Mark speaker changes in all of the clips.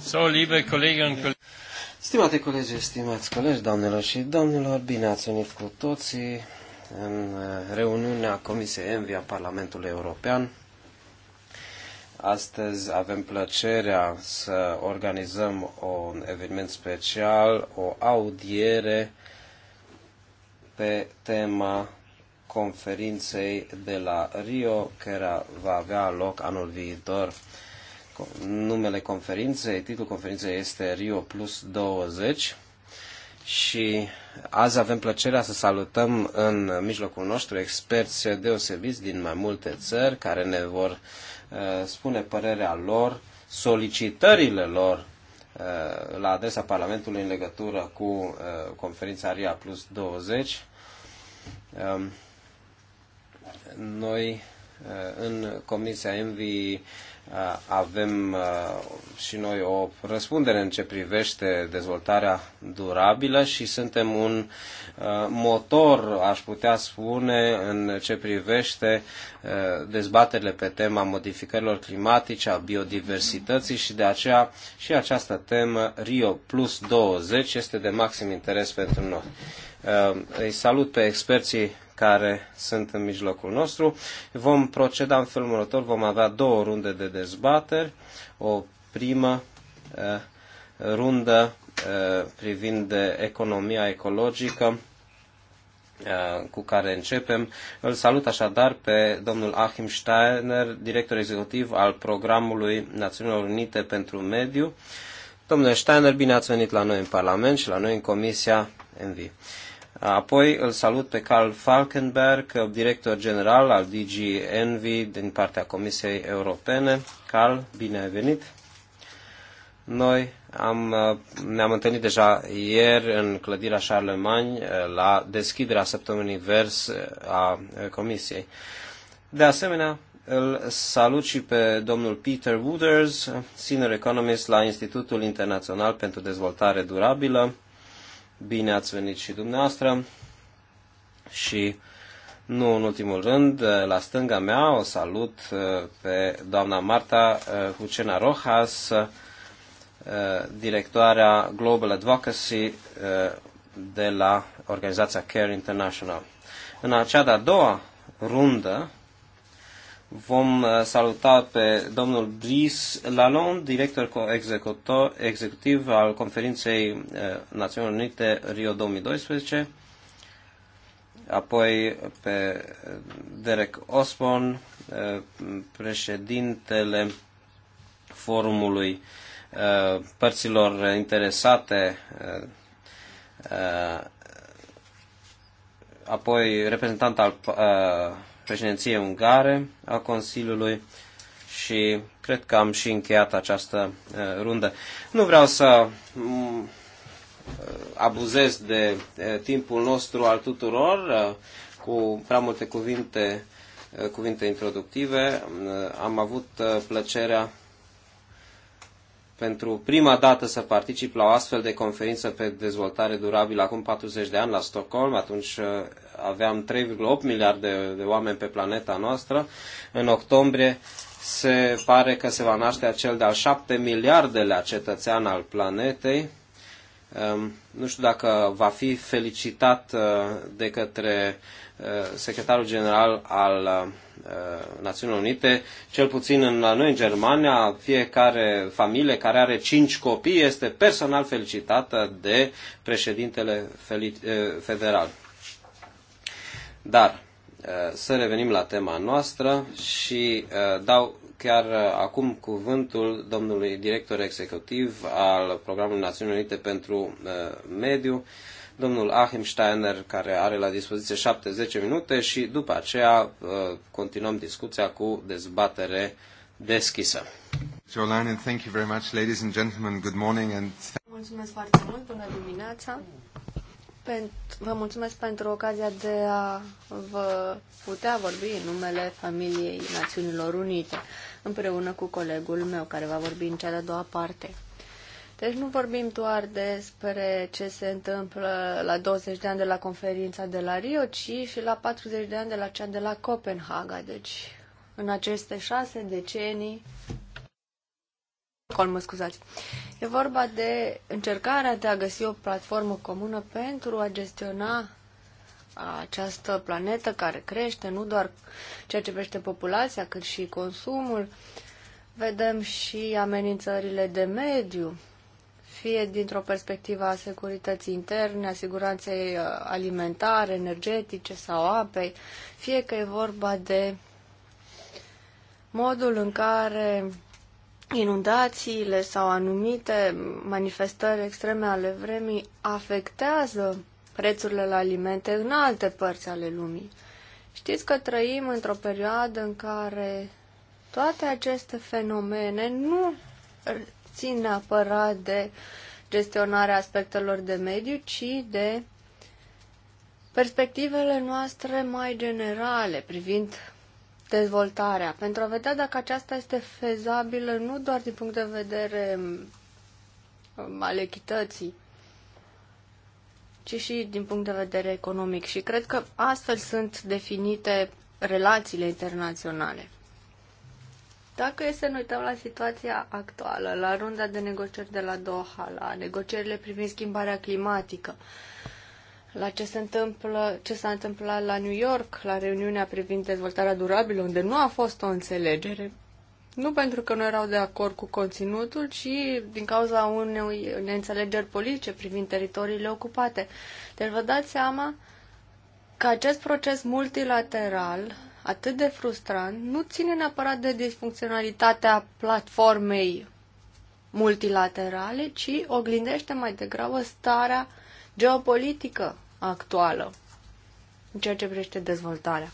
Speaker 1: So, liebe Kolleginnen und Stimate colegi, stimați colegi, doamnelor și domnilor, bine ați venit cu toții în uh, reuniunea Comisiei Envi a Parlamentului European. Astăzi avem plăcerea să organizăm un eveniment special, o audiere pe tema conferinței de la Rio, care va avea loc anul viitor numele conferinței, titlul conferinței este Rio Plus 20 și azi avem plăcerea să salutăm în mijlocul nostru experți deosebiți din mai multe țări care ne vor uh, spune părerea lor, solicitările lor uh, la adresa Parlamentului în legătură cu uh, conferința RIA Plus 20. Um, noi în Comisia Envi Uh, avem uh, și noi o răspundere în ce privește dezvoltarea durabilă și suntem un uh, motor, aș putea spune, în ce privește dezbaterile pe tema modificărilor climatice, a biodiversității și de aceea și această temă Rio Plus 20 este de maxim interes pentru noi. Îi salut pe experții care sunt în mijlocul nostru. Vom proceda în felul următor, vom avea două runde de dezbateri, o primă uh, rundă uh, privind economia ecologică, eh, cu care începem. Îl salut așadar pe domnul Achim Steiner, director executiv al programului Națiunilor Unite pentru Mediu. Domnule Steiner, bine ați venit la noi în Parlament și la noi în Comisia Envi. Apoi îl salut pe Carl Falkenberg, director general al DG Envy din partea Comisiei Europene. Carl, bine ai venit! Noi am, ne-am întâlnit deja ieri în clădirea Charlemagne la deschiderea săptămânii vers a Comisiei. De asemenea, îl salut și pe domnul Peter Wooders, senior economist la Institutul Internațional pentru Dezvoltare Durabilă, Bine ați venit și dumneavoastră și nu în ultimul rând, la stânga mea o salut uh, pe doamna Marta uh, Hucena Rojas, uh, directoarea Global Advocacy de la organizația Care International. În acea de-a doua rundă Vom uh, saluta pe domnul Brice Lalonde, director executiv al conferinței uh, Națiunilor Unite Rio 2012, apoi pe uh, Derek Osborn, președintele forumului părților interesate, apoi reprezentant al președinției ungare a Consiliului și cred că am și încheiat această uh, rundă. Nu vreau să mm, uh, abuzez de uh, timpul nostru al tuturor cu prea multe cuvinte, cuvinte introductive. Am avut plăcerea pentru prima dată să particip la o astfel de conferință pe dezvoltare durabilă acum 40 de ani la Stockholm. Atunci uh, aveam 3,8 miliarde de oameni pe planeta noastră. În octombrie se pare că se va naște acel de-al șapte miliardelea cetățean al planetei. Um, nu știu dacă va fi felicitat uh, de către Uh, secretarul general al uh, uh, Națiunilor Unite, cel puțin în, la noi în Germania, fiecare familie care are cinci copii este personal felicitată de președintele federal. Dar să revenim la tema noastră și dau chiar uh, acum cuvântul domnului director executiv al Programului Națiunilor Unite pentru uh, Mediu, domnul Achim Steiner, care are la dispoziție 7-10 minute și după aceea uh, continuăm discuția cu dezbatere deschisă.
Speaker 2: Mulțumesc foarte mult, bună dimineața! vă mulțumesc pentru ocazia de a vă putea vorbi în numele familiei Națiunilor Unite, împreună cu colegul meu care va vorbi în cea de-a doua parte. Deci nu vorbim doar despre ce se întâmplă la 20 de ani de la conferința de la Rio, ci și la 40 de ani de la cea de la Copenhaga. Deci în aceste șase decenii Stockholm, mă scuzați. E vorba de încercarea de a găsi o platformă comună pentru a gestiona această planetă care crește, nu doar ceea ce privește populația, cât și consumul. Vedem și amenințările de mediu, fie dintr-o perspectivă a securității interne, a siguranței uh, alimentare, energetice sau apei, fie că e vorba de modul în care inundațiile sau anumite manifestări extreme ale vremii afectează prețurile la alimente în alte părți ale lumii. Știți că trăim într-o perioadă în care toate aceste fenomene nu țin neapărat de gestionarea aspectelor de mediu, ci de perspectivele noastre mai generale privind dezvoltarea, pentru a vedea dacă aceasta este fezabilă nu doar din punct de vedere um, al echității, ci și din punct de vedere economic. Și cred că astfel sunt definite relațiile internaționale. Dacă e să ne uităm la situația actuală, la runda de negocieri de la Doha, la negocierile privind schimbarea climatică, uh, la ce, se întâmplă, ce s-a întâmplat la New York, la reuniunea privind dezvoltarea durabilă, unde nu a fost o înțelegere, nu pentru că nu erau de acord cu conținutul, ci din cauza unei neînțelegeri politice privind teritoriile ocupate. Deci vă dați seama că acest proces multilateral, atât de frustrant, nu ține neapărat de disfuncționalitatea platformei multilaterale, ci oglindește mai degrabă starea geopolitică actuală în ceea ce privește dezvoltarea.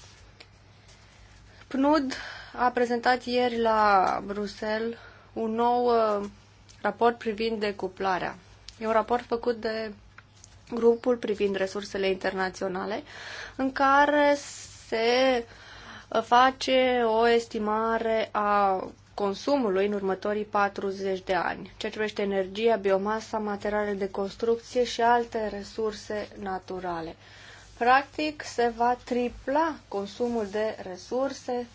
Speaker 2: PNUD a prezentat ieri la Bruxelles un nou uh, raport privind decuplarea. E un raport făcut de grupul privind resursele internaționale, în care se uh, face o estimare a consumului în următorii 40 de ani, ce privește energia, biomasa, materiale de construcție și alte resurse naturale. Practic, se va tripla consumul de resurse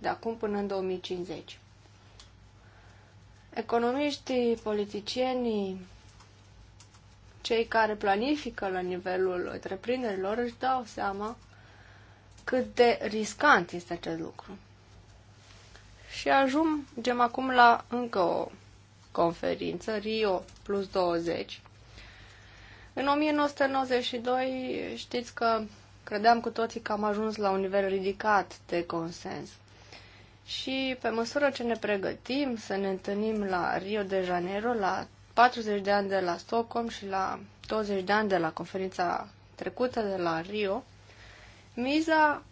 Speaker 2: de acum până în 2050. Economiștii, politicienii, cei care planifică la nivelul întreprinderilor își dau seama cât de riscant este acest lucru. Și ajungem acum la încă o conferință, Rio plus 20. În 1992 știți că credeam cu toții că am ajuns la un nivel ridicat de consens. Și pe măsură ce ne pregătim să ne întâlnim la Rio de Janeiro, la 40 de ani de la Stockholm și la 20 de ani de la conferința trecută de la Rio, miza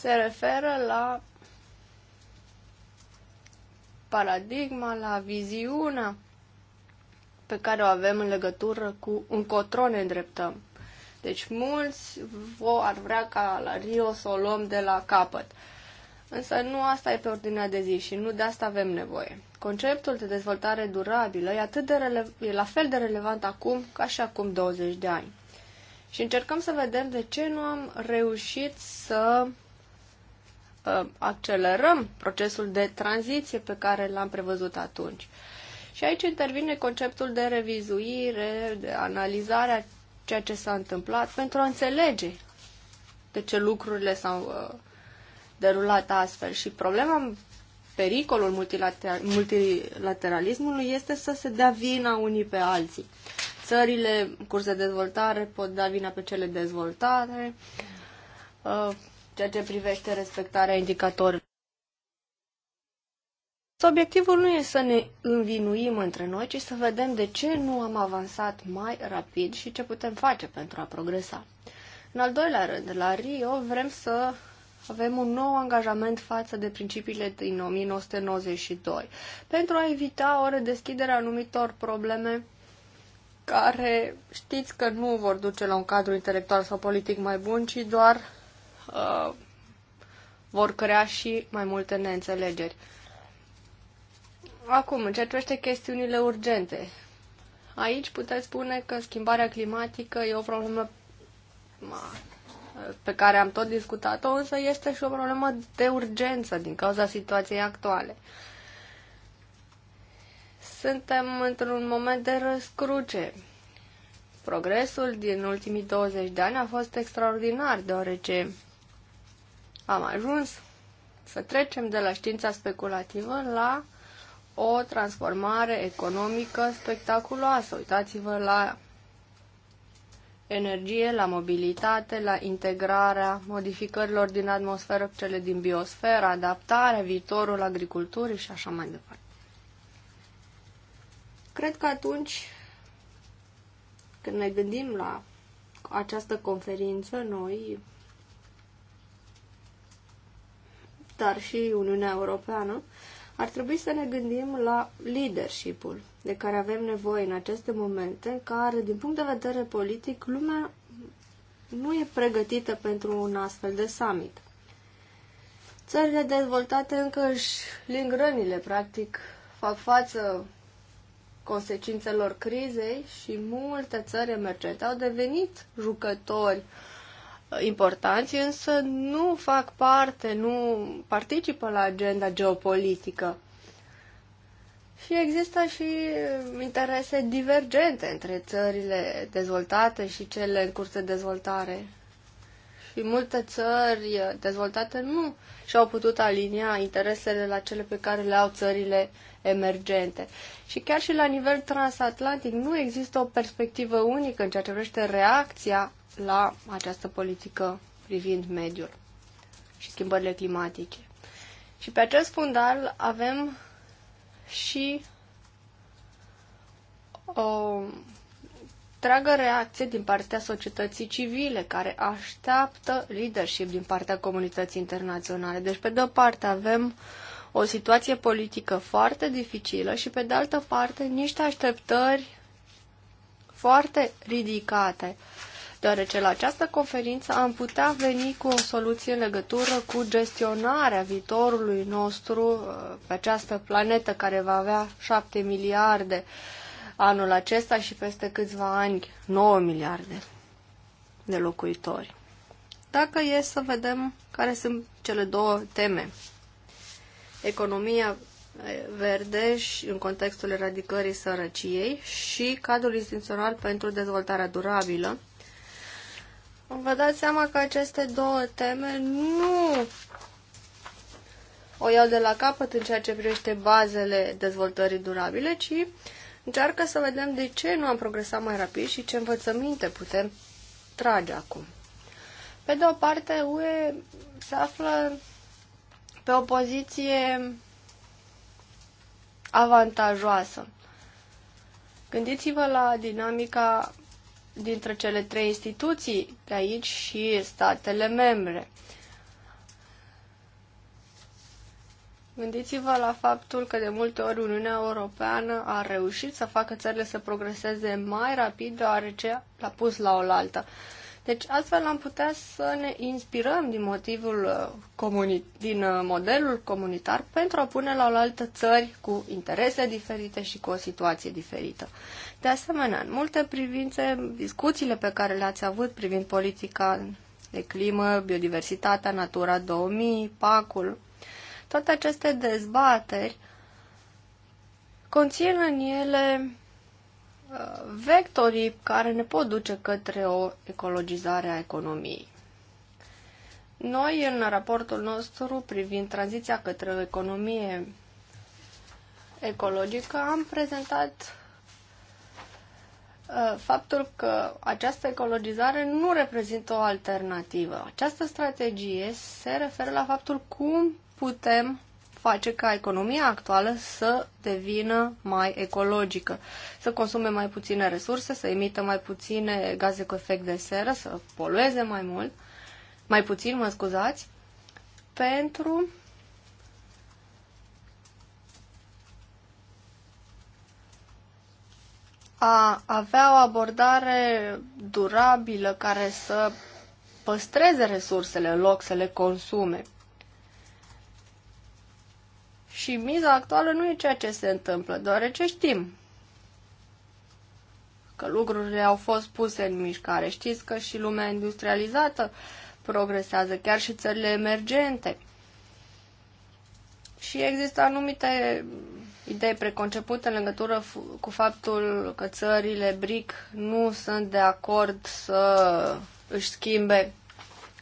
Speaker 2: se referă la paradigma, la viziunea pe care o avem în legătură cu încotro ne îndreptăm. Deci mulți ar vrea ca la Rio să o luăm de la capăt. Însă nu asta e pe ordinea de zi și nu de asta avem nevoie. Conceptul de dezvoltare durabilă e, atât de rele- e la fel de relevant acum ca și acum 20 de ani. Și încercăm să vedem de ce nu am reușit să Uh, accelerăm procesul de tranziție pe care l-am prevăzut atunci. Și aici intervine conceptul de revizuire, de analizare a ceea ce s-a întâmplat pentru a înțelege de ce lucrurile s-au uh, derulat astfel. Și problema, pericolul multilater- multilateralismului este să se dea vina unii pe alții. Țările în curs de dezvoltare pot da vina pe cele dezvoltate. Uh, ceea ce privește respectarea indicatorilor. Obiectivul nu e să ne învinuim între noi, ci să vedem de ce nu am avansat mai rapid și ce putem face pentru a progresa. În al doilea rând, la Rio vrem să avem un nou angajament față de principiile din 1992 pentru a evita o redeschidere a anumitor probleme care știți că nu vor duce la un cadru intelectual sau politic mai bun, ci doar Uh, vor crea și mai multe neînțelegeri. Acum, în ce privește chestiunile urgente, aici puteți spune că schimbarea climatică e o problemă uh, pe care am tot discutat-o, însă este și o problemă de urgență din cauza situației actuale. Suntem într-un moment de răscruce. Progresul din ultimii 20 de ani a fost extraordinar, deoarece am ajuns să trecem de la știința speculativă la o transformare economică spectaculoasă. Uitați-vă la energie, la mobilitate, la integrarea modificărilor din atmosferă, cele din biosferă, adaptarea, viitorul agriculturii și așa mai departe. Cred că atunci când ne gândim la această conferință, noi, dar și Uniunea Europeană, ar trebui să ne gândim la leadership-ul de care avem nevoie în aceste momente, în care, din punct de vedere politic, lumea nu e pregătită pentru un astfel de summit. Țările dezvoltate încă își ling rănile, practic, fac față consecințelor crizei și multe țări emergente au devenit jucători uh, importanți, însă nu fac parte, nu participă la agenda geopolitică. Și există și interese divergente între țările dezvoltate și cele în curs de dezvoltare. Și multe țări dezvoltate nu și-au putut alinia interesele la cele pe care le au țările emergente. Și chiar și la nivel transatlantic nu există o perspectivă unică în ceea ce privește reacția la această politică privind mediul și schimbările climatice. Și pe acest fundal avem și o întreagă reacție din partea societății civile, care așteaptă leadership din partea comunității internaționale. Deci, pe de o parte, avem o situație politică foarte dificilă și, pe de altă parte, niște așteptări foarte ridicate deoarece la această conferință am putea veni cu o soluție în legătură cu gestionarea viitorului nostru uh, pe această planetă care va avea 7 miliarde anul acesta și peste câțiva ani 9 miliarde de locuitori. Dacă e să vedem care sunt cele două teme, economia eh, verde și în contextul eradicării sărăciei și cadrul instituțional pentru dezvoltarea durabilă, vă dați seama că aceste două teme nu o iau de la capăt în ceea ce privește bazele dezvoltării durabile, ci încearcă să vedem de ce nu am progresat mai rapid și ce învățăminte putem trage acum. Pe de o parte, UE se află pe o poziție avantajoasă. Gândiți-vă la dinamica dintre cele trei instituții de aici și statele membre. Gândiți-vă la faptul că de multe ori Uniunea Europeană a reușit să facă țările să progreseze mai rapid, deoarece l-a pus la oaltă. Deci astfel am putea să ne inspirăm din motivul uh, comuni- din uh, modelul comunitar pentru a pune la oaltă țări cu interese diferite și cu o situație diferită. De asemenea, în multe privințe, discuțiile pe care le-ați avut privind politica de climă, biodiversitatea, Natura 2000, pacul, toate aceste dezbateri conțin în ele vectorii care ne pot duce către o ecologizare a economiei. Noi, în raportul nostru privind tranziția către o economie ecologică, am prezentat uh, faptul că această ecologizare nu reprezintă o alternativă. Această strategie se referă la faptul cum putem face ca economia actuală să devină mai ecologică, să consume mai puține resurse, să emită mai puține gaze cu efect de seră, să polueze mai mult, mai puțin, mă scuzați, pentru a avea o abordare durabilă care să păstreze resursele în loc să le consume. Și miza actuală nu e ceea ce se întâmplă, deoarece știm că lucrurile au fost puse în mișcare. Știți că și lumea industrializată progresează, chiar și țările emergente. Și există anumite idei preconcepute în legătură cu faptul că țările BRIC nu sunt de acord să își schimbe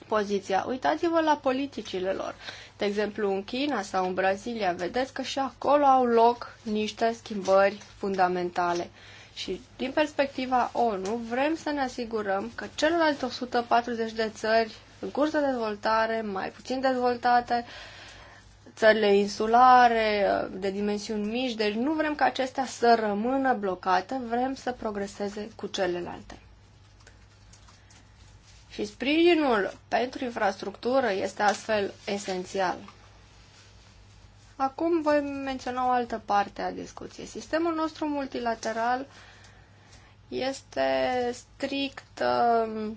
Speaker 2: poziția. Uitați-vă la politicile lor de exemplu în China sau în Brazilia, vedeți că și acolo au loc niște schimbări fundamentale. Și din perspectiva ONU vrem să ne asigurăm că celelalte 140 de țări în curs de dezvoltare, mai puțin dezvoltate, țările insulare, de dimensiuni mici, deci nu vrem ca acestea să rămână blocate, vrem să progreseze cu celelalte. Și sprijinul pentru infrastructură este astfel esențial. Acum voi menționa o altă parte a discuției. Sistemul nostru multilateral este strict um,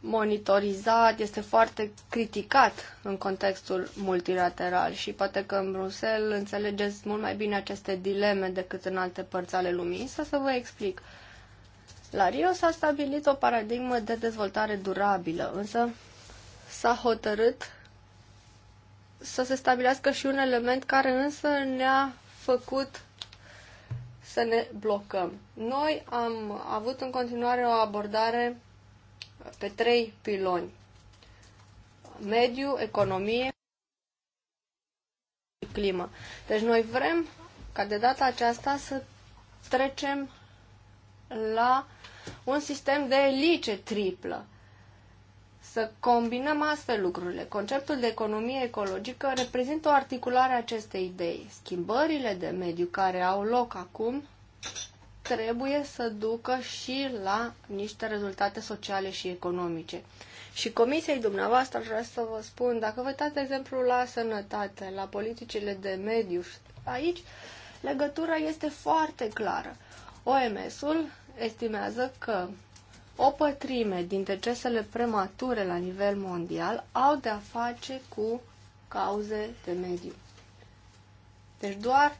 Speaker 2: monitorizat, este foarte criticat în contextul multilateral și poate că în Bruxelles înțelegeți mult mai bine aceste dileme decât în alte părți ale lumii. Să să vă explic. Uh, la Rio s-a stabilit o paradigmă de dezvoltare durabilă, însă s-a hotărât să se stabilească și un element care însă ne-a făcut să ne blocăm. Noi am avut în continuare o abordare pe trei piloni. Mediu, economie și climă. Deci noi vrem ca de data aceasta să trecem la un sistem de elice triplă. Să combinăm astfel lucrurile. Conceptul de economie ecologică reprezintă o articulare a acestei idei. Schimbările de mediu care au loc acum trebuie să ducă și la niște rezultate sociale și economice. Și comisiei dumneavoastră aș vrea să vă spun, dacă vă dați exemplu, la sănătate, la politicile de mediu, aici legătura este foarte clară. OMS-ul estimează că o pătrime din decesele premature la nivel mondial au de-a face cu cauze de mediu. Deci doar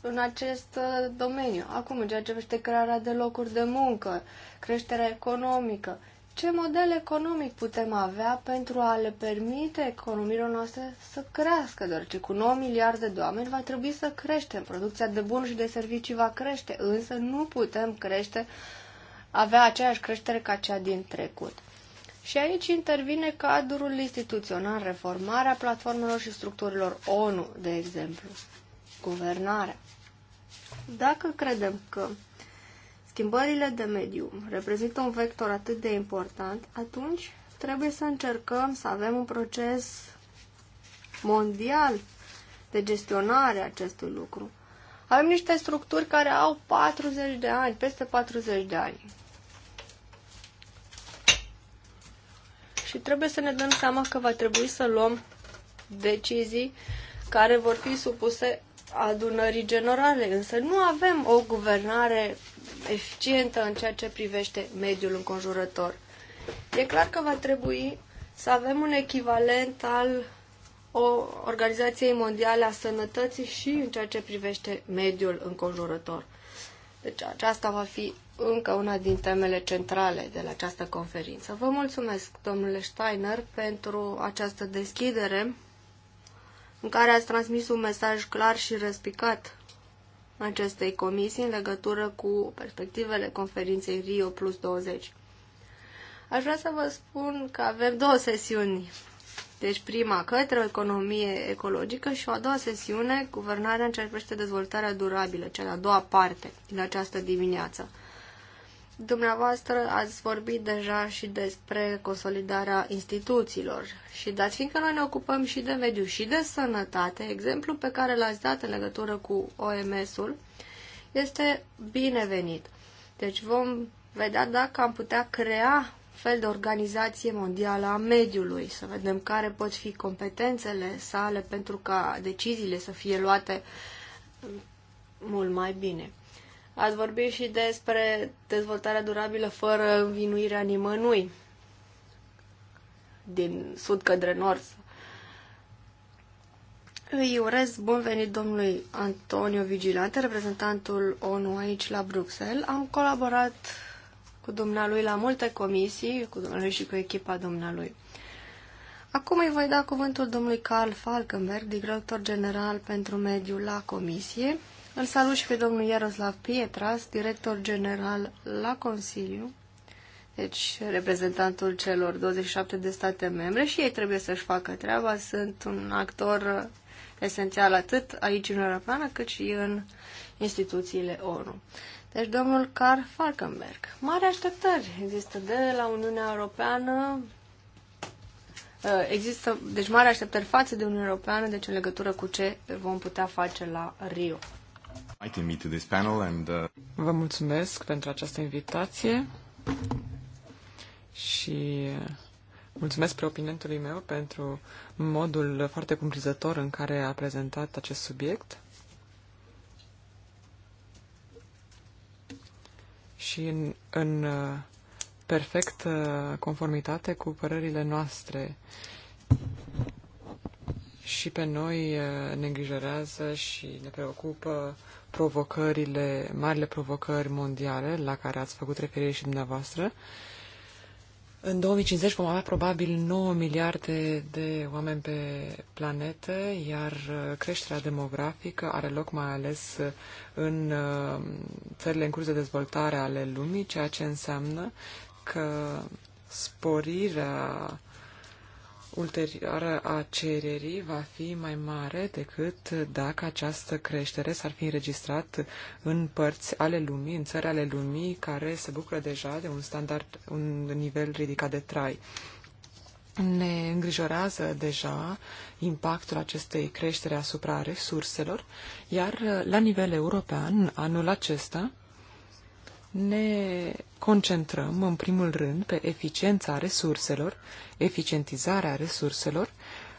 Speaker 2: în acest uh, domeniu. Acum, în ceea ce crearea de locuri de muncă, creșterea economică, ce model economic putem avea pentru a le permite economiilor noastre să crească, deoarece cu 9 miliarde de oameni va trebui să creștem. Producția de bunuri și de servicii va crește, însă nu putem crește, avea aceeași creștere ca cea din trecut. Și aici intervine cadrul instituțional, reformarea platformelor și structurilor ONU, de exemplu, guvernarea. Dacă credem că schimbările de mediu reprezintă un vector atât de important, atunci trebuie să încercăm să avem un proces mondial de gestionare a acestui lucru. Avem niște structuri care au 40 de ani, peste 40 de ani. Și trebuie să ne dăm seama că va trebui să luăm decizii care vor fi supuse adunării generale, însă nu avem o guvernare eficientă în ceea ce privește mediul înconjurător. E clar că va trebui să avem un echivalent al o Organizației Mondiale a Sănătății și în ceea ce privește mediul înconjurător. Deci aceasta va fi încă una din temele centrale de la această conferință. Vă mulțumesc, domnule Steiner, pentru această deschidere în care ați transmis un mesaj clar și răspicat acestei comisii în legătură cu perspectivele conferinței Rio plus 20. Aș vrea să vă spun că avem două sesiuni. Deci prima către o economie ecologică și o a doua sesiune, guvernarea încercește dezvoltarea durabilă, cea de-a doua parte din această dimineață. Dumneavoastră ați vorbit deja și despre consolidarea instituțiilor și dați fiindcă noi ne ocupăm și de mediu și de sănătate, exemplul pe care l-ați dat în legătură cu OMS-ul este binevenit. Deci vom vedea dacă am putea crea fel de organizație mondială a mediului, să vedem care pot fi competențele sale pentru ca deciziile să fie luate mult mai bine. Ați vorbit și despre dezvoltarea durabilă fără învinuirea nimănui din sud către nord. Îi urez bun venit domnului Antonio Vigilante, reprezentantul ONU aici la Bruxelles. Am colaborat cu dumnealui la multe comisii, cu dumnealui și cu echipa dumnealui. Acum îi voi da cuvântul domnului Carl Falkenberg, director general pentru mediu la comisie, îl salut și pe domnul Iaroslav Pietras, director general la Consiliu, deci reprezentantul celor 27 de state membre și ei trebuie să-și facă treaba. Sunt un actor esențial atât aici în Europeană cât și în instituțiile ONU. Deci domnul Karl Falkenberg. mare așteptări există de la Uniunea Europeană uh, Există, deci, mari așteptări față de Uniunea Europeană, deci în legătură cu ce vom putea face la Rio.
Speaker 3: Uh, Vă mulțumesc pentru această invitație și mulțumesc preopinentului meu pentru modul foarte cumplizător în care a prezentat acest subiect. și în, în uh, perfectă uh, conformitate cu părerile noastre. Și pe noi ne îngrijorează și ne preocupă provocările, marile provocări mondiale la care ați făcut referire și dumneavoastră, în 2050 vom avea probabil 9 miliarde de oameni pe planetă, iar uh, creșterea demografică are loc mai ales uh, în uh, țările în curs de dezvoltare ale lumii, ceea ce înseamnă că sporirea ulterioară a cererii va fi mai mare decât dacă această creștere s-ar fi înregistrat în părți ale lumii, în țări ale lumii care se bucură deja de un standard, un nivel ridicat de trai. Ne îngrijorează deja impactul acestei creștere asupra resurselor, iar la nivel european, anul acesta, ne concentrăm, în primul rând, pe eficiența resurselor, eficientizarea resurselor,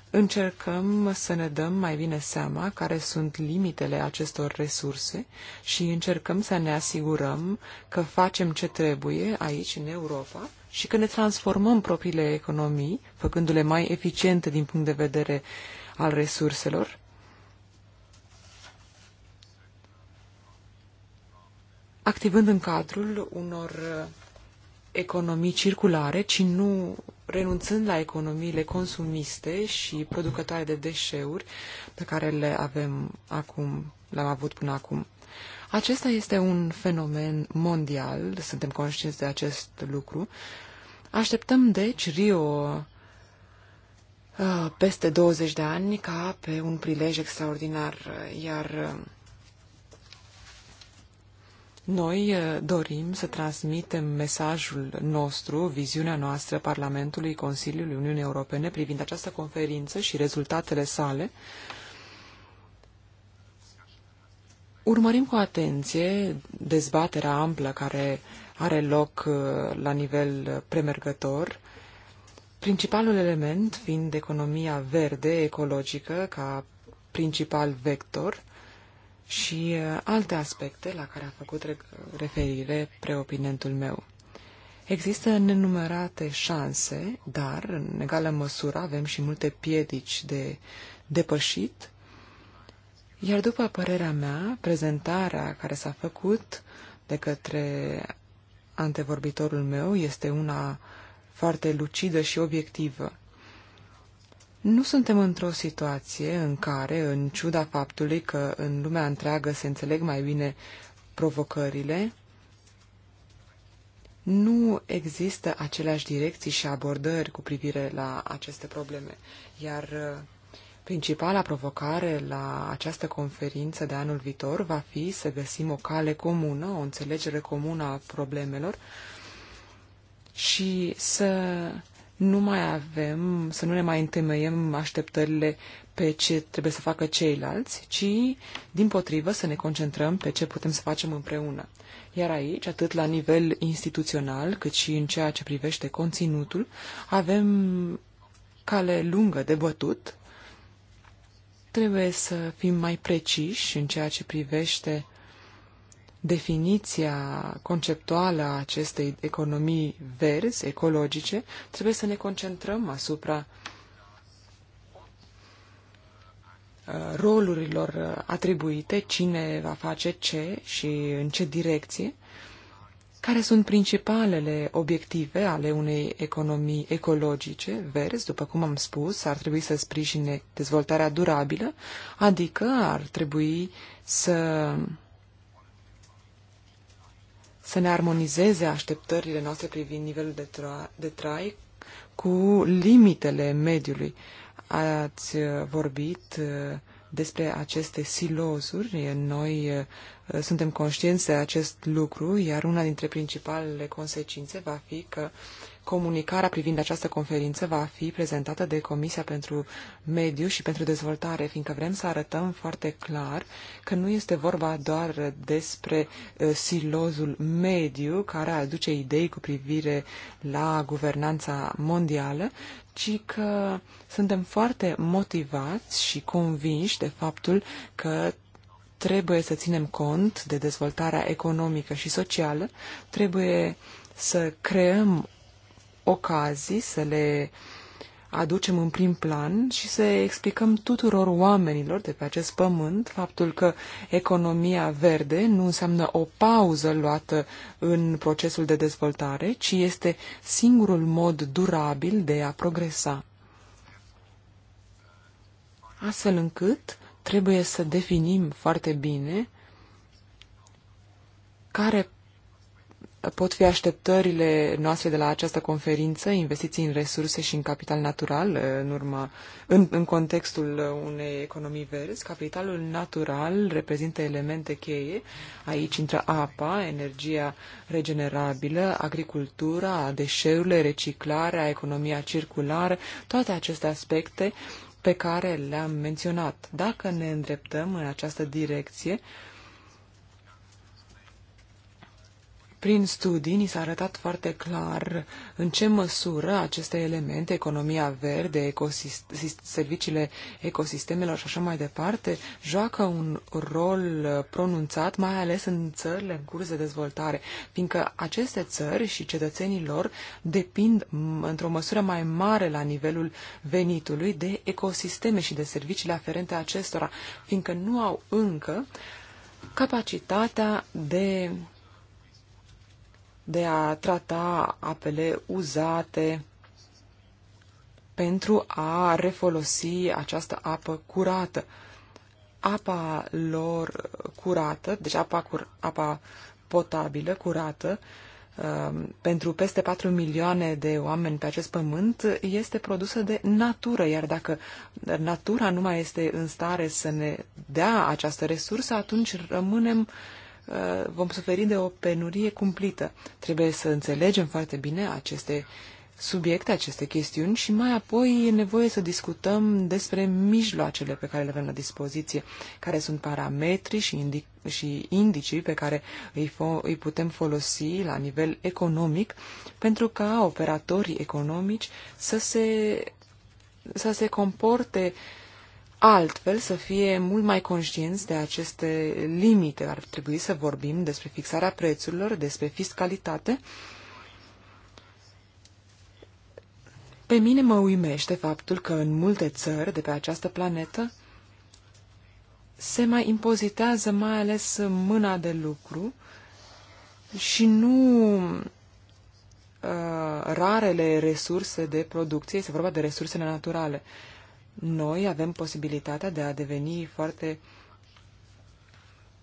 Speaker 3: încercăm să ne dăm mai bine seama care sunt limitele acestor resurse și încercăm să ne asigurăm că facem ce trebuie aici, în Europa, și că ne transformăm propriile economii, făcându-le mai eficiente din punct de vedere al resurselor, activând în cadrul unor uh, economii circulare, ci nu renunțând la economiile consumiste și producătoare de deșeuri pe care le avem acum, le-am avut până acum. Acesta este un fenomen mondial, suntem conștienți de acest lucru. Așteptăm, deci, Rio uh, peste 20 de ani ca pe un prilej extraordinar, uh, iar noi eh, dorim să transmitem mesajul nostru, viziunea noastră Parlamentului Consiliului Uniunii Europene privind această conferință și rezultatele sale. Urmărim cu atenție dezbaterea amplă care are loc eh, la nivel premergător, principalul element fiind economia verde, ecologică, ca principal vector, și uh, alte aspecte la care a făcut referire preopinentul meu. Există nenumărate șanse, dar, în egală măsură, avem și multe piedici de depășit, iar după părerea mea, prezentarea care s-a făcut de către antevorbitorul meu este una foarte lucidă și obiectivă. Nu suntem într-o situație în care, în ciuda faptului că în lumea întreagă se înțeleg mai bine provocările, nu există aceleași direcții și abordări cu privire la aceste probleme. Iar uh, principala provocare la această conferință de anul viitor va fi să găsim o cale comună, o înțelegere comună a problemelor și să nu mai avem, să nu ne mai întemeiem așteptările pe ce trebuie să facă ceilalți, ci, din potrivă, să ne concentrăm pe ce putem să facem împreună. Iar aici, atât la nivel instituțional, cât și în ceea ce privește conținutul, avem cale lungă de bătut. Trebuie să fim mai preciși în ceea ce privește definiția conceptuală a acestei economii verzi, ecologice, trebuie să ne concentrăm asupra uh, rolurilor uh, atribuite, cine va face ce și în ce direcție, care sunt principalele obiective ale unei economii ecologice, verzi, după cum am spus, ar trebui să sprijine dezvoltarea durabilă, adică ar trebui să să ne armonizeze așteptările noastre privind nivelul de, tra- de trai cu limitele mediului. Ați uh, vorbit uh, despre aceste silozuri. Noi uh, suntem conștienți de acest lucru, iar una dintre principalele consecințe va fi că Comunicarea privind această conferință va fi prezentată de Comisia pentru Mediu și pentru Dezvoltare, fiindcă vrem să arătăm foarte clar că nu este vorba doar despre uh, silozul mediu care aduce idei cu privire la guvernanța mondială, ci că suntem foarte motivați și convinși de faptul că trebuie să ținem cont de dezvoltarea economică și socială, trebuie să creăm ocazii să le aducem în prim plan și să explicăm tuturor oamenilor de pe acest pământ faptul că economia verde nu înseamnă o pauză luată în procesul de dezvoltare, ci este singurul mod durabil de a progresa. Astfel încât trebuie să definim foarte bine care pot fi așteptările noastre de la această conferință, investiții în resurse și în capital natural, uh, în, urma, în, în contextul unei economii verzi? Capitalul natural reprezintă elemente cheie. Aici intră apa, energia regenerabilă, agricultura, deșeurile, reciclarea, economia circulară, toate aceste aspecte pe care le-am menționat. Dacă ne îndreptăm în această direcție, uh, Prin studii ni s-a arătat foarte clar în ce măsură aceste elemente, economia verde, ecosist- serviciile ecosistemelor și așa mai departe, joacă un rol uh, pronunțat, mai ales în țările în curs de dezvoltare, fiindcă aceste țări și cetățenii lor depind într-o măsură mai mare la nivelul venitului de ecosisteme și de serviciile aferente acestora, fiindcă nu au încă capacitatea de de a trata apele uzate pentru a refolosi această apă curată. Apa lor curată, deci apa, cur, apa potabilă, curată, um, pentru peste 4 milioane de oameni pe acest pământ este produsă de natură, iar dacă natura nu mai este în stare să ne dea această resursă, atunci rămânem uh, Uh, vom suferi de o penurie cumplită. Trebuie să înțelegem foarte bine aceste subiecte, aceste chestiuni și mai apoi e nevoie să discutăm despre mijloacele pe care le avem la dispoziție, care sunt parametrii și, indi- și indicii pe care îi, fo- îi putem folosi la nivel economic pentru ca operatorii economici să se, să se comporte uh, altfel să fie mult mai conștienți de aceste limite. Ar trebui să vorbim despre fixarea prețurilor, despre fiscalitate. Pe mine mă uimește faptul că în multe țări de pe această planetă se mai impozitează mai ales mâna de lucru și nu uh, rarele resurse de producție, este vorba de resursele naturale. Uh, noi avem posibilitatea de a deveni foarte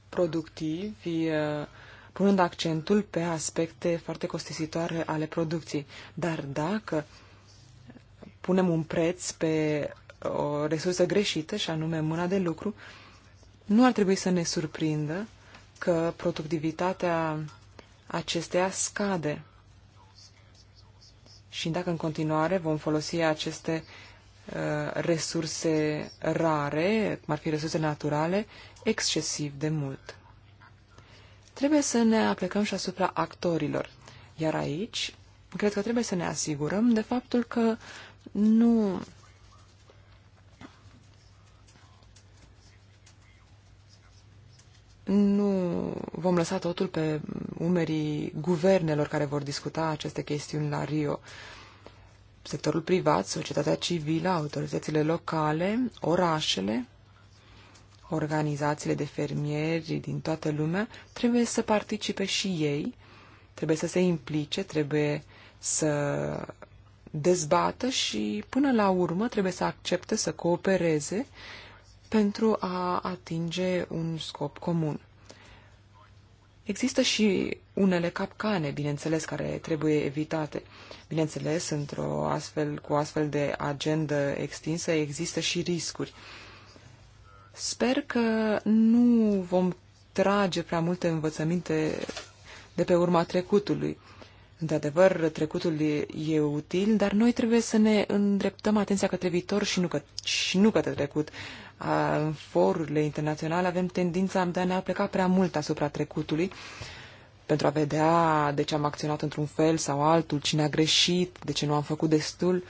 Speaker 3: productivi, eh, punând accentul pe aspecte foarte costisitoare ale producției. Dar dacă punem un preț pe o resursă greșită, și anume mâna de lucru, nu ar trebui să ne surprindă că productivitatea acesteia scade. Și dacă în continuare vom folosi aceste uh, Uh, resurse rare, cum ar fi resurse naturale, excesiv de mult. Trebuie să ne aplicăm și asupra actorilor. Iar aici, cred că trebuie să ne asigurăm de faptul că nu nu vom lăsa totul pe umerii guvernelor care vor discuta aceste chestiuni la Rio. Uh, sectorul privat, societatea civilă, autoritățile locale, orașele, organizațiile de fermieri din toată lumea, trebuie să participe și ei, trebuie să se implice, trebuie să dezbată și până la urmă trebuie să accepte să coopereze pentru a atinge un scop comun. Există și unele capcane, bineînțeles, care trebuie evitate. Bineînțeles, într-o astfel, cu astfel de agendă extinsă există și riscuri. Sper că nu vom trage prea multe învățăminte de pe urma trecutului. Într-adevăr, trecutul e util, dar noi trebuie să ne îndreptăm atenția către viitor și nu, că, și nu către trecut. În forurile internaționale avem tendința de a ne pleca prea mult asupra trecutului pentru a vedea de ce am acționat într-un fel sau altul, cine a greșit, de ce nu am făcut destul.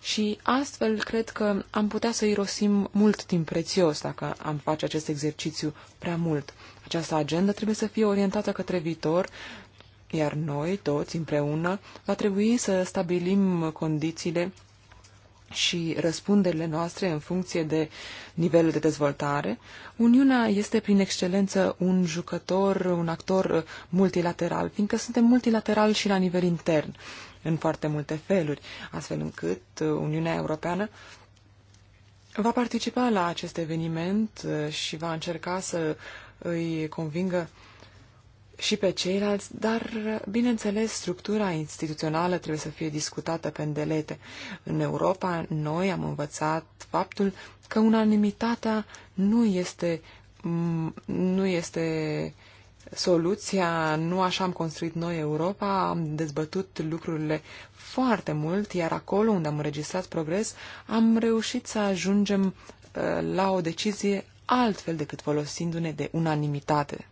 Speaker 3: Și astfel cred că am putea să irosim mult timp prețios dacă am face acest exercițiu prea mult. Această agendă trebuie să fie orientată către viitor, iar noi, toți împreună, va trebui să stabilim condițiile și răspunderile noastre în funcție de nivelul de dezvoltare, Uniunea este prin excelență un jucător, un actor multilateral, fiindcă suntem multilateral și la nivel intern, în foarte multe feluri, astfel încât Uniunea Europeană va participa la acest eveniment și va încerca să îi convingă și pe ceilalți, dar, bineînțeles, structura instituțională trebuie să fie discutată pe îndelete. În Europa, noi am învățat faptul că unanimitatea nu este, nu este soluția, nu așa am construit noi Europa, am dezbătut lucrurile foarte mult, iar acolo unde am înregistrat progres, am reușit să ajungem uh, la o decizie altfel decât folosindu-ne de unanimitate.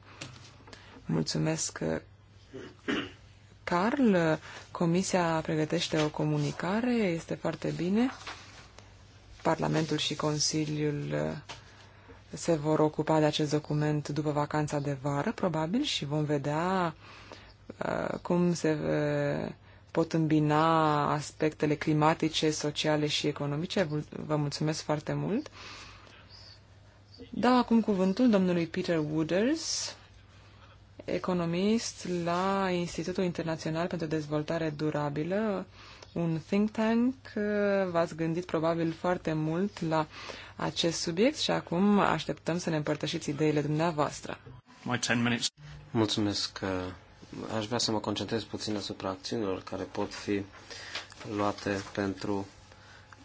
Speaker 3: Mulțumesc, Carl. Comisia pregătește o comunicare, este foarte bine. Parlamentul și Consiliul uh, se vor ocupa de acest document după vacanța de vară, probabil, și vom vedea uh, cum se uh, pot îmbina aspectele climatice, sociale și economice. Vă mulțumesc foarte mult. Dau acum cuvântul domnului Peter Wooders, economist la Institutul Internațional pentru Dezvoltare Durabilă, un think tank. V-ați gândit probabil foarte mult la acest subiect și acum așteptăm să ne împărtășiți ideile dumneavoastră. My 10 minutes.
Speaker 1: Mulțumesc. Aș vrea să mă concentrez puțin asupra acțiunilor care pot fi luate pentru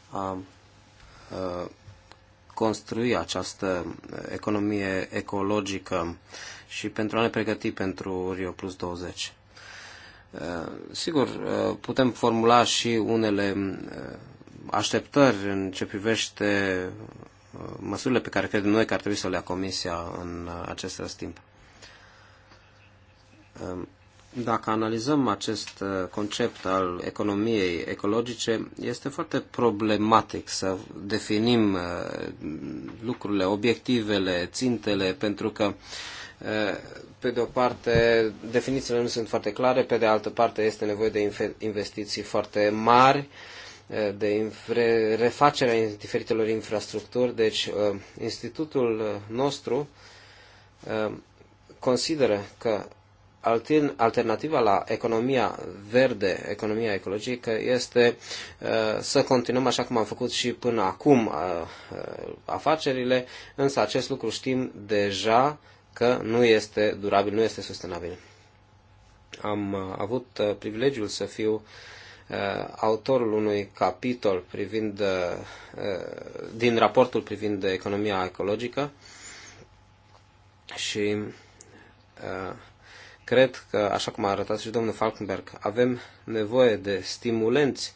Speaker 1: a, a construi această economie ecologică și pentru a ne pregăti pentru Rio Plus 20. Uh, sigur, uh, putem formula și unele uh, așteptări în ce privește măsurile pe care credem noi că ar trebui să le ia Comisia în acest răstimp. Dacă analizăm acest uh, concept al economiei ecologice, este foarte problematic să definim uh, lucrurile, obiectivele, țintele, pentru că uh, pe de o parte, definițiile nu sunt foarte clare, pe de altă parte este nevoie de investiții foarte mari, de refacerea diferitelor infrastructuri. Deci, institutul nostru consideră că alternativa la economia verde, economia ecologică, este uh, să continuăm așa cum am făcut și până acum uh, uh, afacerile, însă acest lucru știm deja că nu este durabil, nu este sustenabil. Am avut privilegiul să fiu autorul unui capitol privind, din raportul privind economia ecologică și Cred că, așa cum a arătat și domnul Falkenberg, avem nevoie de stimulenți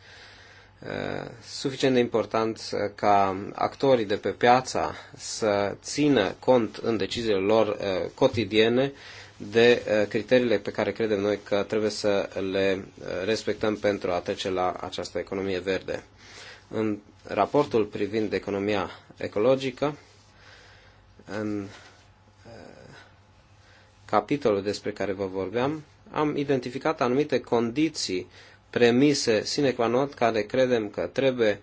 Speaker 1: uh, suficient de important uh, ca actorii de pe piața să țină cont în deciziile lor uh, cotidiene de criteriile pe care credem noi că trebuie să le respectăm pentru a trece la această economie verde. În raportul privind economia ecologică, în capitolul despre care vă vorbeam, am identificat anumite condiții, premise sine qua non, care credem că trebuie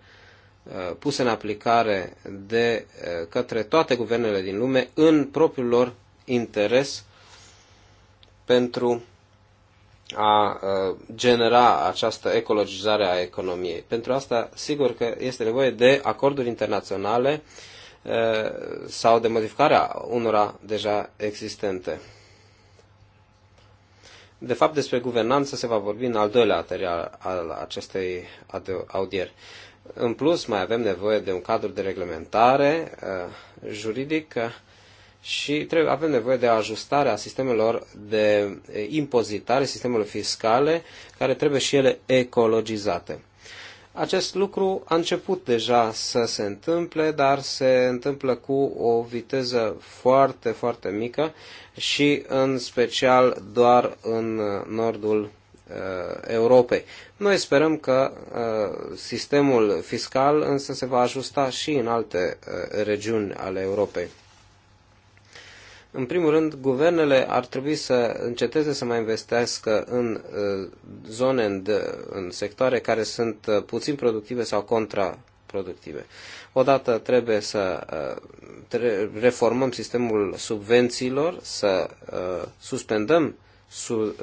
Speaker 1: uh, puse în aplicare de uh, către toate guvernele din lume în propriul lor interes pentru a uh, genera această ecologizare a economiei. Pentru asta, sigur că este nevoie de acorduri internaționale sau de modificarea unora deja existente. De fapt, despre guvernanță se va vorbi în al doilea material al acestei audieri. În plus, mai avem nevoie de un cadru de reglementare uh, juridic uh, și trebuie, avem nevoie de ajustarea sistemelor de uh, impozitare, sistemelor fiscale, care trebuie și ele ecologizate. Acest lucru a început deja să se întâmple, dar se întâmplă cu o viteză foarte, foarte mică și în special doar în uh, nordul uh, Europei. Noi sperăm că uh, sistemul fiscal însă se va ajusta și în alte uh, regiuni ale Europei. În primul rând, guvernele ar trebui să înceteze să mai investească în uh, zone, în, în sectoare care sunt uh, puțin productive sau contraproductive. Odată trebuie să uh, reformăm sistemul subvențiilor, să suspendăm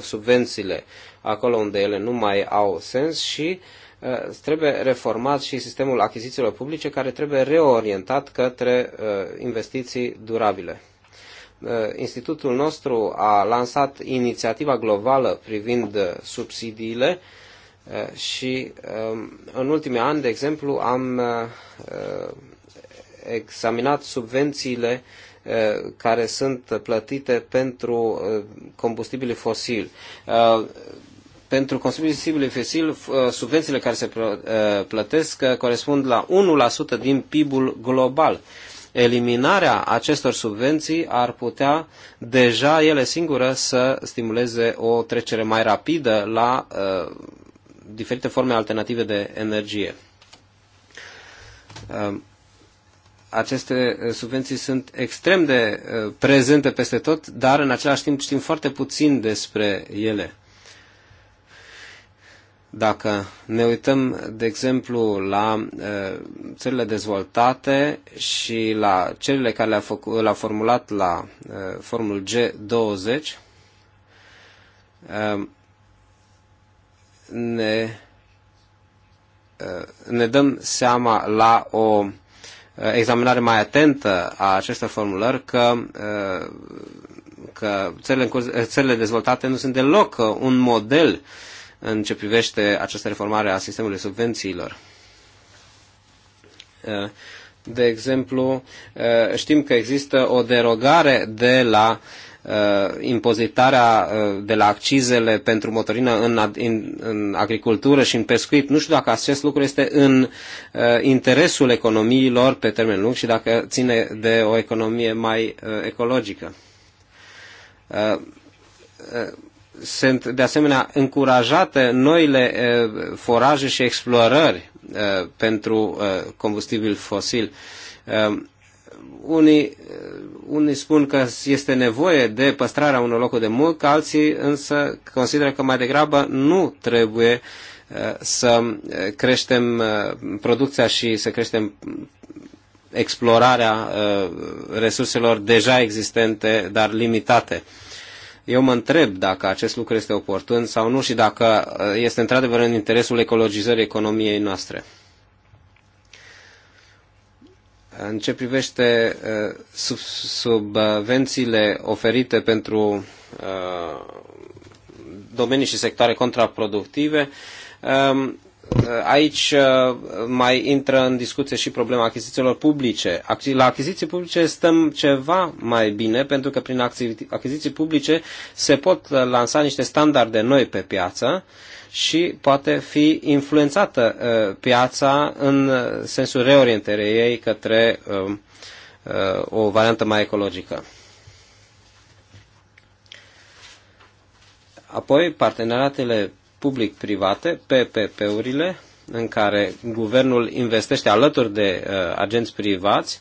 Speaker 1: subvențiile acolo unde ele nu mai au sens și trebuie reformat și sistemul achizițiilor publice care trebuie reorientat către investiții durabile. Eh, institutul nostru a lansat inițiativa globală privind eh, subsidiile eh, și ehm, în ultimii ani, de exemplu, am examinat subvențiile care sunt plătite pentru combustibili fosili. Pentru combustibili fosili, subvențiile care se plătesc corespund la 1% din PIB-ul global eliminarea acestor subvenții ar putea deja ele singură să stimuleze o trecere mai rapidă la uh, diferite forme alternative de energie. Uh, aceste uh, subvenții sunt extrem de prezente peste tot, dar în același timp știm foarte puțin despre ele. Dacă ne uităm, de exemplu, la uh, țările dezvoltate și la cele care le-a, făcut, le-a formulat la uh, formul G20, uh, ne, ne dăm seama la o examinare mai atentă a acestor formulări că, că țările, țările dezvoltate nu sunt deloc un model în ce privește această reformare a sistemului subvențiilor. Eh, de exemplu, eh, știm că există o derogare de la eh, impozitarea de la accizele pentru motorină în, în, în agricultură și în pescuit. Nu știu dacă acest lucru este în interesul economiilor pe termen lung și dacă ține de o economie mai ecologică sunt de asemenea încurajate noile foraje și explorări pentru combustibil fosil. Unii, unii spun că este nevoie de păstrarea unor locuri de muncă, alții însă consideră că mai degrabă nu trebuie să creștem producția și să creștem explorarea resurselor deja existente, dar limitate eu mă întreb dacă acest lucru este oportun sau nu și dacă uh, este într-adevăr în interesul ecologizării economiei noastre. În ce privește uh, sub, subvențiile oferite pentru uh, domenii și sectoare contraproductive, um, Uh, aici uh, mai intră în discuție și problema achizițiilor publice. La achiziții publice stăm ceva mai bine, pentru că prin achiziții publice se pot uh, lansa niște standarde noi pe piață și poate fi influențată piața în sensul reorientării ei către um, o variantă mai ecologică. Apoi, parteneriatele public-private, PPP-urile, în care guvernul investește alături de uh, agenți privați.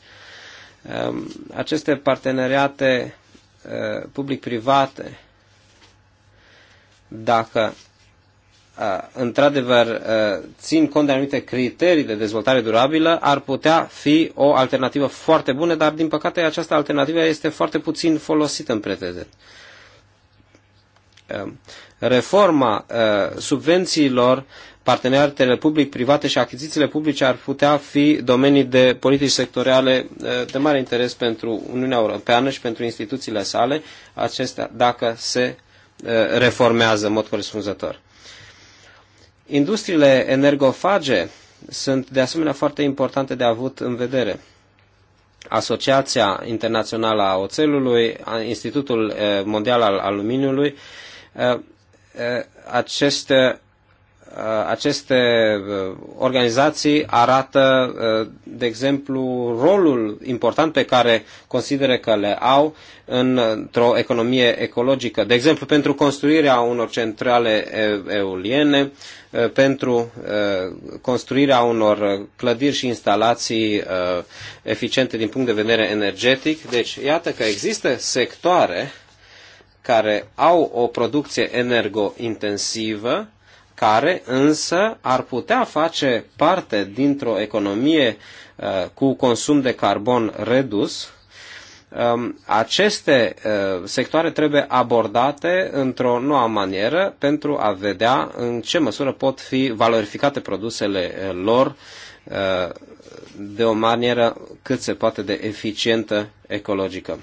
Speaker 1: Uh, aceste parteneriate uh, public-private, dacă uh, într-adevăr uh, țin cont de anumite criterii de dezvoltare durabilă, ar putea fi o alternativă foarte bună, dar din păcate această alternativă este foarte puțin folosită în prezent. Um, reforma uh, subvențiilor, parteneriatele public-private și achizițiile publice ar putea fi domenii de politici sectoriale uh, de mare interes pentru Uniunea Europeană și pentru instituțiile sale, acestea dacă se uh, reformează în mod corespunzător. Industriile energofage sunt de asemenea foarte importante de avut în vedere. Asociația Internațională a Oțelului, Institutul Mondial al Aluminiului Uh, uh, aceste, uh, aceste organizații arată, de exemplu, rolul important pe care consideră că le au într-o economie ecologică. De exemplu, pentru construirea unor centrale eoliene, pentru construirea unor clădiri și instalații eficiente din punct de vedere energetic. Deci, iată că există sectoare care au o producție energo-intensivă, care însă ar putea face parte dintr-o economie uh, cu consum de carbon redus, um, aceste uh, sectoare trebuie abordate într-o nouă manieră pentru a vedea în ce măsură pot fi valorificate produsele uh, lor de o manieră cât se poate de eficientă ecologică.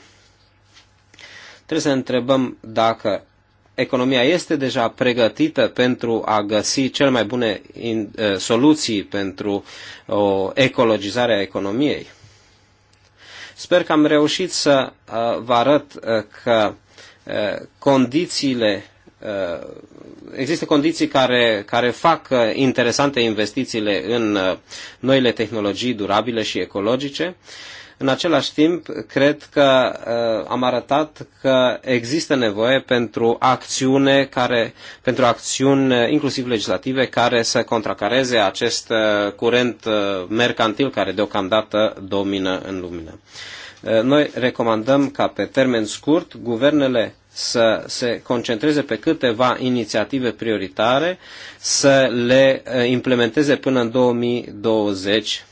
Speaker 1: Trebuie să întrebăm dacă economia este deja pregătită pentru a găsi cele mai bune uh, soluții pentru o ecologizare a economiei. Sper că am reușit să uh, vă arăt uh, că condițiile există condiții care, care fac interesante investițiile în noile tehnologii durabile și ecologice în același timp, cred că uh, am arătat că există nevoie pentru acțiune care, pentru acțiuni uh, inclusiv legislative care să contracareze acest uh, curent mercantil care deocamdată domină în lumină. Noi recomandăm ca pe termen scurt guvernele să se concentreze pe câteva inițiative prioritare, să le implementeze până în 2020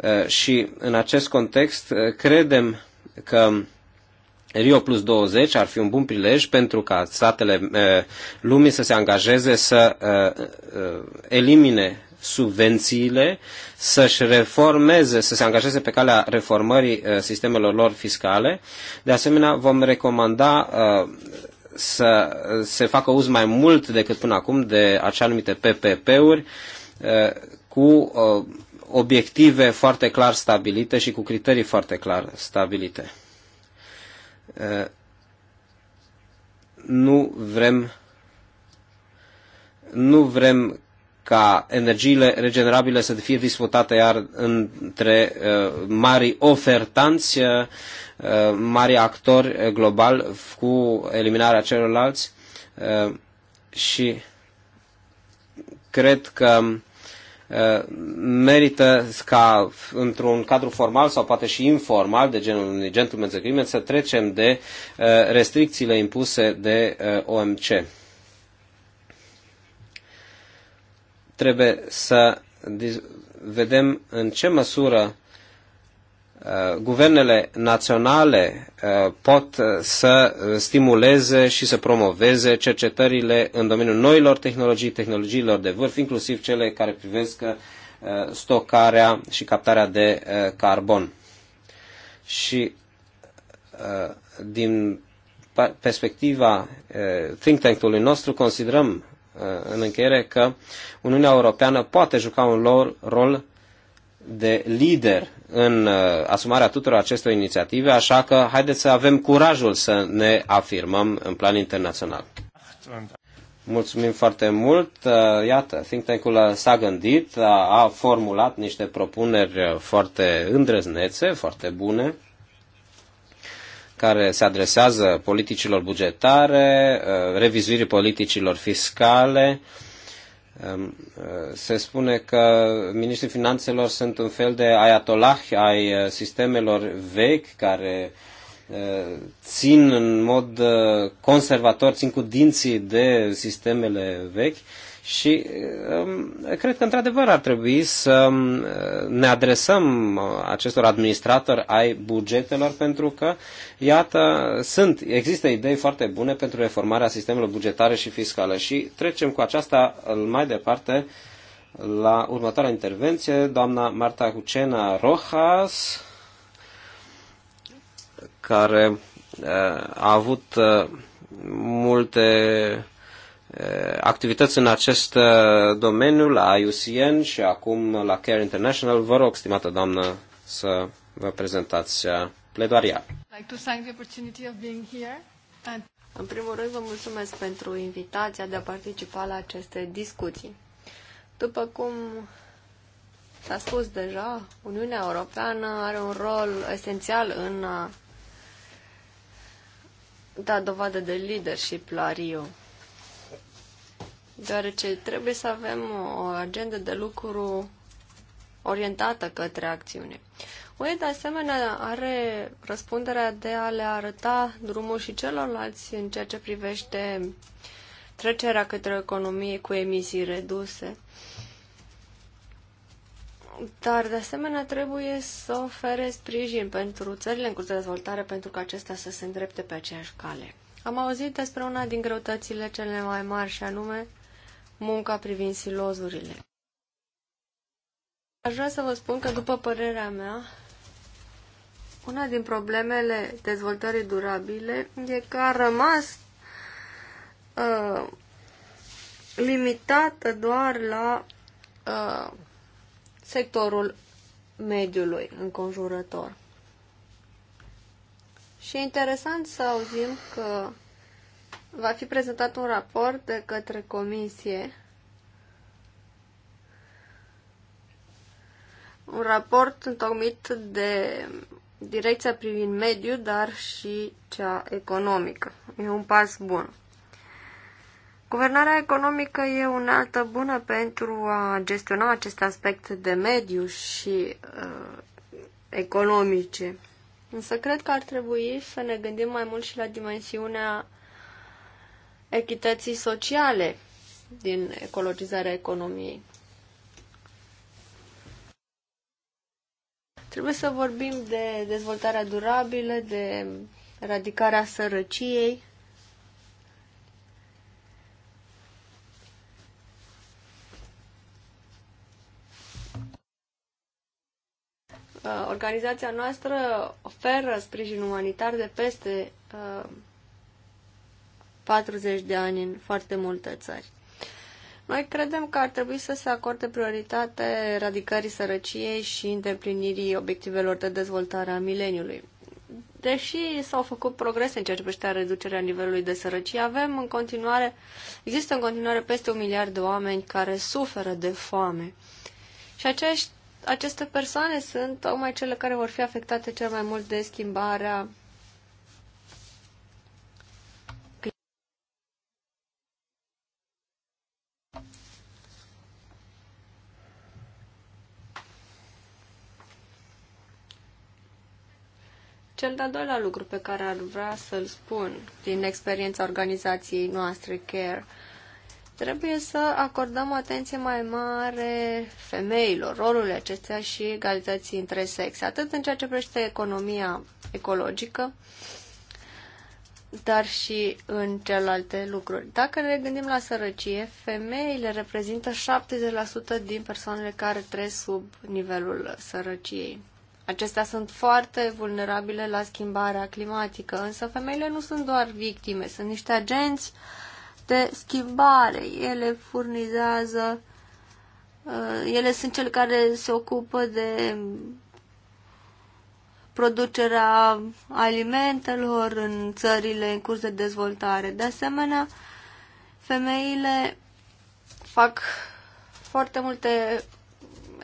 Speaker 1: Uh, și în acest context uh, credem că Rio plus 20 ar fi un bun prilej pentru ca statele uh, lumii să se angajeze să elimine subvențiile, să-și reformeze, să se angajeze pe calea reformării sistemelor lor fiscale. De asemenea, vom recomanda să se facă uz mai mult decât până acum de acea numite PPP-uri cu obiective foarte clar stabilite și cu criterii foarte clar stabilite. Nu vrem, nu vrem ca energiile regenerabile să fie disputate iar între mari ofertanți, mari actori global cu eliminarea celorlalți și cred că Uh, merită ca într-un cadru formal sau poate și informal de genul unui gentleman's agreement să trecem de uh, restricțiile impuse de uh, OMC. Trebuie să vedem în ce măsură Uh, guvernele naționale uh, pot uh, să stimuleze și să promoveze cercetările în domeniul noilor tehnologii, tehnologiilor de vârf, inclusiv cele care privesc stocarea și captarea de carbon. Și din perspectiva think tank-ului nostru considerăm în încheiere că Uniunea Europeană poate juca un rol de lider în uh, asumarea tuturor acestor inițiative, așa că haideți să avem curajul să ne afirmăm în plan internațional. Mulțumim foarte mult. Uh, iată, think tank-ul s-a gândit, a, a formulat niște propuneri foarte îndrăznețe, foarte bune, care se adresează politicilor bugetare, uh, revizuirii politicilor fiscale, Eh, se spune că ministrii finanțelor sunt un fel de ayatollah ai eh, sistemelor vechi care eh, țin în mod conservator, țin cu dinții de sistemele vechi și um, cred că, într-adevăr, ar trebui să um, ne adresăm acestor administratori ai bugetelor, pentru că, iată, sunt, există idei foarte bune pentru reformarea sistemelor bugetare și fiscale. Și trecem cu aceasta mai departe la următoarea intervenție, doamna Marta Hucena Rojas, care uh, a avut uh, multe Eh, activități în acest eh, domeniu la IUCN și acum la Care International. Vă rog, stimată doamnă, să vă prezentați eh, pledoaria.
Speaker 2: În primul rând, vă mulțumesc pentru invitația de a participa la aceste discuții. După cum s-a spus deja, Uniunea Europeană are un rol esențial în a da dovadă de leadership la Rio deoarece trebuie să avem o agendă de lucru orientată către acțiune. UE, de asemenea, are răspunderea de a le arăta drumul și celorlalți în ceea ce privește trecerea către o economie cu emisii reduse. Dar, de asemenea, trebuie să ofere sprijin pentru țările în curs de dezvoltare pentru ca acestea să se îndrepte pe aceeași cale. Am auzit despre una din greutățile cele mai mari și anume munca privind silozurile. Aș vrea să vă spun că, după părerea mea, una din problemele dezvoltării durabile e că a rămas uh, limitată doar la uh, sectorul mediului înconjurător. Și e interesant să auzim că va fi prezentat un raport de către comisie. Un raport întocmit de direcția privind mediu, dar și cea economică. E un pas bun. Guvernarea economică e o altă bună pentru a gestiona aceste aspecte de mediu și uh, economice. Însă cred că ar trebui să ne gândim mai mult și la dimensiunea echității sociale din ecologizarea economiei. Trebuie să vorbim de dezvoltarea durabilă, de eradicarea sărăciei. Uh, organizația noastră oferă sprijin umanitar de peste uh, 40 de ani în foarte multe țări. Noi credem că ar trebui să se acorde prioritate eradicării sărăciei și îndeplinirii obiectivelor de dezvoltare a mileniului. Deși s-au făcut progrese în ceea ce privește reducerea nivelului de sărăcie, avem în continuare, există în continuare peste un miliard de oameni care suferă de foame. Și acești, aceste persoane sunt tocmai cele care vor fi afectate cel mai mult de schimbarea cel de-al doilea lucru pe care ar vrea să-l spun din experiența organizației noastre CARE. Trebuie să acordăm atenție mai mare femeilor, rolul acestea și egalității între sexe, atât în ceea ce privește economia ecologică, dar și în celelalte lucruri. Dacă ne gândim la sărăcie, femeile reprezintă 70% din persoanele care trăiesc sub nivelul sărăciei. Acestea sunt foarte vulnerabile la schimbarea climatică, însă femeile nu sunt doar victime, sunt niște agenți de schimbare. Ele furnizează, uh, ele sunt cele care se ocupă de producerea alimentelor în țările în curs de dezvoltare. De asemenea, femeile fac foarte multe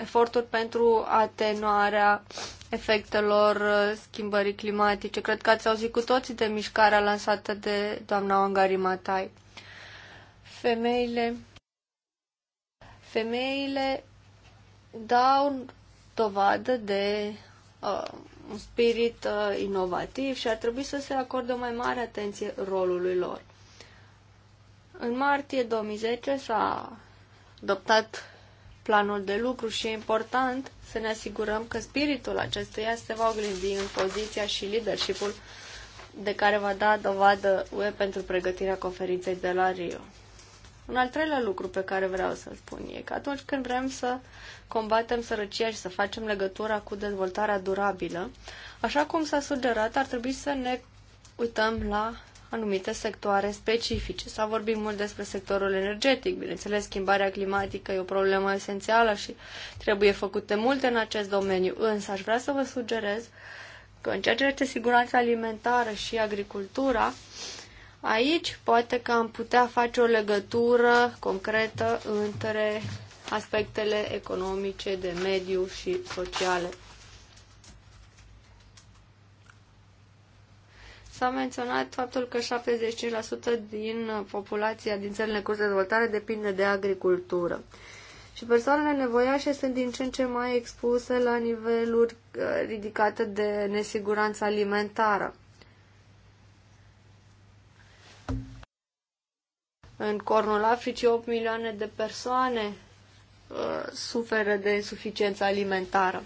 Speaker 2: eforturi pentru atenuarea efectelor schimbării climatice. Cred că ați auzit cu toții de mișcarea lansată de doamna Ongari Matai. Femeile, femeile dau dovadă de uh, un spirit uh, inovativ și ar trebui să se acorde o mai mare atenție rolului lor. În martie 2010 s-a adoptat planul de lucru și e important să ne asigurăm că spiritul acestuia se va oglindi în poziția și leadership de care va da dovadă UE pentru pregătirea conferinței de la Rio. Un al treilea lucru pe care vreau să-l spun e că atunci când vrem să combatem sărăcia și să facem legătura cu dezvoltarea durabilă, așa cum s-a sugerat, ar trebui să ne uităm la anumite sectoare specifice. S-a vorbit mult despre sectorul energetic, bineînțeles, schimbarea climatică e o problemă esențială și trebuie făcute multe în acest domeniu, însă aș vrea să vă sugerez că în ceea ce este siguranța alimentară și agricultura, aici poate că am putea face o legătură concretă între aspectele economice, de mediu și sociale. S-a menționat faptul că 75% din populația din țările cu dezvoltare depinde de agricultură. Și persoanele nevoiașe sunt din ce în ce mai expuse la niveluri uh, ridicate de nesiguranță alimentară. În cornul Africii, 8 milioane de persoane uh, suferă de insuficiență alimentară.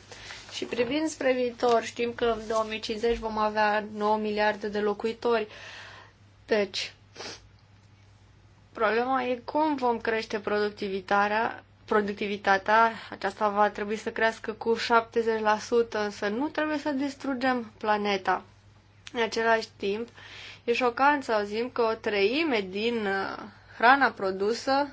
Speaker 2: Și privind spre viitor, știm că în 2050 vom avea 9 miliarde de locuitori. Deci, problema e cum vom crește productivitatea, productivitatea, aceasta va trebui să crească cu 70%, însă nu trebuie să distrugem planeta. În același timp, e șocant să auzim că o treime din uh, hrana produsă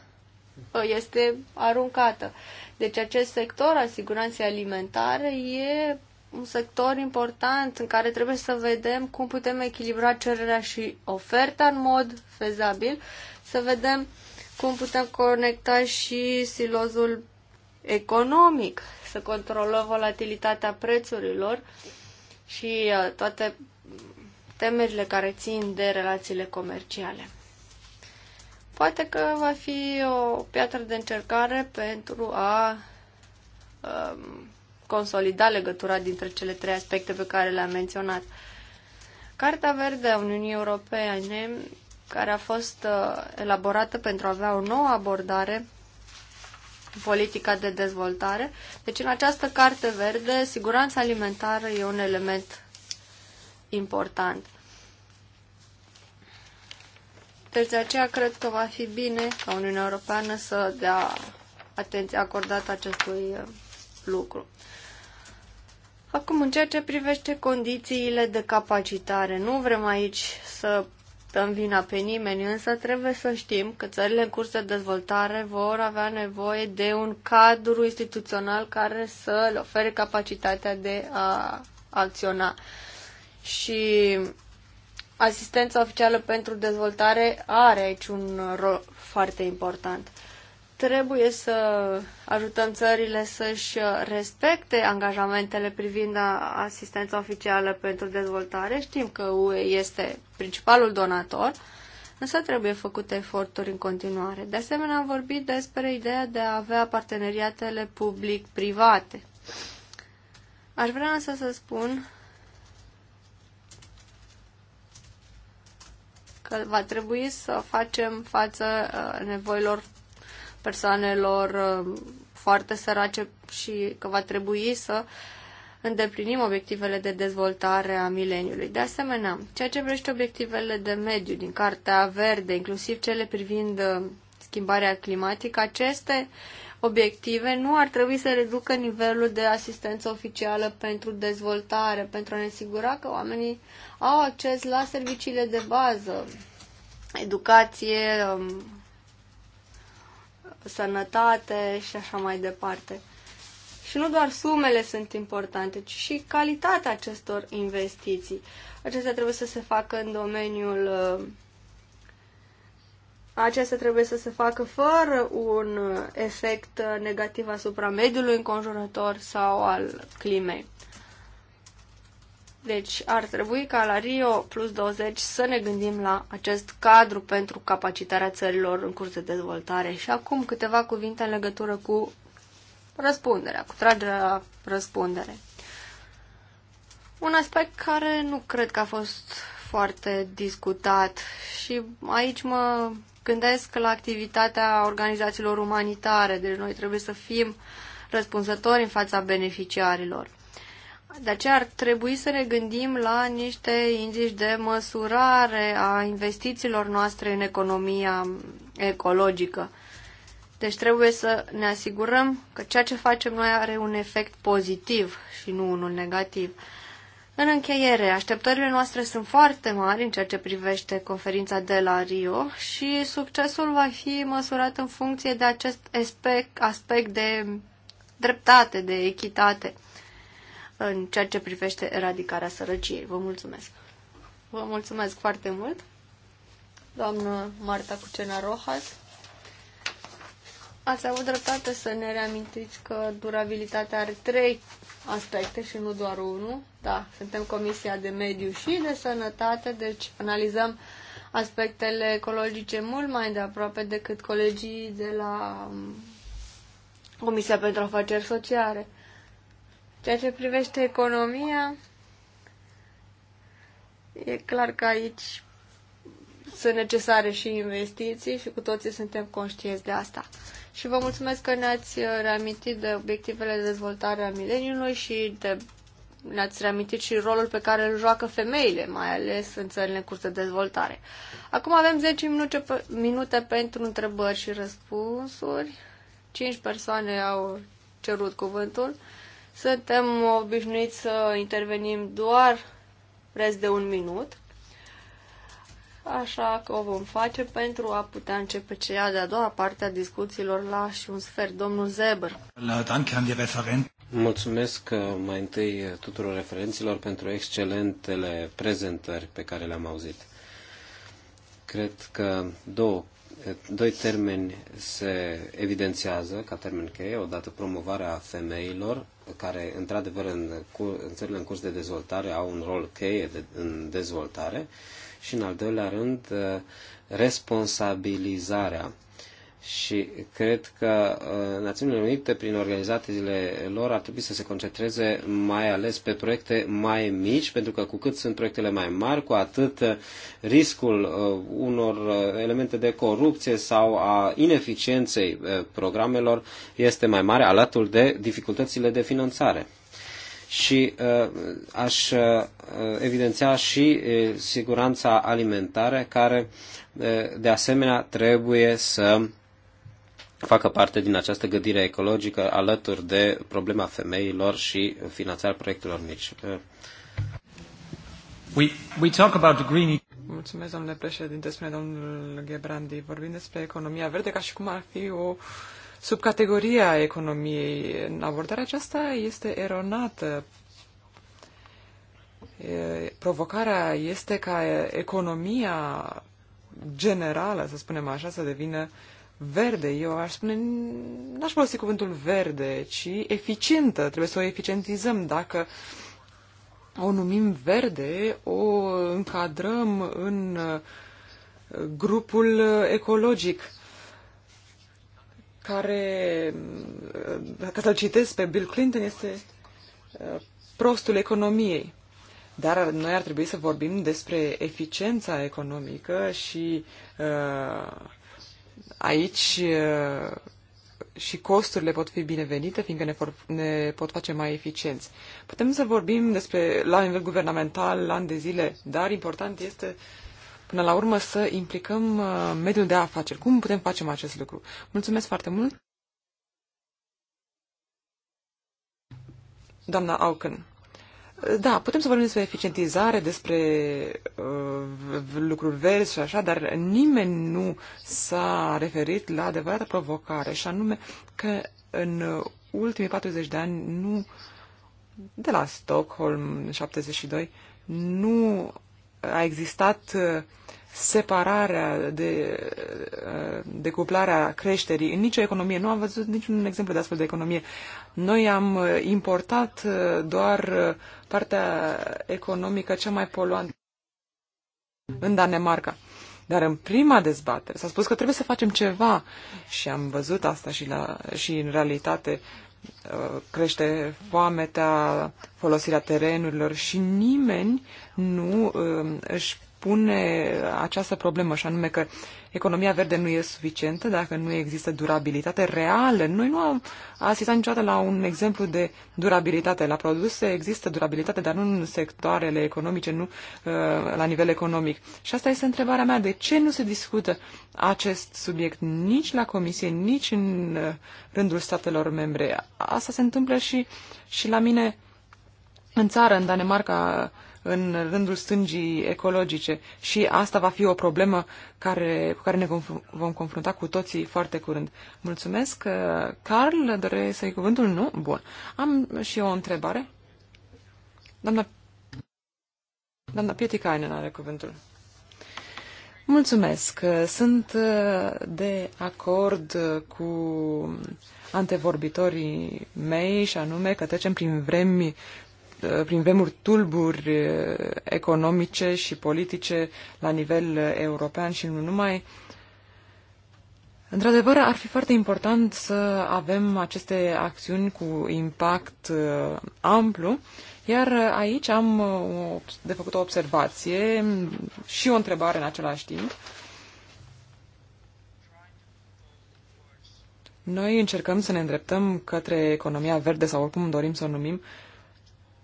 Speaker 2: uh, este aruncată. Deci acest sector al siguranței alimentare e un sector important în care trebuie să vedem cum putem echilibra cererea și oferta în mod fezabil, să vedem cum putem conecta și silozul economic, să controlăm volatilitatea prețurilor și uh, toate temerile care țin de relațiile comerciale. Poate că va fi o piatră de încercare pentru a um, consolida legătura dintre cele trei aspecte pe care le-am menționat. Carta verde a Uniunii Europene, care a fost uh, elaborată pentru a avea o nouă abordare politica de dezvoltare. Deci în această carte verde, siguranța alimentară e un element important. Deci de aceea cred că va fi bine ca Uniunea Europeană să dea atenție acordată acestui uh, lucru. Acum, în ceea ce privește condițiile de capacitare, nu vrem aici să dăm vina pe nimeni, însă trebuie să știm că țările în curs de dezvoltare vor avea nevoie de un cadru instituțional care să le ofere capacitatea de a acționa. Și asistența oficială pentru dezvoltare are aici un rol foarte important. Trebuie să ajutăm țările să-și respecte angajamentele privind asistența oficială pentru dezvoltare. Știm că UE este principalul donator, însă trebuie făcute eforturi în continuare. De asemenea, am vorbit despre ideea de a avea parteneriatele public-private. Aș vrea însă să spun că va trebui să facem față uh, nevoilor persoanelor uh, foarte sărace și că va trebui să îndeplinim obiectivele de dezvoltare a mileniului. De asemenea, ceea ce vrește obiectivele de mediu din Cartea Verde, inclusiv cele privind uh, schimbarea climatică, aceste uh, obiective nu ar trebui să reducă nivelul de asistență oficială pentru dezvoltare, pentru a ne asigura că oamenii au acces la serviciile de bază, educație, um, sănătate și așa mai departe. Și nu doar sumele sunt importante, ci și calitatea acestor investiții. Acestea trebuie să se facă în domeniul uh, Acestea trebuie să se facă fără un efect negativ asupra mediului înconjurător sau al climei. Deci ar trebui ca la Rio plus 20 să ne gândim la acest cadru pentru capacitarea țărilor în curs de dezvoltare. Și acum câteva cuvinte în legătură cu răspunderea, cu tragerea la răspundere. Un aspect care nu cred că a fost foarte discutat și aici mă gândesc la activitatea organizațiilor umanitare, deci noi trebuie să fim răspunzători în fața beneficiarilor. De aceea ar trebui să ne gândim la niște indici de măsurare a investițiilor noastre în economia ecologică. Deci trebuie să ne asigurăm că ceea ce facem noi are un efect pozitiv și nu unul negativ. În încheiere, așteptările noastre sunt foarte mari în ceea ce privește conferința de la Rio și succesul va fi măsurat în funcție de acest aspect, aspect de dreptate, de echitate în ceea ce privește eradicarea sărăciei. Vă mulțumesc! Vă mulțumesc foarte mult, doamnă Marta Cucena Rojas. Ați avut dreptate să ne reamintiți că durabilitatea are trei aspecte și nu doar unul. Da, suntem Comisia de Mediu și de Sănătate, deci analizăm aspectele ecologice mult mai de aproape decât colegii de la um, Comisia pentru Afaceri Sociale. Ceea ce privește economia, e clar că aici sunt necesare și investiții și cu toții suntem conștienți de asta. Și vă mulțumesc că ne-ați uh, reamintit de obiectivele de dezvoltare a mileniului și de ne-ați reamintit și rolul pe care îl joacă femeile, mai ales în țările în curs de dezvoltare. Acum avem 10 minute, minute pentru întrebări și răspunsuri. 5 persoane au cerut cuvântul. Suntem obișnuiți să intervenim doar preț de un minut așa că o vom face pentru a putea începe cea de-a doua parte a discuțiilor la și un sfert. Domnul Zeber.
Speaker 1: La, Mulțumesc uh, mai întâi uh, tuturor referenților pentru excelentele prezentări pe care le-am auzit. Cred că două, uh, doi termeni se evidențiază ca termen cheie, odată promovarea femeilor, care într-adevăr în, în țările în curs de dezvoltare au un rol cheie de, în dezvoltare, și, în al doilea rând, uh, responsabilizarea. Și cred că uh, Națiunile Unite, prin organizațiile lor, ar trebui să se concentreze mai ales pe proiecte mai mici, pentru că cu cât sunt proiectele mai mari, cu atât uh, riscul unor elemente de corupție sau a ineficienței programelor este mai mare, alături de dificultățile de finanțare și uh, aș uh, evidenția și uh, siguranța alimentară care de asemenea trebuie să facă parte din această gândire ecologică alături de problema femeilor și finanțarea proiectelor mici.
Speaker 3: We, we talk about the green... Mulțumesc, domnule președinte, spune domnul Gebrandi. Vorbim despre economia verde ca și cum ar fi o uh, Subcategoria economiei, economiei. Abordarea aceasta este eronată. Provocarea este ca economia generală, să spunem așa, să devină verde. Eu aș spune, n-aș folosi cuvântul verde, ci eficientă. Trebuie să o eficientizăm. Dacă o numim verde, o încadrăm în uh, grupul ecologic care, ca să-l citesc pe Bill Clinton, este uh, prostul economiei. Dar noi ar trebui să vorbim despre eficiența economică și uh, aici uh, și costurile pot fi binevenite, fiindcă ne, for, ne pot face mai eficienți. Putem să vorbim despre la nivel guvernamental, la ani de zile, dar important este uh, până la urmă să implicăm uh, mediul de afaceri. Cum putem face acest lucru? Mulțumesc foarte mult! Doamna Auken. Da, putem să vorbim despre eficientizare, despre uh, lucruri verzi și așa, dar nimeni nu s-a referit la adevărată provocare, și anume că în ultimii 40 de ani nu, de la Stockholm 72, nu a existat uh, separarea, de, uh, decuplarea creșterii. În nicio economie, nu am văzut niciun exemplu de astfel de economie. Noi am uh, importat doar partea economică cea mai poluantă în Danemarca. Dar în prima dezbatere s-a spus că trebuie să facem ceva și am văzut asta și, la, și în realitate crește foametea, folosirea terenurilor și nimeni nu um, își pune această problemă, și anume că economia verde nu e suficientă dacă nu există durabilitate reală. Noi nu am asistat niciodată la un exemplu de durabilitate. La produse există durabilitate, dar nu în sectoarele economice, nu uh, la nivel economic. Și asta este întrebarea mea. De ce nu se discută acest subiect nici la Comisie, nici în uh, rândul statelor membre? Asta se întâmplă și, și la mine în țară, în Danemarca, uh, în rândul stângii ecologice și asta va fi o problemă care, cu care ne vom confrunta cu toții foarte curând. Mulțumesc. Carl, dorește să-i cuvântul? Nu? Bun. Am și eu o întrebare. Doamna, doamna Pietikainen are cuvântul. Mulțumesc. Sunt de acord cu antevorbitorii mei și anume că trecem prin vremi Uh, prin vremuri tulburi uh, economice și politice la nivel uh, european și nu numai. Într-adevăr, ar fi foarte important să avem aceste acțiuni cu impact amplu, iar aici am de făcut o observație și o întrebare în același timp. Noi încercăm să ne îndreptăm către economia verde sau oricum dorim să o numim, uh,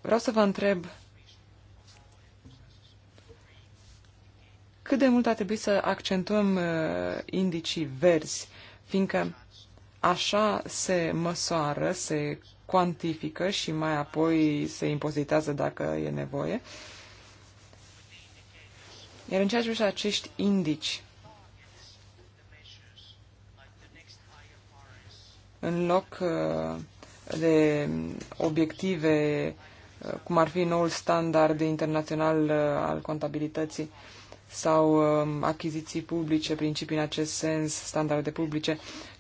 Speaker 3: Vreau să vă întreb cât de mult a trebuit să accentuăm uh, indicii verzi, fiindcă așa se măsoară, se cuantifică și mai apoi se impozitează dacă e nevoie. Iar în ceea ce privește acești indici, în loc uh, de obiective Uh, cum ar fi noul standard internațional uh, al contabilității sau um, achiziții publice, principii în acest sens, standarde publice.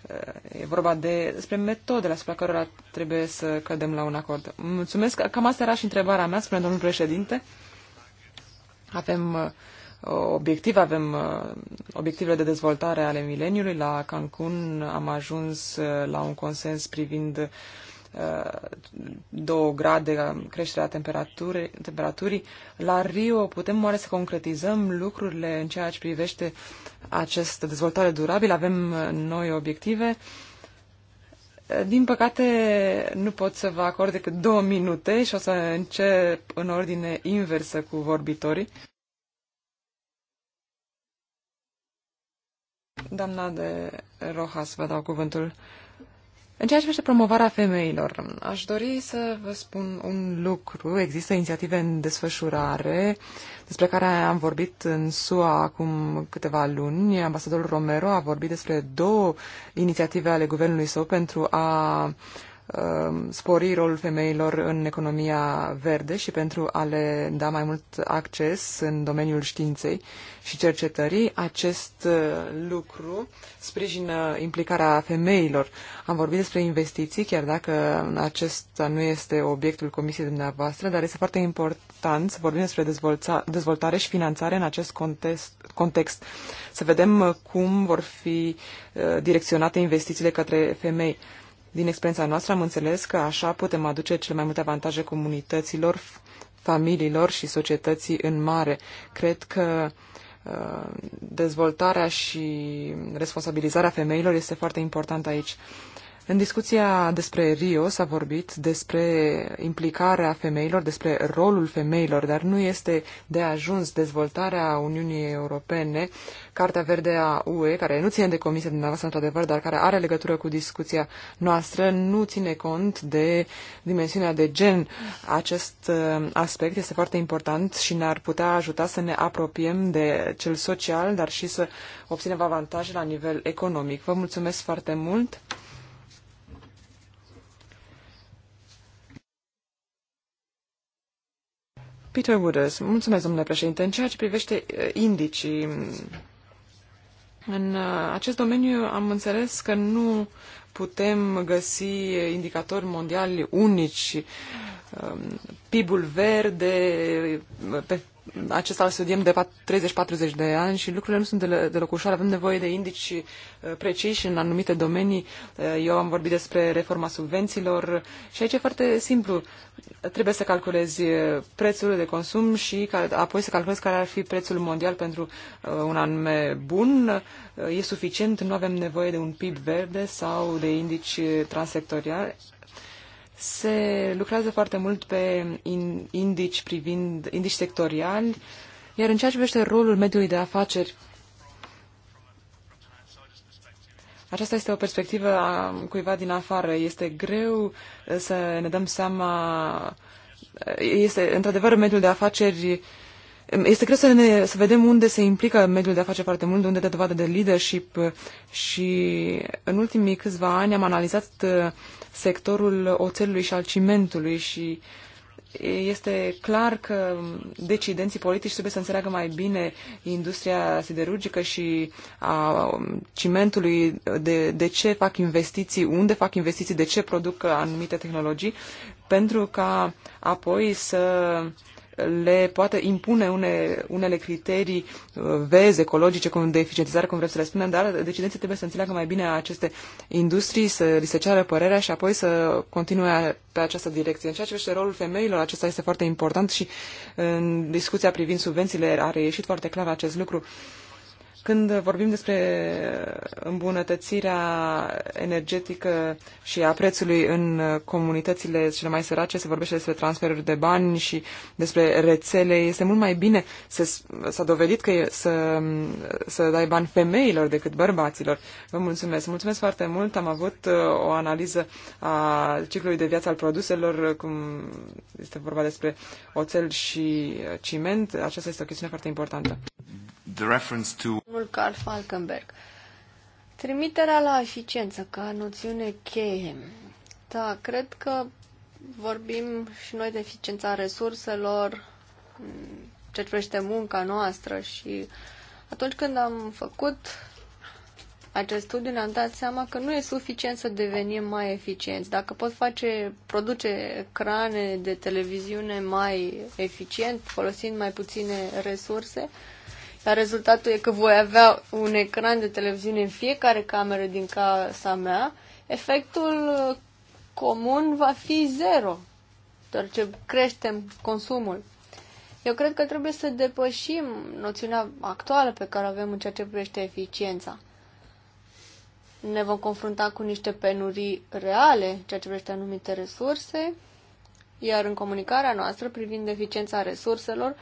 Speaker 3: Uh, e vorba de, despre metodele asupra cărora trebuie să cădem la un acord. Mulțumesc. Cam asta era și întrebarea mea, spune domnul președinte. Avem obiective, avem obiectivele de dezvoltare ale mileniului. La Cancun am ajuns la un consens privind uh, Uh, două grade creșterea temperaturii, temperaturii. La Rio putem oare să concretizăm lucrurile în ceea ce privește această dezvoltare durabilă? Avem uh, noi obiective. Uh, din păcate, nu pot să vă acord decât două minute și o să încep în ordine inversă cu vorbitorii. Doamna de Rojas, vă dau cuvântul. În ceea ce privește promovarea femeilor, aș dori să vă spun un lucru. Există inițiative în desfășurare despre care am vorbit în SUA acum câteva luni. Ambasadorul Romero a vorbit despre două inițiative ale guvernului său pentru a Um, spori rolul femeilor în economia verde și pentru a le da mai mult acces în domeniul științei și cercetării. Acest uh, lucru sprijină implicarea femeilor. Am vorbit despre investiții, chiar dacă acesta nu este obiectul comisiei dumneavoastră, dar este foarte important să vorbim despre dezvoltare și finanțare în acest context, context. Să vedem cum vor fi uh, direcționate investițiile către femei din experiența noastră am înțeles că așa putem aduce cele mai multe avantaje comunităților, familiilor și societății în mare. Cred că uh, dezvoltarea și responsabilizarea femeilor este foarte importantă aici. În discuția despre Rio s-a vorbit despre implicarea femeilor, despre rolul femeilor, dar nu este de ajuns dezvoltarea Uniunii Europene, Cartea Verde a UE, care nu ține de comisia dumneavoastră într-adevăr, dar care are legătură cu discuția noastră, nu ține cont de dimensiunea de gen. Acest uh, aspect este foarte important și ne-ar putea ajuta să ne apropiem de cel social, dar și să obținem avantaje la nivel economic. Vă mulțumesc foarte mult! Peter Wooders, mulțumesc, domnule președinte. În ceea ce privește uh, indicii, în uh, acest domeniu am înțeles că nu putem găsi indicatori mondiali unici Um, PIB-ul verde, pe acesta îl studiem de 30-40 de ani și lucrurile nu sunt de deloc ușoare. Avem nevoie de indici uh, preciși în anumite domenii. Uh, eu am vorbit despre reforma subvențiilor și aici e foarte simplu. Trebuie să calculezi uh, prețul de consum și apoi să calculezi care ar fi prețul mondial pentru un anume bun. E suficient, nu avem nevoie de un PIB verde sau de indici transsectoriali se lucrează foarte mult pe indici privind indici sectoriali, iar în ceea ce privește rolul mediului de afaceri, aceasta este o perspectivă a cuiva din afară. Este greu uh, să ne dăm seama, uh, este într-adevăr mediul de afaceri um, este greu să, ne, să vedem unde se implică mediul de afaceri foarte mult, unde dă dovadă de leadership și în ultimii câțiva ani am analizat uh, sectorul oțelului și al cimentului și este clar că decidenții politici trebuie să înțeleagă mai bine industria siderurgică și a cimentului, de, de ce fac investiții, unde fac investiții, de ce produc anumite tehnologii, pentru ca apoi să uh, le poate impune une, unele criterii uh, vezi ecologice, cum de eficientizare, cum vreți să le spunem, dar decidenții trebuie să înțeleagă mai bine aceste industrii, să li se ceară părerea și apoi să continue pe această direcție. În ceea ce vește rolul femeilor, acesta este foarte important și în discuția privind subvențiile a reieșit foarte clar acest lucru. Uh, când vorbim despre îmbunătățirea energetică și a prețului în comunitățile cele mai sărace, se vorbește despre transferuri de bani și despre rețele. Este mult mai bine, s-a dovedit că e, să, să dai bani femeilor decât bărbaților. Vă mulțumesc. Mulțumesc foarte mult. Am avut uh, o analiză a ciclului de viață al produselor, cum este vorba despre oțel și ciment. Aceasta este o chestiune foarte importantă the reference to...
Speaker 2: Domnul Falkenberg. Trimiterea la eficiență ca noțiune cheie. Da, cred că vorbim și noi de eficiența resurselor, ce privește munca noastră și atunci când am făcut acest studiu ne-am dat seama că nu e suficient să devenim mai eficienți. Dacă pot face, produce ecrane de televiziune mai eficient, folosind mai puține resurse, uh, dar rezultatul e că voi avea un ecran de televiziune în fiecare cameră din casa mea. Efectul uh, comun va fi zero, doar ce creștem consumul. Eu cred că trebuie să depășim noțiunea actuală pe care o avem în ceea ce privește eficiența. Ne vom confrunta cu niște penurii reale, ceea ce privește anumite resurse, iar în comunicarea noastră privind eficiența resurselor,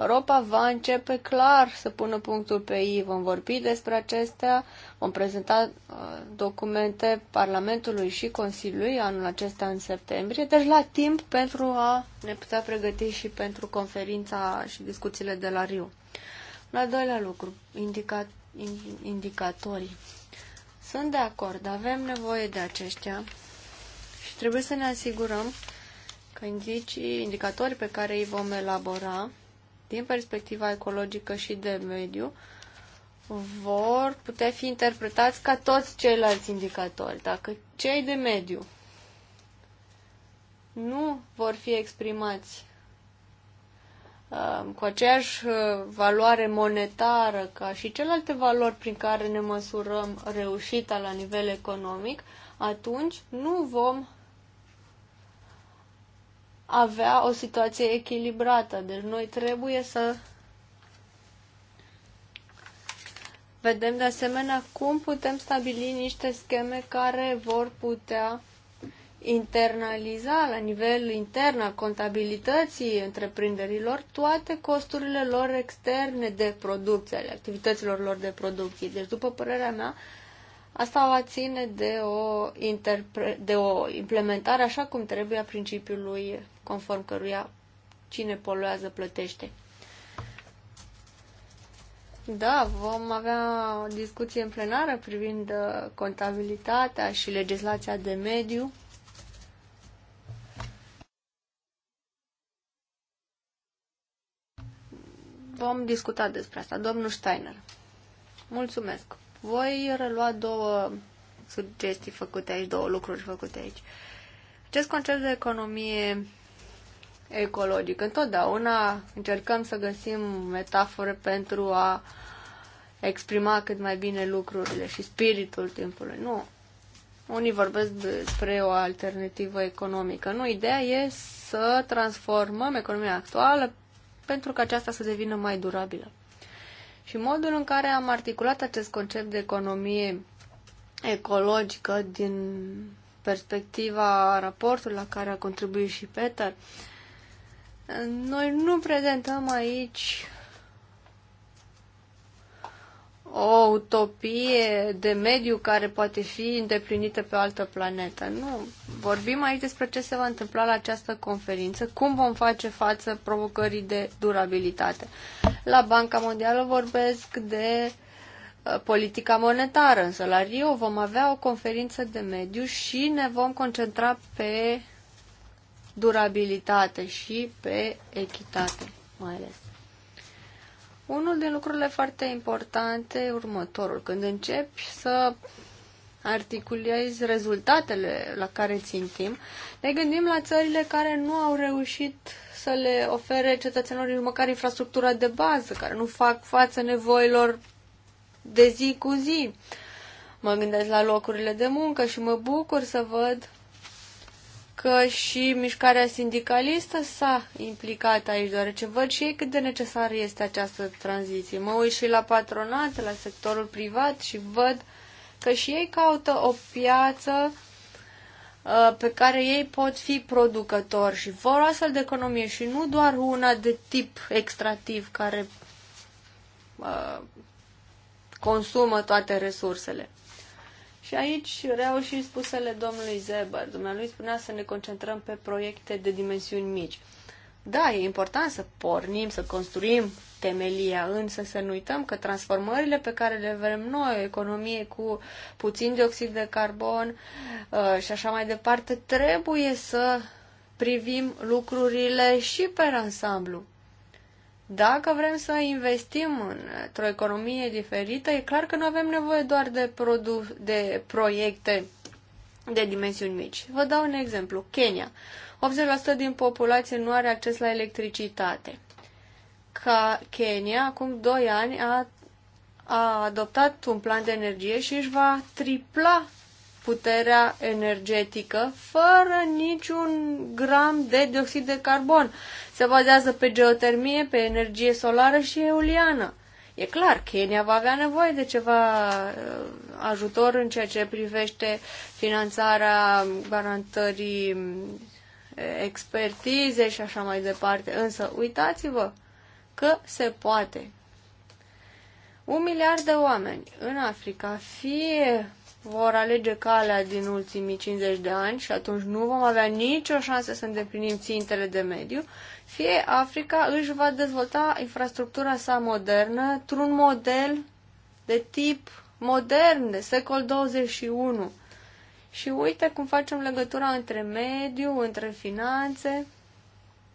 Speaker 2: Europa va începe clar să pună punctul pe ei. Vom vorbi despre acestea, vom prezenta uh, documente Parlamentului și Consiliului anul acesta în septembrie, deci la timp pentru a ne putea pregăti și pentru conferința și discuțiile de la Rio. La doilea lucru, indica, indicatorii. Sunt de acord, avem nevoie de aceștia și trebuie să ne asigurăm că indicii, indicatorii pe care îi vom elabora din perspectiva ecologică și de mediu, vor putea fi interpretați ca toți ceilalți indicatori. Dacă cei de mediu nu vor fi exprimați um, cu aceeași uh, valoare monetară ca și celelalte valori prin care ne măsurăm reușita la nivel economic, atunci nu vom avea o situație echilibrată. Deci noi trebuie să vedem de asemenea cum putem stabili niște scheme care vor putea internaliza la nivel intern al contabilității întreprinderilor toate costurile lor externe de producție, ale activităților lor de producție. Deci, după părerea mea, Asta va ține de o, de o implementare așa cum trebuie a principiului conform căruia cine poluează plătește. Da, vom avea o discuție în plenară privind uh, contabilitatea și legislația de mediu. Vom discuta despre asta. Domnul Steiner. Mulțumesc. Voi relua două sugestii făcute aici, două lucruri făcute aici. Acest concept de economie ecologică, întotdeauna încercăm să găsim metafore pentru a exprima cât mai bine lucrurile și spiritul timpului. Nu. Unii vorbesc despre o alternativă economică. Nu, ideea e să transformăm economia actuală pentru ca aceasta să devină mai durabilă. Și modul în care am articulat acest concept de economie ecologică din perspectiva raportului la care a contribuit și Peter, noi nu prezentăm aici o utopie de mediu care poate fi îndeplinită pe o altă planetă. Nu. Vorbim aici despre ce se va întâmpla la această conferință, cum vom face față provocării de durabilitate. La Banca Mondială vorbesc de uh, politica monetară, însă la Rio vom avea o conferință de mediu și ne vom concentra pe durabilitate și pe echitate, mai ales. Unul din lucrurile foarte importante e următorul. Când începi să articulezi rezultatele la care timp, ne gândim la țările care nu au reușit să le ofere cetățenilor nici măcar infrastructura de bază, care nu fac față nevoilor de zi cu zi. Mă gândesc la locurile de muncă și mă bucur să văd că și mișcarea sindicalistă s-a implicat aici, deoarece văd și ei cât de necesară este această tranziție. Mă uit și la patronat, la sectorul privat și văd că și ei caută o piață uh, pe care ei pot fi producători și vor astfel de economie și nu doar una de tip extrativ care uh, consumă toate resursele. Și aici reau și spusele domnului Zeber. Dumnealui spunea să ne concentrăm pe proiecte de dimensiuni mici. Da, e important să pornim, să construim temelia, însă să nu uităm că transformările pe care le vrem noi, o economie cu puțin dioxid de carbon uh, și așa mai departe, trebuie să privim lucrurile și pe ansamblu. Dacă vrem să investim într-o economie diferită, e clar că nu avem nevoie doar de, produ- de proiecte de dimensiuni mici. Vă dau un exemplu. Kenya. 80% din populație nu are acces la electricitate. Ca Kenya, acum 2 ani, a, a adoptat un plan de energie și își va tripla puterea energetică fără niciun gram de dioxid de carbon se bazează pe geotermie, pe energie solară și eoliană. E clar, Kenya va avea nevoie de ceva uh, ajutor în ceea ce privește finanțarea garantării mm, expertize și așa mai departe. Însă uitați-vă că se poate. Un miliard de oameni în Africa fie vor alege calea din ultimii 50 de ani și atunci nu vom avea nicio șansă să îndeplinim țintele de mediu, fie Africa își va dezvolta infrastructura sa modernă într-un model de tip modern, de secol 21. Și uite cum facem legătura între mediu, între finanțe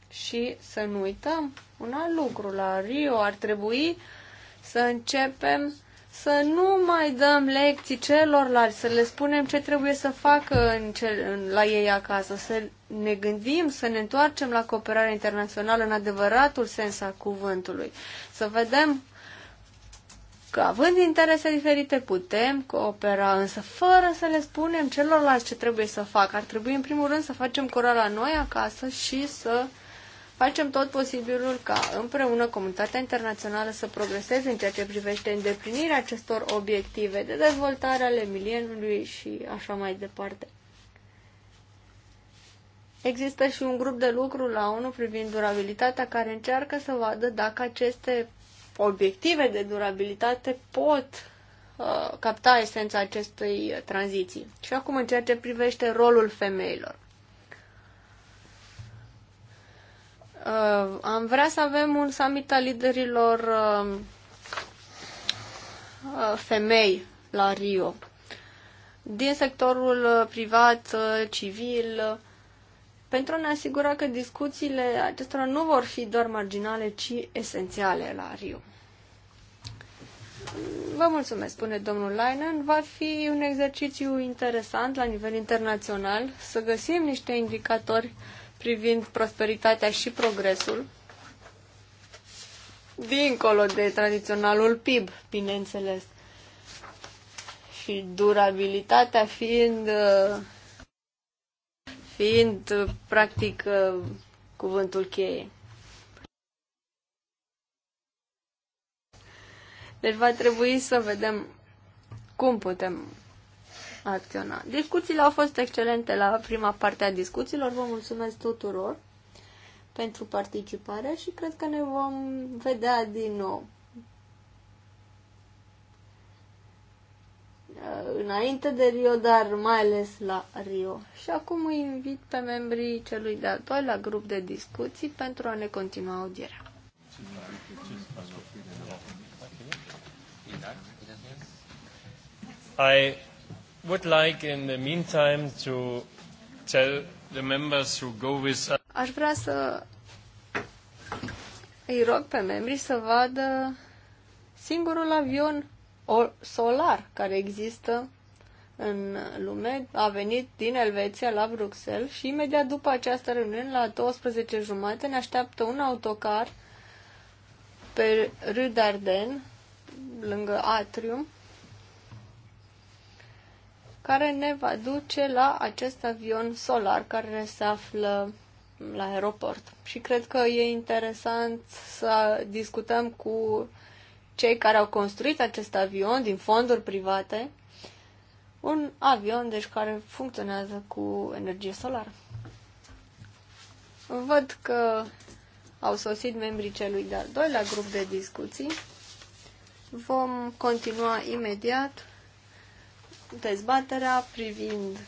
Speaker 2: și să nu uităm un alt lucru. La Rio ar trebui să începem să nu mai dăm lecții celorlalți, să le spunem ce trebuie să facă în cel, în, la ei acasă, să ne gândim, să ne întoarcem la cooperarea internațională în adevăratul sens al cuvântului, să vedem că având interese diferite putem coopera, însă fără să le spunem celorlalți ce trebuie să facă. Ar trebui în primul rând să facem curat la noi acasă și să facem tot posibilul ca împreună comunitatea internațională să progreseze în ceea ce privește îndeplinirea acestor obiective de dezvoltare ale mileniului și așa mai departe. Există și un grup de lucru la ONU privind durabilitatea care încearcă să vadă dacă aceste obiective de durabilitate pot uh, capta esența acestei tranziții. Și acum în ceea ce privește rolul femeilor. Uh, am vrea să avem un summit al liderilor uh, uh, femei la Rio, din sectorul uh, privat, uh, civil, uh, pentru a ne asigura că discuțiile acestora nu vor fi doar marginale, ci esențiale la Rio. Vă mulțumesc, spune domnul Leinen. Va fi un exercițiu interesant la nivel internațional să găsim niște indicatori uh, privind prosperitatea și progresul, dincolo de tradiționalul PIB, bineînțeles. Și durabilitatea fiind, fiind practic cuvântul cheie. Deci va trebui să vedem cum putem acționa. Discuțiile au fost excelente la prima parte a discuțiilor. Vă mulțumesc tuturor pentru participare și cred că ne vom vedea din nou. Uh, înainte de Rio, dar mai ales la Rio. Și acum îi invit pe membrii celui de-al doilea grup de discuții pentru a ne continua audierea.
Speaker 1: I would like in the meantime to tell the members who go with
Speaker 2: Aș vrea să îi rog pe membrii să vadă singurul avion solar care există în lume a venit din Elveția la Bruxelles și imediat după această reuniune, la 12 jumate, ne așteaptă un autocar pe Rue d'Ardenne, lângă Atrium, care ne va duce la acest avion solar care se află la aeroport. Și cred că e interesant să discutăm cu cei care au construit acest avion din fonduri private, un avion deci care funcționează cu energie solară. Văd că au sosit membrii celui de-al doilea grup de discuții. Vom continua imediat dezbaterea privind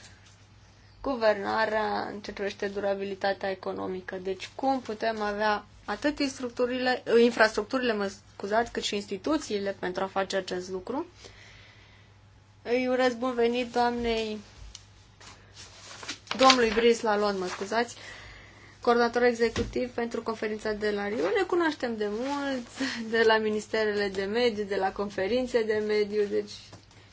Speaker 2: guvernarea în ce durabilitatea economică. Deci cum putem avea atât structurile, ă, infrastructurile, mă scuzați, cât și instituțiile pentru a face acest lucru. Îi urez bun venit doamnei domnului Bris Lalon, mă scuzați, coordonator executiv pentru conferința de la Rio. Ne cunoaștem de mult, de la ministerele de mediu, de la conferințe de mediu, deci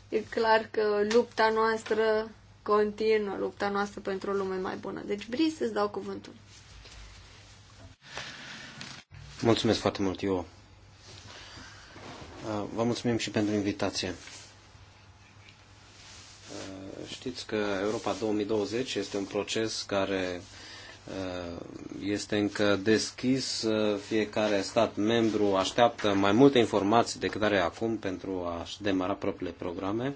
Speaker 2: E clar că lupta noastră continuă, lupta noastră pentru o lume mai bună. Deci, Bris, îți dau cuvântul.
Speaker 1: Mulțumesc foarte mult, eu. Uh, vă mulțumim și pentru invitație. Uh, știți că Europa 2020 este un proces care Uh, este încă deschis, uh, fiecare stat membru așteaptă mai multe informații decât are acum pentru a-și demara propriile programe.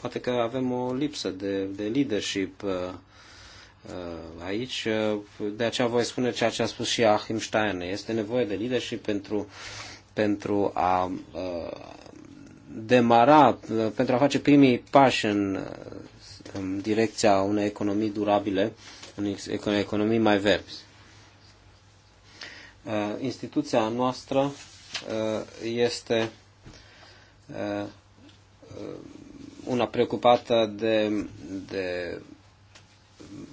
Speaker 1: Poate că avem o lipsă de, de leadership uh, aici, de aceea voi spune ceea ce a spus și Achim Stein. Este nevoie de leadership pentru, pentru a demara, pentru a face primii pași în, în direcția unei economii durabile unei economii mai verzi. Uh, instituția noastră uh, este uh, una preocupată de, de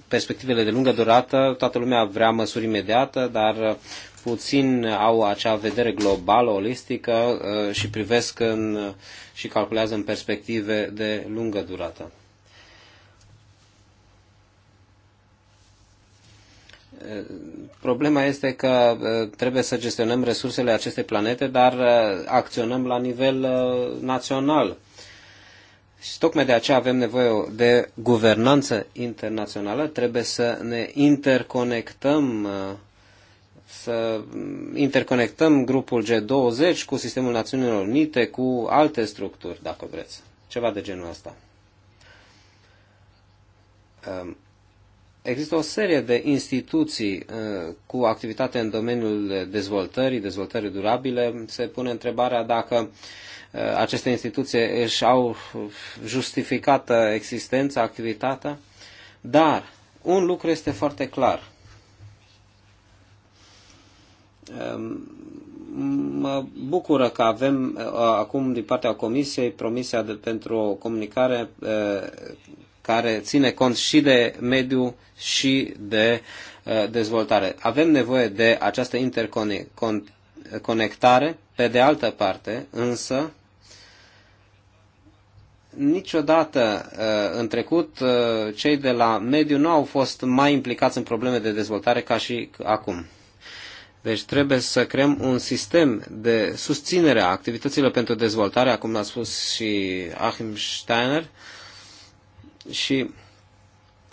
Speaker 1: perspectivele de lungă durată. Toată lumea vrea măsuri imediată, dar puțin au acea vedere globală, olistică și privesc în, și calculează în perspective de lungă durată. Problema este că uh, trebuie să gestionăm resursele acestei planete, dar uh, acționăm la nivel uh, național. Și tocmai de aceea avem nevoie de guvernanță internațională, trebuie să ne interconectăm să interconectăm grupul G20 cu sistemul Națiunilor Unite, cu alte structuri, dacă vreți. Ceva de genul ăsta. Um, Există o serie de instituții uh, cu activitate în domeniul dezvoltării, dezvoltării durabile. Se pune întrebarea dacă uh, aceste instituții își au justificată existența, activitatea, dar un lucru este foarte clar. Um, mă bucură că avem uh, acum din partea Comisiei promisia de, pentru o comunicare care ține cont și de mediu și de uh, dezvoltare. Avem nevoie de această interconectare, pe de altă parte, însă niciodată uh, în trecut uh, cei de la mediu nu au fost mai implicați în probleme de dezvoltare ca și acum. Deci trebuie să creăm un sistem de susținere a activităților pentru dezvoltare, acum a spus și Achim Steiner, uh, și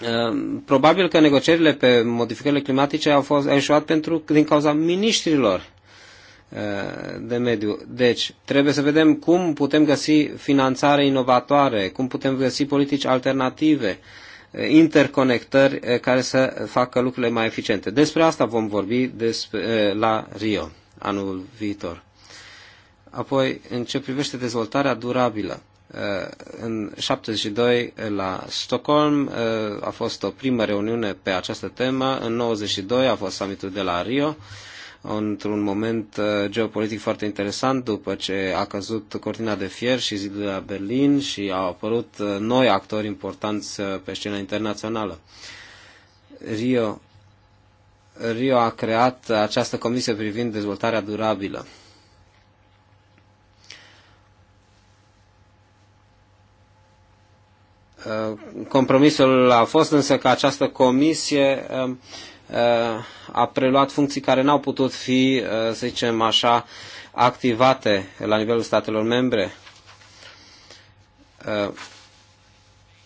Speaker 1: uh, probabil că negocierile pe modificările climatice au fost eșuat pentru, din cauza miniștrilor uh, de mediu. Deci, trebuie să vedem cum putem găsi finanțare inovatoare, cum putem găsi politici alternative, uh, interconectări care să facă lucrurile mai eficiente. Despre asta vom vorbi despre, la Rio anul viitor. Apoi, în ce privește dezvoltarea durabilă, Uh, în 72 uh, la Stockholm uh, a fost o primă reuniune pe această temă, în 92 a fost summitul de la Rio, într-un moment geopolitic foarte interesant după ce a căzut cortina de fier și zidul de la Berlin și au apărut noi actori importanți pe scena internațională. Rio, Rio a creat această comisie privind dezvoltarea durabilă Uh, compromisul a fost însă că această comisie um, uh, a preluat funcții care n-au putut fi, uh, să zicem așa, activate la nivelul statelor membre.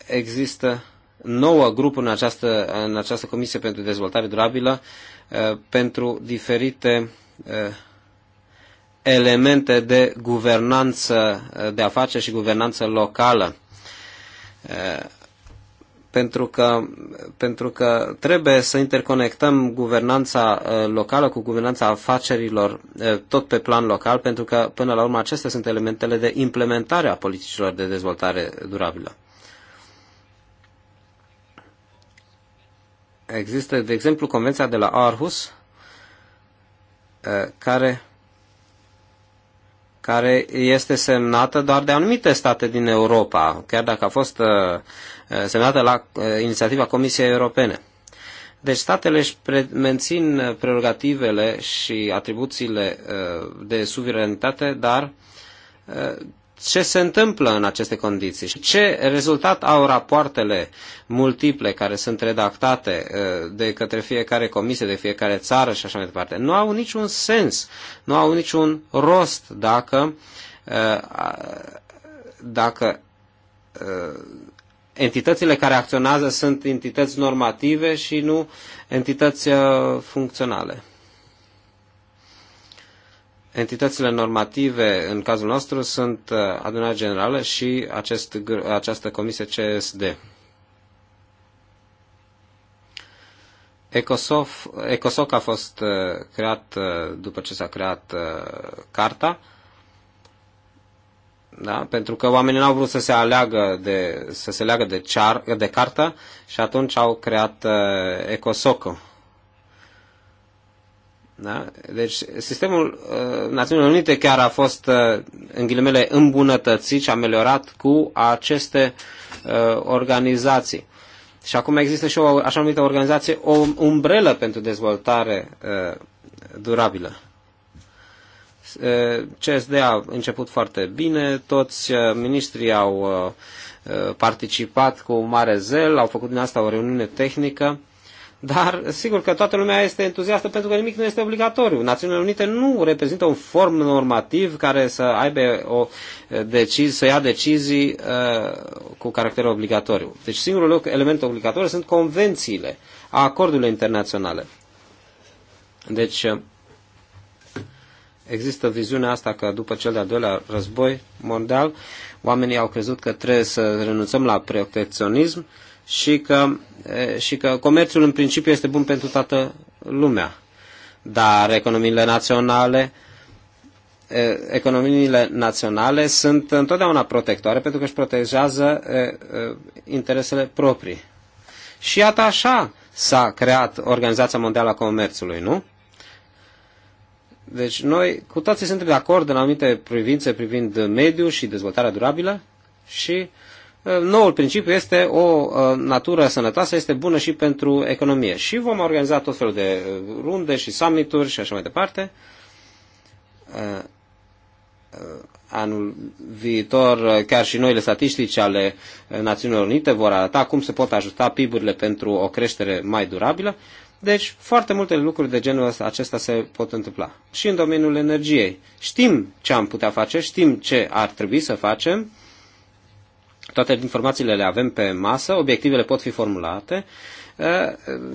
Speaker 1: Există nouă grupuri în această, în această comisie pentru dezvoltare durabilă pentru diferite elemente de guvernanță de afaceri și guvernanță locală pentru că, pentru că trebuie să interconectăm guvernanța uh, locală cu guvernanța afacerilor uh, tot pe plan local, pentru că până la urmă acestea sunt elementele de implementare a politicilor de dezvoltare durabilă. Există, de exemplu, Convenția de la Aarhus, uh, care care este semnată doar de anumite state din Europa, chiar dacă a fost uh, uh, semnată la uh, inițiativa Comisiei Europene. Deci statele își mențin prerogativele și atribuțiile de suveranitate, dar ce se întâmplă în aceste condiții și ce rezultat au rapoartele multiple care sunt redactate uh, de către fiecare comisie, de fiecare țară și așa mai departe. Nu au niciun sens, nu au niciun rost dacă, uh, dacă uh, entitățile care acționează sunt entități normative și nu entități funcționale. Entitățile normative, în cazul nostru, sunt uh, adunarea generală și acest, această comisie CSD. ECOSOF, ECOSOC a fost uh, creat uh, după ce s-a creat carta, da? pentru că oamenii n-au vrut să se aleagă de, să se leagă de, char, de cartă și atunci au creat ECOSOC-ul. Da? Deci sistemul uh, Națiunilor Unite chiar a fost, uh, în ghilimele, îmbunătățit și ameliorat cu aceste uh, organizații. Și acum există și o așa numită organizație, o umbrelă pentru dezvoltare uh, durabilă. Uh, CSD a început foarte bine, toți uh, ministrii au uh, participat cu mare zel, au făcut din asta o reuniune tehnică dar sigur că toată lumea este entuziastă pentru că nimic nu este obligatoriu. Națiunile Unite nu reprezintă un form normativ care să aibă o eh, decizie, să ia decizii uh, cu caracter obligatoriu. Deci singurul loc, element obligatoriu sunt convențiile acordurile internaționale. Deci eh, există viziunea asta că după cel de-al doilea război mondial, oamenii au crezut că trebuie să renunțăm la protecționism și că, și că comerțul în principiu este bun pentru toată lumea. Dar economiile naționale economiile naționale sunt întotdeauna protectoare pentru că își protejează interesele proprii. Și iată așa s-a creat Organizația Mondială a Comerțului, nu? Deci noi cu toții suntem de acord în anumite privințe privind mediul și dezvoltarea durabilă și uh, Uh, noul principiu este o uh, natură sănătoasă, este bună și pentru economie. Și vom organiza tot felul de uh, runde și summituri și așa mai departe. Anul viitor, chiar și noile statistici ale Națiunilor Unite vor arăta cum se pot ajuta PIB-urile pentru o creștere mai durabilă. Deci, foarte multe lucruri de genul acesta se pot întâmpla. Și în domeniul energiei. Știm ce am putea face, știm ce ar trebui să facem, toate informațiile le avem pe masă, obiectivele pot fi formulate, eh,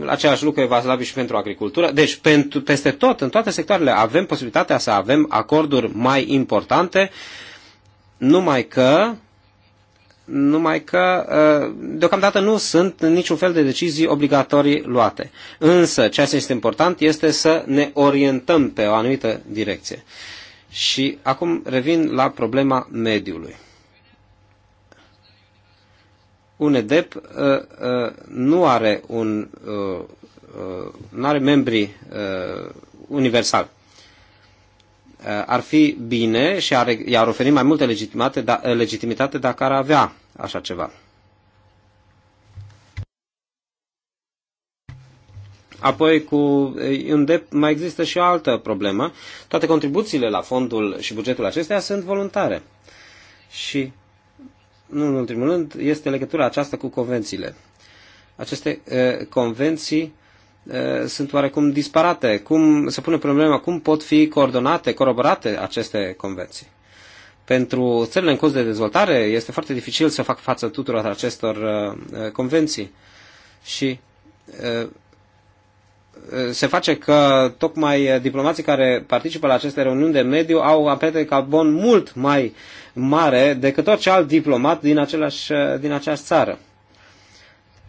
Speaker 1: același lucru e valabil și pentru agricultură. Deci, pentru, peste tot, în toate sectoarele, avem posibilitatea să avem acorduri mai importante, numai că numai că eh, deocamdată nu sunt niciun fel de decizii obligatorii luate. Însă, ceea ce este important este să ne orientăm pe o anumită direcție. Și acum revin la problema mediului. UNEDEP uh, uh, nu are un uh, nu are membri Uh, Ar fi bine și ar, i-ar oferi mai multe da, legitimitate dacă ar avea așa ceva. Apoi, cu UNDEP mai există și o altă problemă. Toate contribuțiile la fondul și bugetul acestea sunt voluntare. Și nu în ultimul rând, este legătura aceasta cu convențiile. Aceste uh, convenții sunt oarecum disparate. Cum se pune problema cum pot fi coordonate, coroborate aceste convenții? Pentru țările în curs de dezvoltare este foarte dificil să fac față tuturor acestor uh, convenții și uh, se face că tocmai diplomații care participă la aceste reuniuni de mediu au amprente de carbon mult mai mare decât orice alt diplomat din, același, din aceeași țară.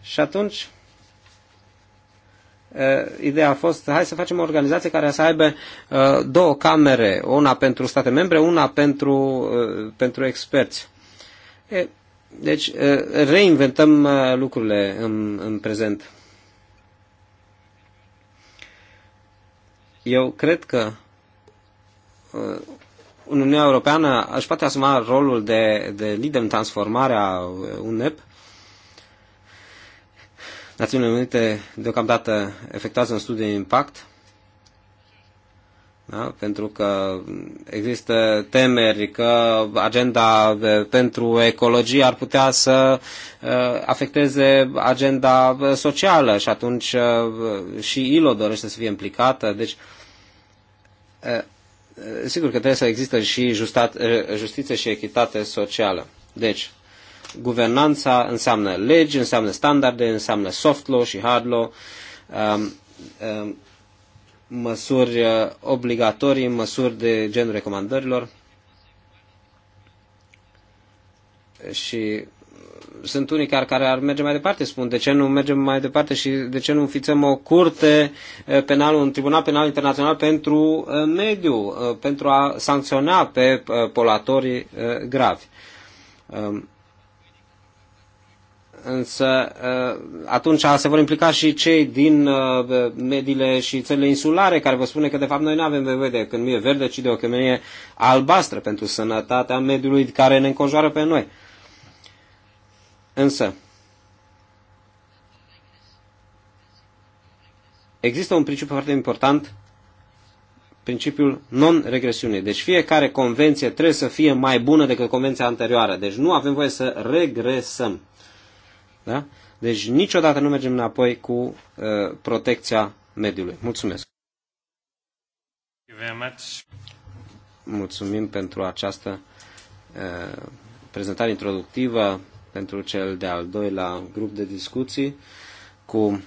Speaker 1: Și atunci, ideea a fost, hai să facem o organizație care să aibă două camere, una pentru state membre, una pentru, pentru experți. deci, reinventăm lucrurile în, în prezent. Eu cred că uh, Uniunea Europeană aș poate asuma rolul de, de lider în transformarea UNEP. Națiunile Unite deocamdată efectuează un studiu de impact da? pentru că există temeri că agenda pentru ecologie ar putea să uh, afecteze agenda socială și atunci uh, și ILO dorește să fie implicată. Deci Eh, sigur că trebuie să există și justat, eh, justiție și echitate socială. Deci, guvernanța înseamnă legi, înseamnă standarde, înseamnă soft law și hard law, ehm, ehm, măsuri eh, obligatorii, măsuri de genul recomandărilor și sunt unii care, care ar merge mai departe, spun de ce nu mergem mai departe și de ce nu înfițăm o curte penală, un tribunal penal internațional pentru mediu, pentru a sancționa pe polatorii gravi. Însă atunci se vor implica și cei din mediile și țările insulare care vă spune că de fapt noi nu avem nevoie de când e verde, ci de o chemie albastră pentru sănătatea mediului care ne înconjoară pe noi. Însă, există un principiu foarte important, principiul non-regresiunii. Deci fiecare convenție trebuie să fie mai bună decât convenția anterioară. Deci nu avem voie să regresăm. Da? Deci niciodată nu mergem înapoi cu uh, protecția mediului. Mulțumesc! Mulțumim pentru această uh, prezentare introductivă pentru cel de-al doilea grup de discuții cu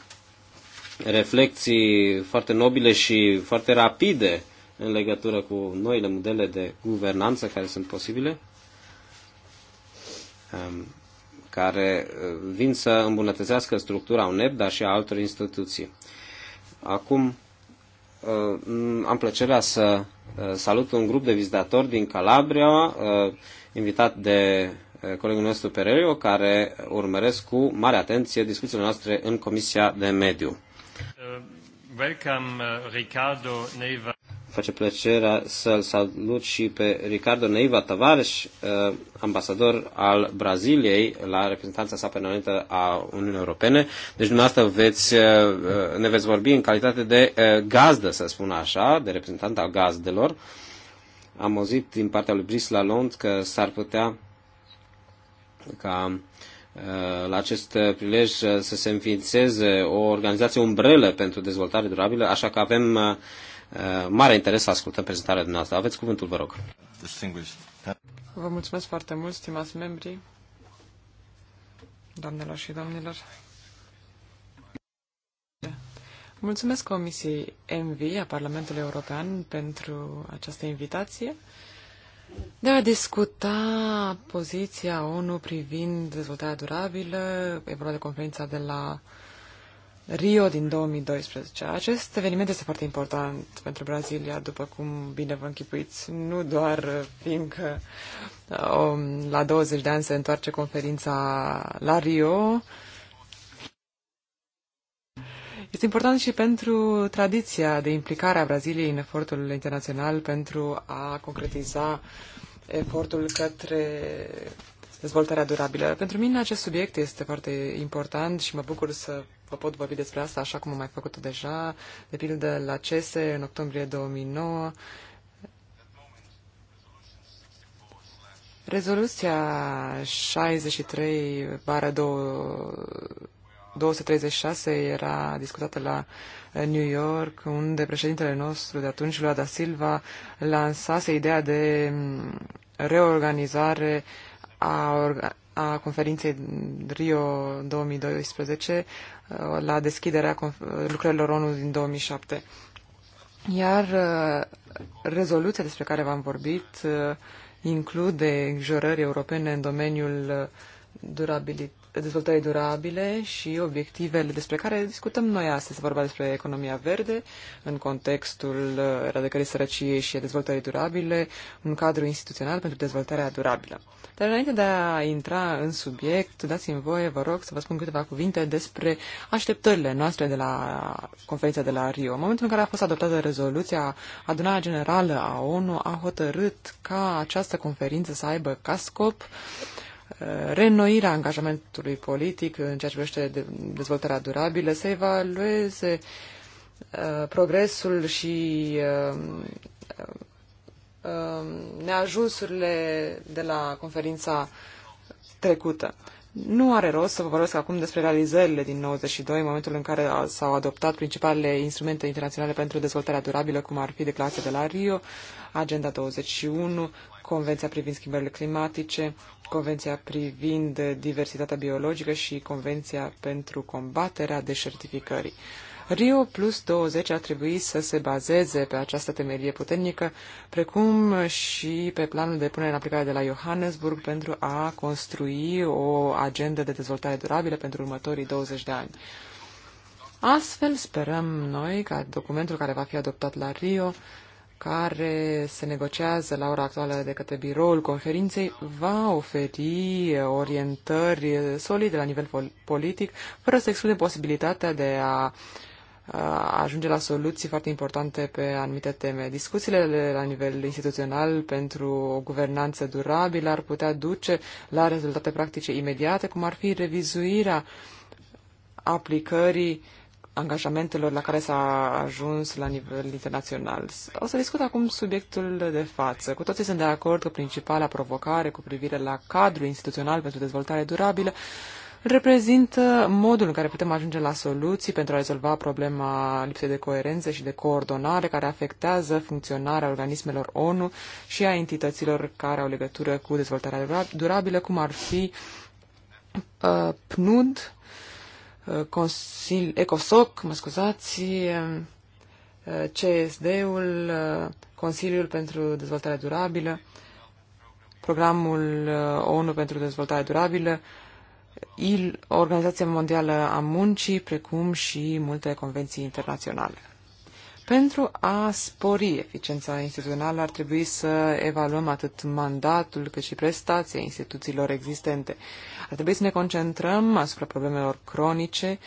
Speaker 1: reflexii foarte nobile și foarte rapide în legătură cu noile modele de guvernanță care sunt posibile, um, care uh, vin să îmbunătățească structura UNEP, dar și a altor instituții. Acum uh, am plăcerea să uh, salut un grup de vizitatori din Calabria, invitat de Eh, colegul nostru Pereiro, care urmăresc cu mare atenție discuțiile noastre în Comisia de Mediu. Eh, Face plăcerea să-l salut și pe Ricardo Neiva Tavares, eh, ambasador al Braziliei la reprezentanța sa permanentă a Uniunii Europene. Deci dumneavoastră veți, ne veți vorbi în calitate de gazdă, să spun așa, de reprezentant al gazdelor. Am auzit din partea lui Brice Lalonde că s-ar putea ca uh, la acest prilej uh, să se înființeze o organizație umbrelă pentru dezvoltare durabilă, așa că avem uh, mare interes să ascultăm prezentarea dumneavoastră. Aveți cuvântul, vă
Speaker 3: rog. Vă mulțumesc foarte mult, stimați membri, doamnelor și domnilor. Mulțumesc Comisiei MV a Parlamentului European pentru această invitație de a discuta poziția ONU privind dezvoltarea durabilă, evaluat de conferința de la Rio din 2012. Acest eveniment este foarte important pentru Brazilia, după cum bine vă închipuiți, nu doar fiindcă um, la 20 de ani se întoarce conferința la Rio, este important și pentru tradiția de implicare a Braziliei în efortul internațional pentru a concretiza efortul către dezvoltarea durabilă. Pentru mine acest subiect este foarte important și mă bucur să vă pot vorbi despre asta așa cum am mai făcut-o deja, de pildă la CESE în octombrie 2009. Rezoluția 63 bară 2 236 era discutată la eh, New York, unde președintele nostru de atunci, Lula da Silva, lansase ideea de mm, reorganizare a, a conferinței Rio 2012 eh, la deschiderea lucrărilor ONU din 2007. Iar eh, rezoluția despre care v-am vorbit include jurări europene în domeniul durabilității dezvoltării durabile și obiectivele despre care discutăm noi astăzi. vorba despre economia verde în contextul eradicării sărăciei și dezvoltării durabile, un cadru instituțional pentru dezvoltarea durabilă. Dar înainte de a intra în subiect, dați-mi voie, vă rog, să vă spun câteva cuvinte despre așteptările noastre de la conferința de la Rio. În momentul în care a fost adoptată rezoluția, adunarea generală a ONU a hotărât ca această conferință să aibă ca scop uh, reînnoirea angajamentului politic în ceea ce privește dezvoltarea durabilă, să evalueze uh, progresul și uh, uh, neajunsurile de la conferința trecută. Nu are rost să vă vorbesc acum despre realizările din 92, în momentul în care s-au adoptat principalele instrumente internaționale pentru dezvoltarea durabilă, cum ar fi declarația de la Rio, Agenda 21, Convenția privind schimbările climatice, Convenția privind diversitatea biologică și Convenția pentru combaterea deșertificării. Rio Plus 20 ar trebui să se bazeze pe această temerie puternică, precum și pe planul de punere în aplicare de la Johannesburg pentru a construi o agendă de dezvoltare durabilă pentru următorii 20 de ani. Astfel sperăm noi ca documentul care va fi adoptat la Rio care se negociază la ora actuală de către biroul conferinței va oferi orientări solide la nivel politic, fără să exclude posibilitatea de a ajunge la soluții foarte importante pe anumite teme. Discuțiile la nivel instituțional pentru o guvernanță durabilă ar putea duce la rezultate practice imediate, cum ar fi revizuirea aplicării uh, angajamentelor la care s-a ajuns la nivel internațional. O să discut acum subiectul de față. Cu toții sunt de acord că principala provocare cu privire la cadrul instituțional pentru dezvoltare durabilă reprezintă modul în care putem ajunge la soluții pentru a rezolva problema lipsei de coerență și de coordonare care afectează funcționarea organismelor ONU și a entităților care au legătură cu dezvoltarea durabilă, cum ar fi uh, PNUD, Consil, ECOSOC, mă scuzați, um, CSD-ul, uh, Consiliul pentru Dezvoltare Durabilă, Programul uh, ONU pentru Dezvoltare Durabilă, Organizația Mondială a Muncii, precum și multe convenții internaționale. Pentru a spori eficiența instituțională ar trebui să evaluăm atât mandatul cât și prestația instituțiilor existente. Ar trebui să ne concentrăm asupra problemelor cronice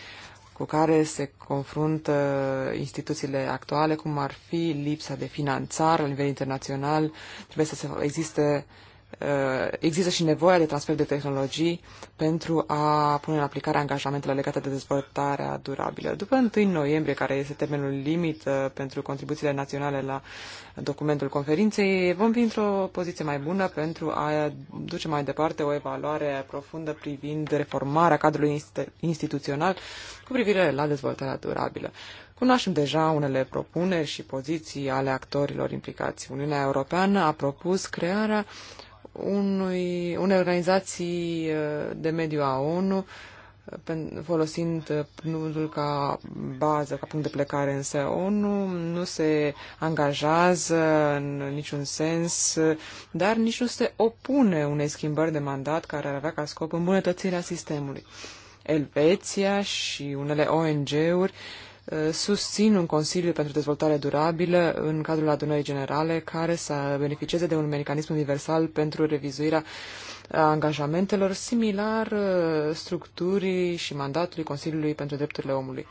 Speaker 3: cu care se confruntă instituțiile actuale, cum ar fi lipsa de finanțare la nivel internațional, trebuie să se existe uh, Uh, există și nevoia de transfer de tehnologii pentru a pune în aplicare angajamentele legate de dezvoltarea durabilă. După 1 noiembrie, care este termenul limit uh, pentru contribuțiile naționale la documentul conferinței, vom fi într-o poziție mai bună pentru a duce mai departe o evaluare profundă privind reformarea cadrului instituțional cu privire la dezvoltarea durabilă. Cunoaștem deja unele propuneri și poziții ale actorilor implicați. Uniunea Europeană a propus crearea unui, unei organizații uh, de mediu a ONU, folosind uh, PNUD-ul ca bază, ca punct de plecare, însă ONU nu se angajează în niciun sens, dar nici nu se opune unei schimbări de mandat care ar avea ca scop îmbunătățirea sistemului. Elveția și unele ONG-uri uh, susțin un Consiliu pentru Dezvoltare Durabilă în cadrul adunării generale care să beneficieze de un mecanism universal pentru revizuirea angajamentelor similar uh, structurii și mandatului Consiliului pentru Drepturile Omului.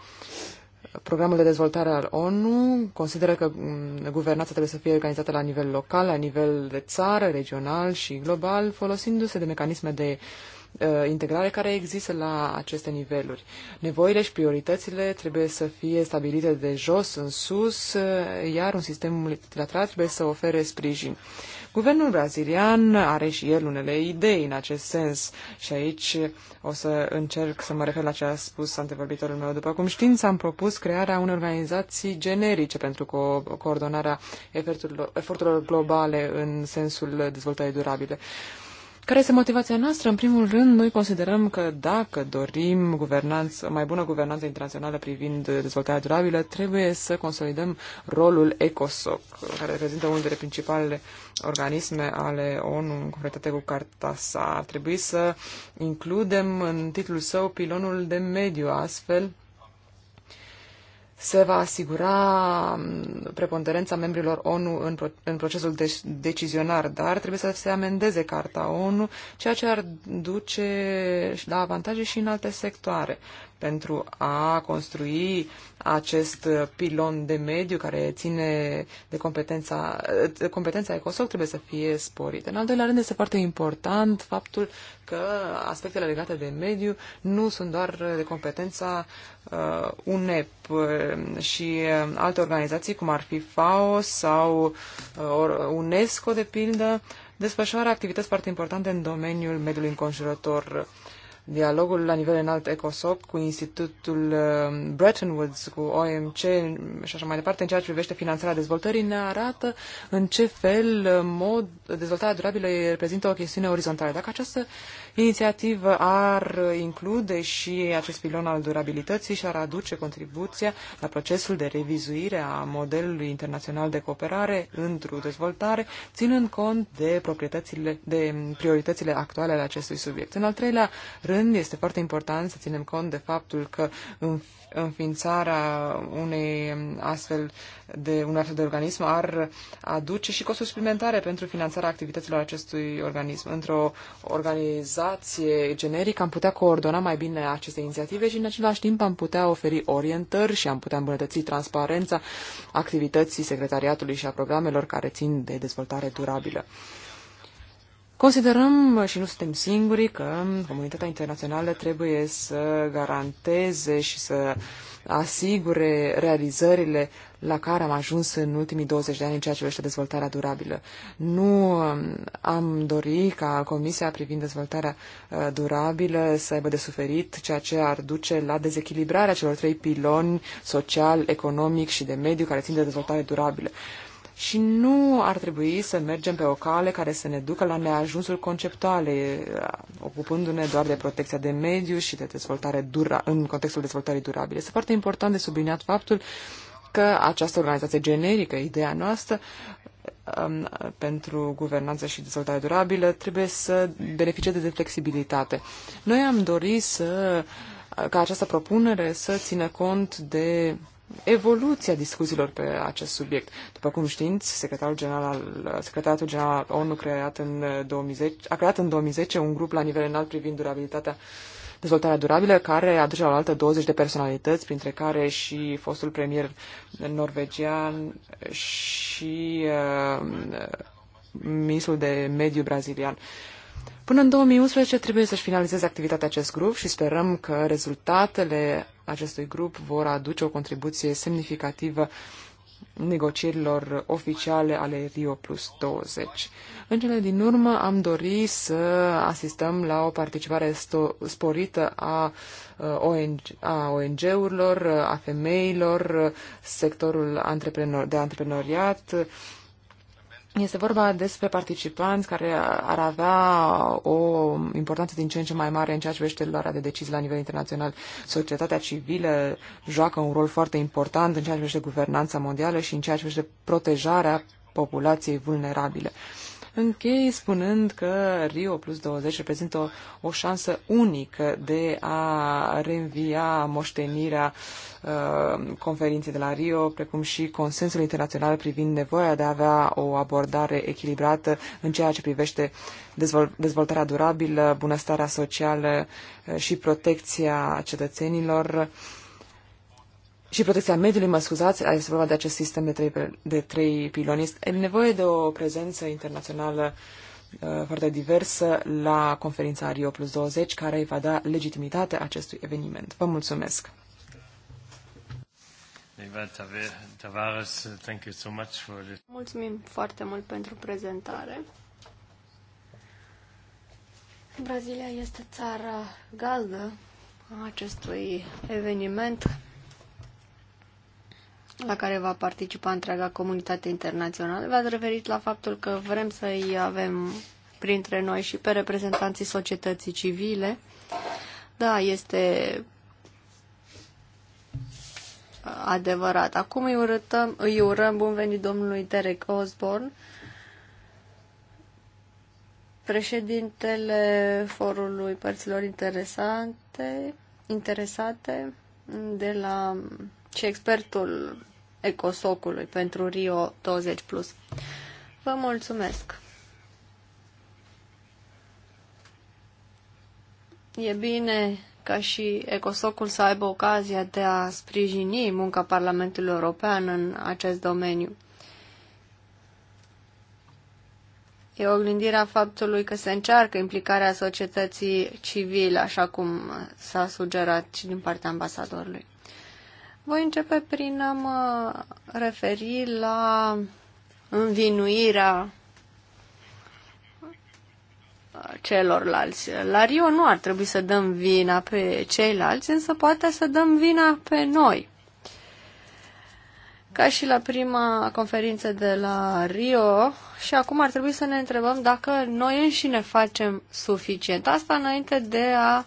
Speaker 3: Programul de dezvoltare al ONU consideră că mm, guvernanța trebuie să fie organizată la nivel local, la nivel de țară, regional și global, folosindu-se de mecanisme de uh, Uh, integrare care există la aceste niveluri. Nevoile și prioritățile trebuie să fie stabilite de jos în sus, uh, iar un sistem multilateral trebuie să ofere sprijin. Guvernul brazilian are și el unele idei în acest sens și aici o să încerc să mă refer la ce a spus antevorbitorul meu. După cum știți, am propus crearea unei organizații generice pentru co- coordonarea eforturilor, eforturilor globale în sensul dezvoltării durabile. Uh, care este motivația noastră? În primul rând, noi considerăm că dacă dorim guvernanță, mai bună guvernanță internațională privind dezvoltarea durabilă, trebuie să consolidăm rolul ECOSOC, care reprezintă unul dintre principalele organisme ale ONU în conformitate cu Carta sa. Ar trebui să includem în titlul său pilonul de mediu, astfel se va asigura mm, preponderența membrilor ONU în, pro- în procesul de- decizionar, dar trebuie să se amendeze Carta ONU, ceea ce ar duce la avantaje și în alte sectoare pentru a construi acest pilon de mediu care ține de competența, competența ECOSOC trebuie să fie sporită. În al doilea rând este foarte important faptul că aspectele legate de mediu nu sunt doar de competența uh, UNEP uh, și uh, alte organizații cum ar fi FAO sau uh, UNESCO de pildă desfășoară activități foarte importante în domeniul mediului înconjurător. Uh, dialogul la nivel înalt ECOSOC cu Institutul uh, Bretton Woods, cu OMC și așa mai departe, în ceea ce privește finanțarea dezvoltării, ne arată în ce fel uh, mod dezvoltarea durabilă reprezintă o chestiune orizontală. Dacă această inițiativă ar include și acest pilon al durabilității și ar aduce contribuția la procesul de revizuire a modelului internațional de cooperare într-o dezvoltare, ținând cont de, proprietățile, de prioritățile actuale ale acestui subiect. În al treilea rând, este foarte important să ținem cont de faptul că în înființarea unei astfel de, un astfel de organism ar aduce și costuri suplimentare pentru finanțarea activităților acestui organism. Într-o organizare autorizație generică, am putea coordona mai bine aceste inițiative și în același timp am putea oferi orientări și am putea îmbunătăți transparența activității secretariatului și a programelor care țin de dezvoltare durabilă. Considerăm și nu suntem singuri că comunitatea internațională trebuie să garanteze și să uh, asigure realizările la care am ajuns în ultimii 20 de ani în ceea ce privește dezvoltarea durabilă. Nu um, am dori ca Comisia privind dezvoltarea uh, durabilă să aibă de suferit, ceea ce ar duce la dezechilibrarea celor trei piloni social, economic și de mediu care țin de dezvoltare durabilă și nu ar trebui să mergem pe o cale care să ne ducă la neajunsuri conceptuale, ocupându-ne doar de protecția de mediu și de dezvoltare dura, în contextul dezvoltării durabile. Este foarte important de subliniat faptul că această organizație generică, ideea noastră, um, pentru guvernanță și dezvoltare durabilă trebuie să beneficieze de flexibilitate. Noi am dorit să, ca această propunere să țină cont de evoluția discuțiilor pe acest subiect. După cum știți, secretarul general al, secretariatul general al ONU creat în 2010, uh, a creat în 2010 un grup la nivel înalt privind durabilitatea dezvoltarea durabilă, care aduce la altă 20 de personalități, printre care și fostul premier norvegian și uh, ministrul de mediu brazilian. Până în 2011 trebuie să-și finalizeze activitatea acest grup și sperăm că rezultatele acestui grup vor aduce o contribuție semnificativă negocierilor oficiale ale Rio Plus 20. În cele din urmă am dori să asistăm la o participare sporită a, uh, ONG, urilor a femeilor, sectorul de antreprenoriat, este vorba despre participanți care ar avea o importanță din ce în ce mai mare în ceea ce privește luarea de decizii la nivel internațional. Societatea civilă joacă un rol foarte important în ceea ce privește guvernanța mondială și în ceea ce privește protejarea populației vulnerabile. Închei spunând că Rio Plus 20 reprezintă o, o șansă unică de a reînvia moștenirea uh, conferinței de la Rio, precum și consensul internațional privind nevoia de a avea o abordare echilibrată în ceea ce privește dezvol- dezvoltarea durabilă, bunăstarea socială uh, și protecția cetățenilor. Uh, și protecția mediului, mă scuzați, este vorba de acest sistem de trei, de trei piloni. E nevoie de o prezență internațională uh, foarte diversă la conferința Rio Plus 20, care îi va da legitimitate acestui eveniment. Vă mulțumesc!
Speaker 2: Mulțumim foarte mult pentru prezentare. Brazilia este țara galdă a acestui eveniment la care va participa întreaga comunitate internațională. V-ați referit la faptul că vrem să îi avem printre noi și pe reprezentanții societății civile. Da, este adevărat. Acum îi, urătăm, îi urăm bun venit domnului Derek Osborne, președintele forului părților interesante, interesate de la și expertul Ecosocului pentru Rio 20+. Plus. Vă mulțumesc! E bine ca și Ecosocul să aibă ocazia de a sprijini munca Parlamentului European în acest domeniu. E oglindirea faptului că se încearcă implicarea societății civile, așa cum s-a sugerat și din partea ambasadorului. Voi începe prin a mă referi la învinuirea celorlalți. La Rio nu ar trebui să dăm vina pe ceilalți, însă poate să dăm vina pe noi. Ca și la prima conferință de la Rio, și acum ar trebui să ne întrebăm dacă noi înșine facem suficient. Asta înainte de a uh,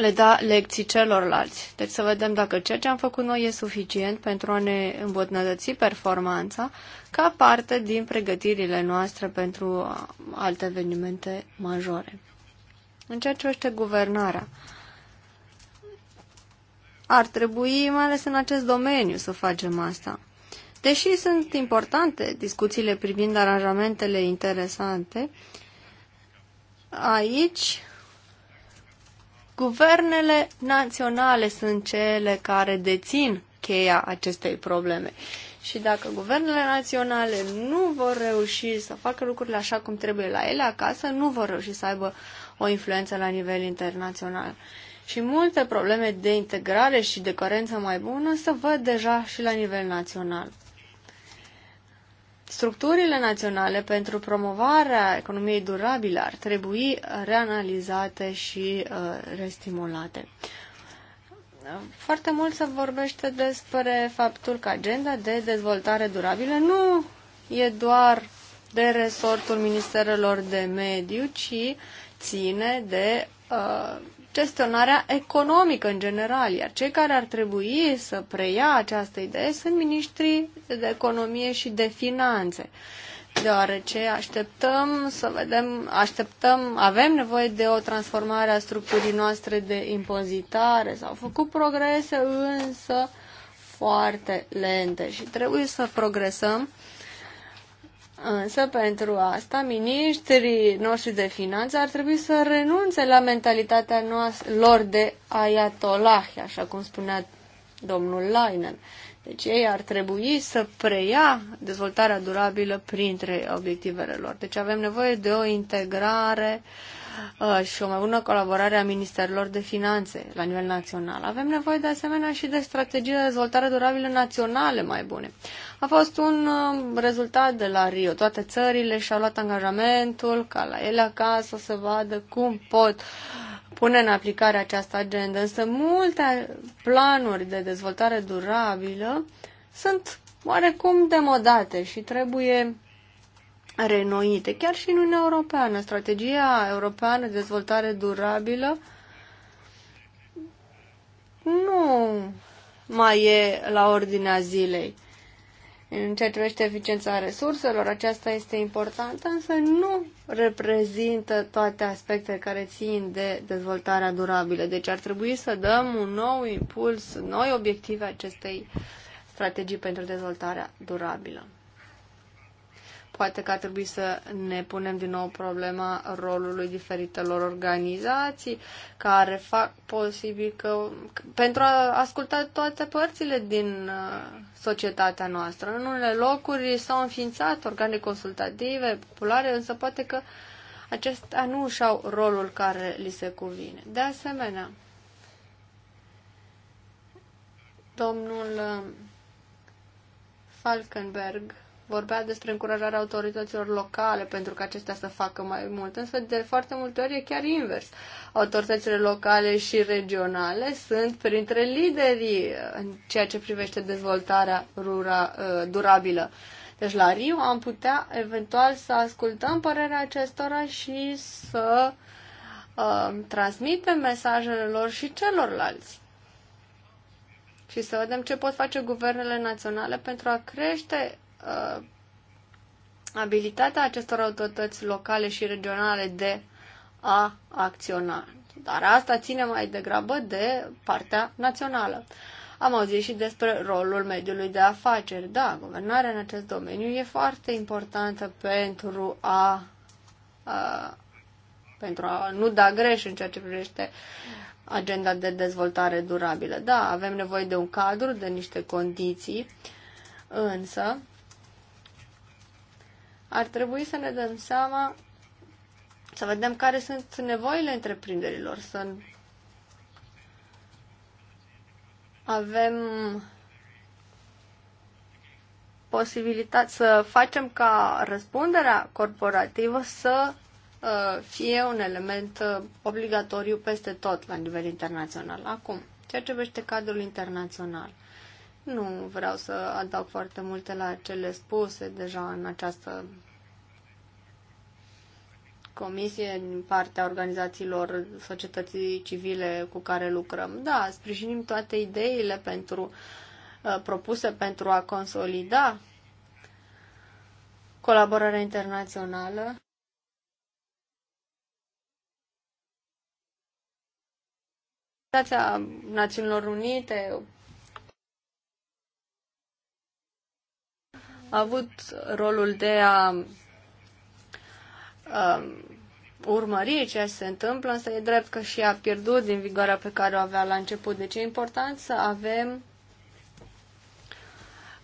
Speaker 2: le da lecții celorlalți. Deci să vedem dacă ceea ce am făcut noi e suficient pentru a ne îmbunătăți performanța ca parte din pregătirile noastre pentru uh, alte evenimente majore. În ceea ce este guvernarea, ar trebui, mai ales în acest domeniu, să facem asta. Deși sunt importante discuțiile privind aranjamentele interesante, aici Guvernele naționale sunt cele care dețin cheia acestei probleme. Și dacă guvernele naționale nu vor reuși să facă lucrurile așa cum trebuie la ele acasă, nu vor reuși să aibă o influență la nivel internațional. Și multe probleme de integrare și de coerență mai bună se văd deja și la nivel național structurile naționale pentru promovarea economiei durabile ar trebui reanalizate și uh, restimulate. Foarte mult se vorbește despre faptul că agenda de dezvoltare durabilă nu e doar de resortul ministerelor de mediu, ci ține de uh, gestionarea economică în general, iar cei care ar trebui să preia această idee sunt ministrii de economie și de finanțe deoarece așteptăm să vedem, așteptăm, avem nevoie de o transformare a structurii noastre de impozitare. S-au făcut progrese, însă foarte lente și trebuie să progresăm Însă, pentru asta, miniștrii noștri de finanțe ar trebui să renunțe la mentalitatea noastră, lor de ayatollah, așa cum spunea domnul Leinen. Deci ei ar trebui să preia dezvoltarea durabilă printre obiectivele lor. Deci avem nevoie de o integrare uh, Uh, și o mai bună colaborare a Ministerilor de Finanțe la nivel național. Avem nevoie de asemenea și de strategii de dezvoltare durabilă naționale mai bune. A fost un um, rezultat de la Rio. Toate țările și-au luat angajamentul ca la ele acasă să vadă cum pot pune în aplicare această agendă. Însă multe planuri de dezvoltare durabilă sunt oarecum demodate și trebuie renoite, chiar și în Uniunea Europeană. Strategia europeană de dezvoltare durabilă nu mai e la ordinea zilei. În ceea ce privește eficiența resurselor, aceasta este importantă, însă nu reprezintă toate aspectele care țin de dezvoltarea durabilă. Deci ar trebui să dăm un nou impuls, noi obiective acestei strategii pentru dezvoltarea durabilă. Poate că ar trebui să ne punem din nou problema rolului diferitelor organizații care fac posibil că pentru a asculta toate părțile din uh, societatea noastră. În unele locuri s-au înființat organe consultative, populare, însă poate că acestea nu își au rolul care li se cuvine. De asemenea, domnul uh, Falkenberg vorbea despre încurajarea autorităților locale pentru că acestea să facă mai mult. Însă, de foarte multe ori, e chiar invers. Autoritățile locale și regionale sunt printre liderii în ceea ce privește dezvoltarea rura, ă, durabilă. Deci, la Rio am putea eventual să ascultăm părerea acestora și să uh, transmitem mesajele lor și celorlalți și să vedem ce pot face guvernele naționale pentru a crește uh, abilitatea acestor autorități locale și regionale de a acționa. Dar asta ține mai degrabă de partea națională. Am auzit și despre rolul mediului de afaceri. Da, guvernarea în acest domeniu e foarte importantă pentru a, a pentru a nu da greș în ceea ce privește agenda de dezvoltare durabilă. Da, avem nevoie de un cadru, de niște condiții, însă ar trebui să ne dăm seama, să vedem care sunt nevoile întreprinderilor, să avem posibilitatea să facem ca răspunderea corporativă să uh, fie un element uh, obligatoriu peste tot la nivel internațional. Acum, ceea ce privește cadrul internațional. Nu vreau să adaug foarte multe la cele spuse deja în această comisie din partea organizațiilor societății civile cu care lucrăm. Da, sprijinim toate ideile pentru, uh, propuse pentru a consolida colaborarea internațională. Organizația Națiunilor Unite, a avut rolul de a um, urmări ceea ce se întâmplă, însă e drept că și a pierdut din vigoarea pe care o avea la început. Deci e important să avem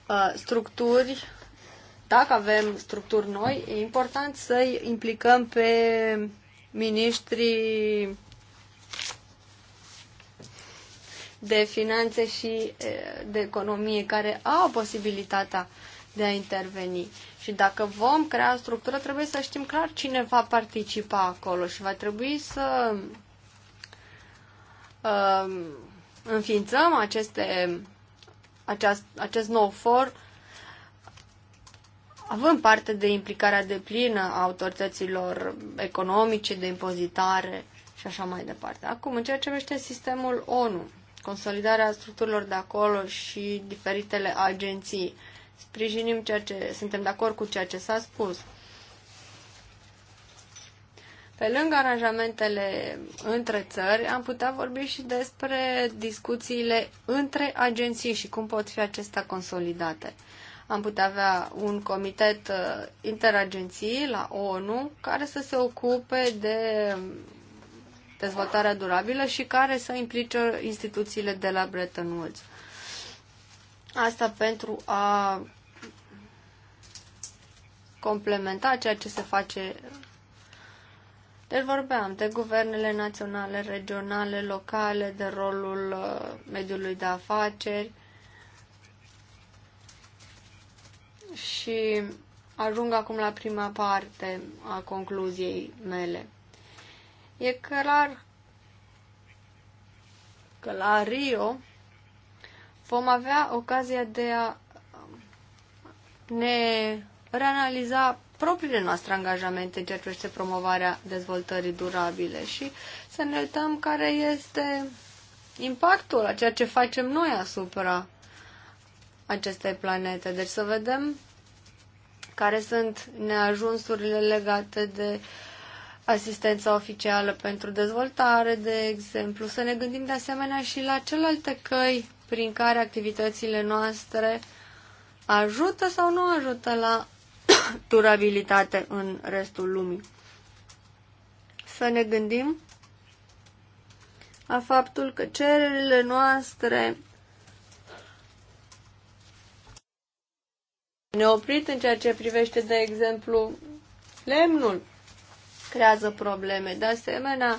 Speaker 2: uh, structuri, dacă avem structuri noi, e important să implicăm pe ministrii de finanțe și de economie care au posibilitatea uh, de a interveni. Și dacă vom crea o structură, trebuie să știm clar cine va participa acolo și va trebui să uh, înființăm aceste, aceast, acest nou for având parte de implicarea deplină a autorităților economice, de impozitare și așa mai departe. Acum, în ceea ce privește sistemul ONU, consolidarea structurilor de acolo și diferitele agenții, uh, sprijinim ceea ce, suntem de acord cu ceea ce s-a spus. Pe lângă aranjamentele între țări, am putea vorbi și despre discuțiile între agenții și cum pot fi acestea consolidate. Am putea avea un comitet uh, interagenții la ONU care să se ocupe de dezvoltarea durabilă și care să implice instituțiile de la Bretton Woods. Asta pentru a complementa ceea ce se face. Deci vorbeam de guvernele naționale, regionale, locale, de rolul uh, mediului de afaceri și ajung acum la prima parte a concluziei mele. E clar că la Rio vom avea ocazia de a um, ne reanaliza propriile noastre angajamente în ceea ce este promovarea dezvoltării durabile și să ne uităm care este impactul a ceea ce facem noi asupra acestei planete. Deci să vedem care sunt neajunsurile legate de asistența oficială pentru dezvoltare, de exemplu. Să ne gândim de asemenea și la celelalte căi prin care activitățile noastre ajută sau nu ajută la durabilitate în restul lumii. Să ne gândim la faptul că cererile noastre oprit în ceea ce privește, de exemplu, lemnul creează probleme. De asemenea,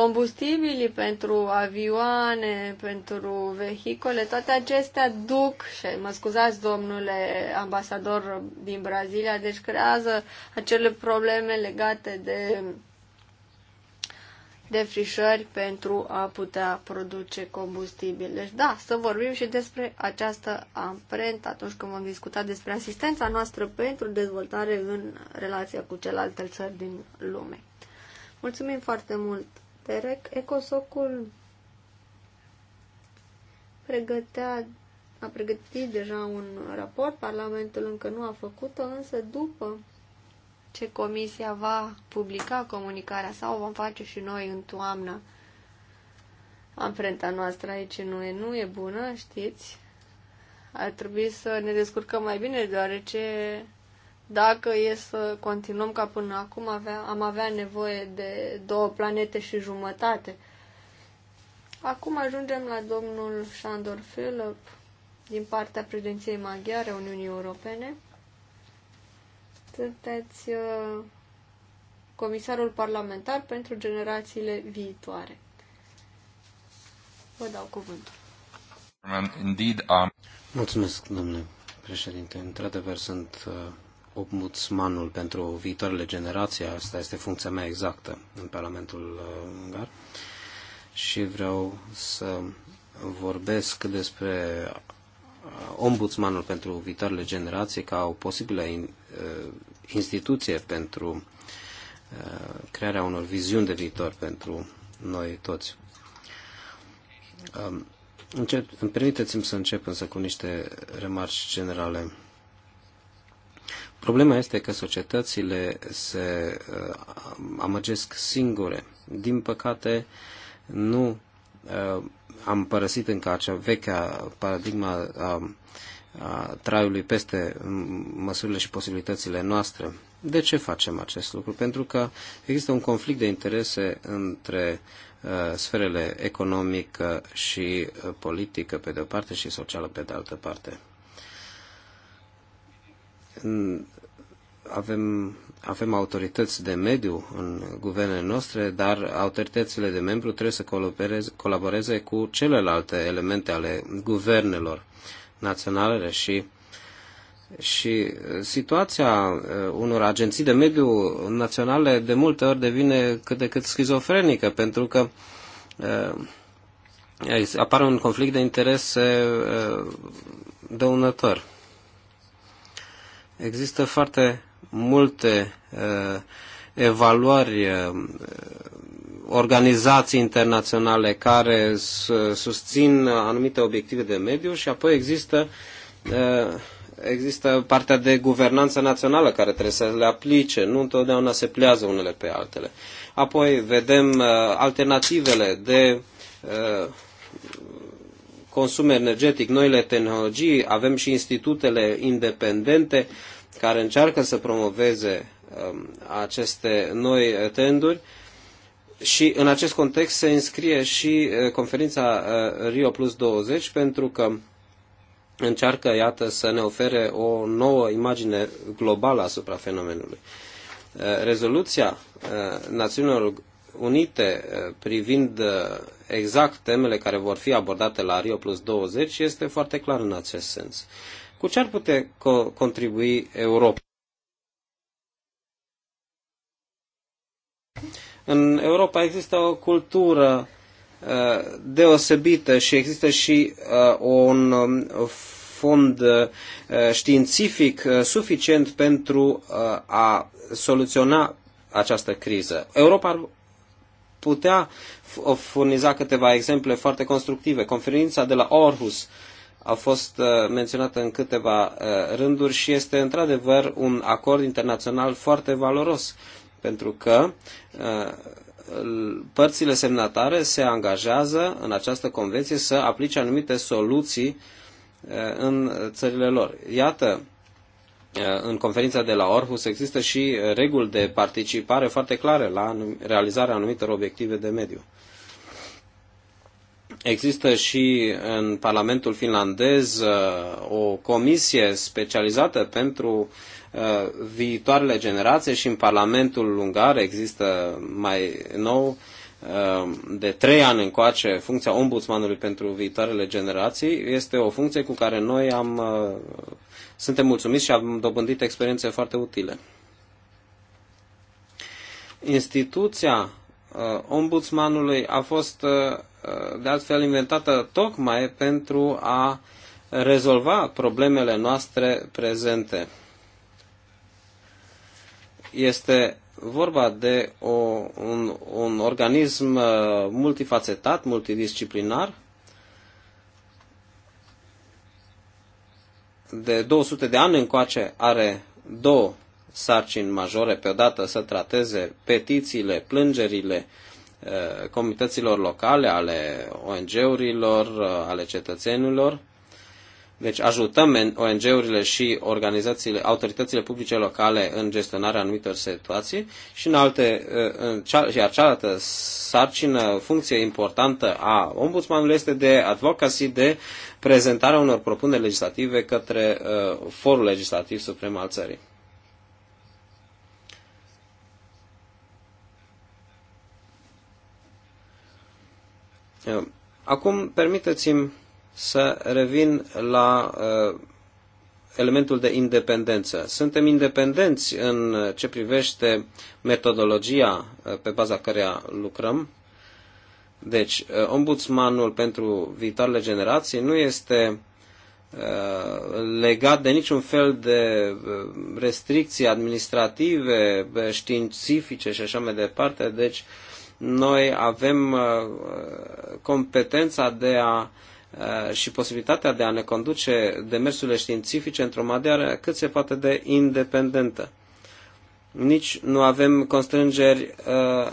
Speaker 2: combustibilii pentru avioane, pentru vehicole, toate acestea duc, și mă scuzați domnule ambasador din Brazilia, deci creează acele probleme legate de de frișări pentru a putea produce combustibil. Deci da, să vorbim și despre această amprentă atunci când vom discuta despre asistența noastră pentru dezvoltare în relația cu celelalte țări din lume. Mulțumim foarte mult Terec, Ecosocul pregătea, a pregătit deja un raport, Parlamentul încă nu a făcut-o, însă după ce Comisia va publica comunicarea sau vom face și noi în toamnă, amprenta noastră aici nu e, nu e bună, știți, ar trebui să ne descurcăm mai bine, deoarece dacă e să continuăm ca până acum, avea, am avea nevoie de două planete și jumătate. Acum ajungem la domnul Sandor Philip din partea președinției maghiare a Uniunii Europene. Sunteți uh, comisarul parlamentar pentru generațiile viitoare. Vă dau cuvântul.
Speaker 1: Mulțumesc, domnule președinte. Într-adevăr, sunt uh, ombudsmanul pentru viitoarele generații, asta este funcția mea exactă în Parlamentul uh, Ungar, și vreau să vorbesc despre uh, ombudsmanul pentru viitoarele generații ca o posibilă uh, instituție pentru crearea unor viziuni de viitor pentru noi toți. Um, încep, îmi permiteți-mi să încep însă cu niște remarci generale. Problema este că societățile se uh, amăgesc singure. Din păcate, nu uh, am părăsit încă acea vechea paradigma a, uh, a traiului peste măsurile și posibilitățile noastre. De ce facem acest lucru? Pentru că există un conflict de interese între uh, sferele economică și politică pe de o parte și socială pe de altă parte avem, avem autorități de mediu în guvernele noastre, dar autoritățile de membru trebuie să colaboreze, colaboreze cu celelalte elemente ale guvernelor naționale și și uh, situația uh, unor agenții de mediu naționale de multe ori devine cât de cât schizofrenică, pentru că uh, apare un conflict de interese dăunător. Există foarte multe uh, evaluări, uh, organizații internaționale care susțin anumite obiective de mediu și apoi există, uh, există partea de guvernanță națională care trebuie să le aplice. Nu întotdeauna se plează unele pe altele. Apoi vedem uh, alternativele de uh, consum energetic, noile tehnologii, avem și institutele independente care încearcă să promoveze um, aceste noi trenduri și în acest context se înscrie și uh, conferința uh, Rio Plus 20 pentru că încearcă, iată, să ne ofere o nouă imagine globală asupra fenomenului. Uh, rezoluția Națiunilor Unite privind exact temele care vor fi abordate la Rio Plus 20 este foarte clar în acest sens. Cu ce ar putea co- contribui Europa? În Europa există o cultură uh, deosebită și există și uh, un um, fond uh, științific suficient pentru a soluționa această criză. Europa putea furniza câteva exemple foarte constructive. Conferința de la Orhus a fost uh, menționată în câteva uh, rânduri și este într-adevăr un acord internațional foarte valoros, pentru că uh, părțile semnatare se angajează în această convenție să aplice anumite soluții în țările lor. Iată, Eh, în conferința de la Orhus există și reguli de participare foarte clare la realizarea anumitor obiective de mediu. Există și în Parlamentul finlandez eh, o comisie specializată pentru eh, viitoarele generații și în Parlamentul ungar există mai nou de trei ani încoace funcția ombudsmanului pentru viitoarele generații este o funcție cu care noi am suntem mulțumiți și am dobândit experiențe foarte utile. Instituția uh, ombudsmanului a fost uh, uh, de altfel inventată tocmai pentru a rezolva problemele noastre prezente. Este vorba de o, un, un organism multifacetat, multidisciplinar, de 200 de ani încoace are două sarcini majore pe odată să trateze petițiile, plângerile uh, comităților locale, ale ONG-urilor, uh, ale cetățenilor deci ajutăm ONG-urile și organizațiile, autoritățile publice locale în gestionarea anumitor situații și în alte, uh, în cea, iar cealaltă sarcină, funcție importantă a ombudsmanului este de advocacy, de prezentarea unor propuneri legislative către uh, forul legislativ suprem al țării. Uh, acum, permiteți-mi să revin la uh, elementul de independență. Suntem independenți în ce privește metodologia uh, pe baza căreia lucrăm. Deci, uh, ombudsmanul pentru viitoarele generații nu este uh, legat de niciun fel de restricții administrative, științifice și așa mai departe. Deci, noi avem competența de a Uh, și posibilitatea de a ne conduce demersurile științifice într-o manieră cât se poate de independentă. Nici nu avem constrângeri uh,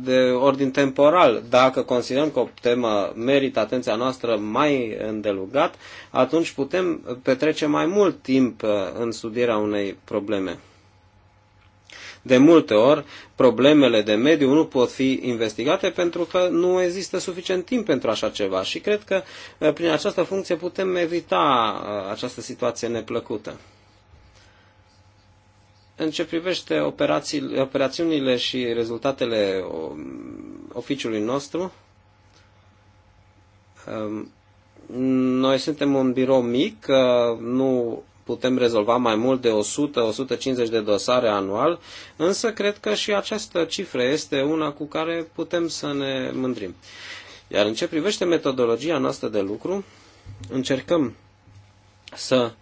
Speaker 1: de ordin temporal. Dacă considerăm că o temă merită atenția noastră mai îndelugat, atunci putem petrece mai mult timp uh, în studierea unei probleme. De multe ori, problemele de mediu nu pot fi investigate pentru că nu există suficient timp pentru așa ceva și cred că eh, prin această funcție putem evita eh, această situație neplăcută. În ce privește operații, operațiunile și rezultatele oficiului nostru, eh, noi suntem un birou mic, nu putem rezolva mai mult de 100-150 de dosare anual, însă cred că și această cifră este una cu care putem să ne mândrim. Iar în ce privește metodologia noastră de lucru, încercăm să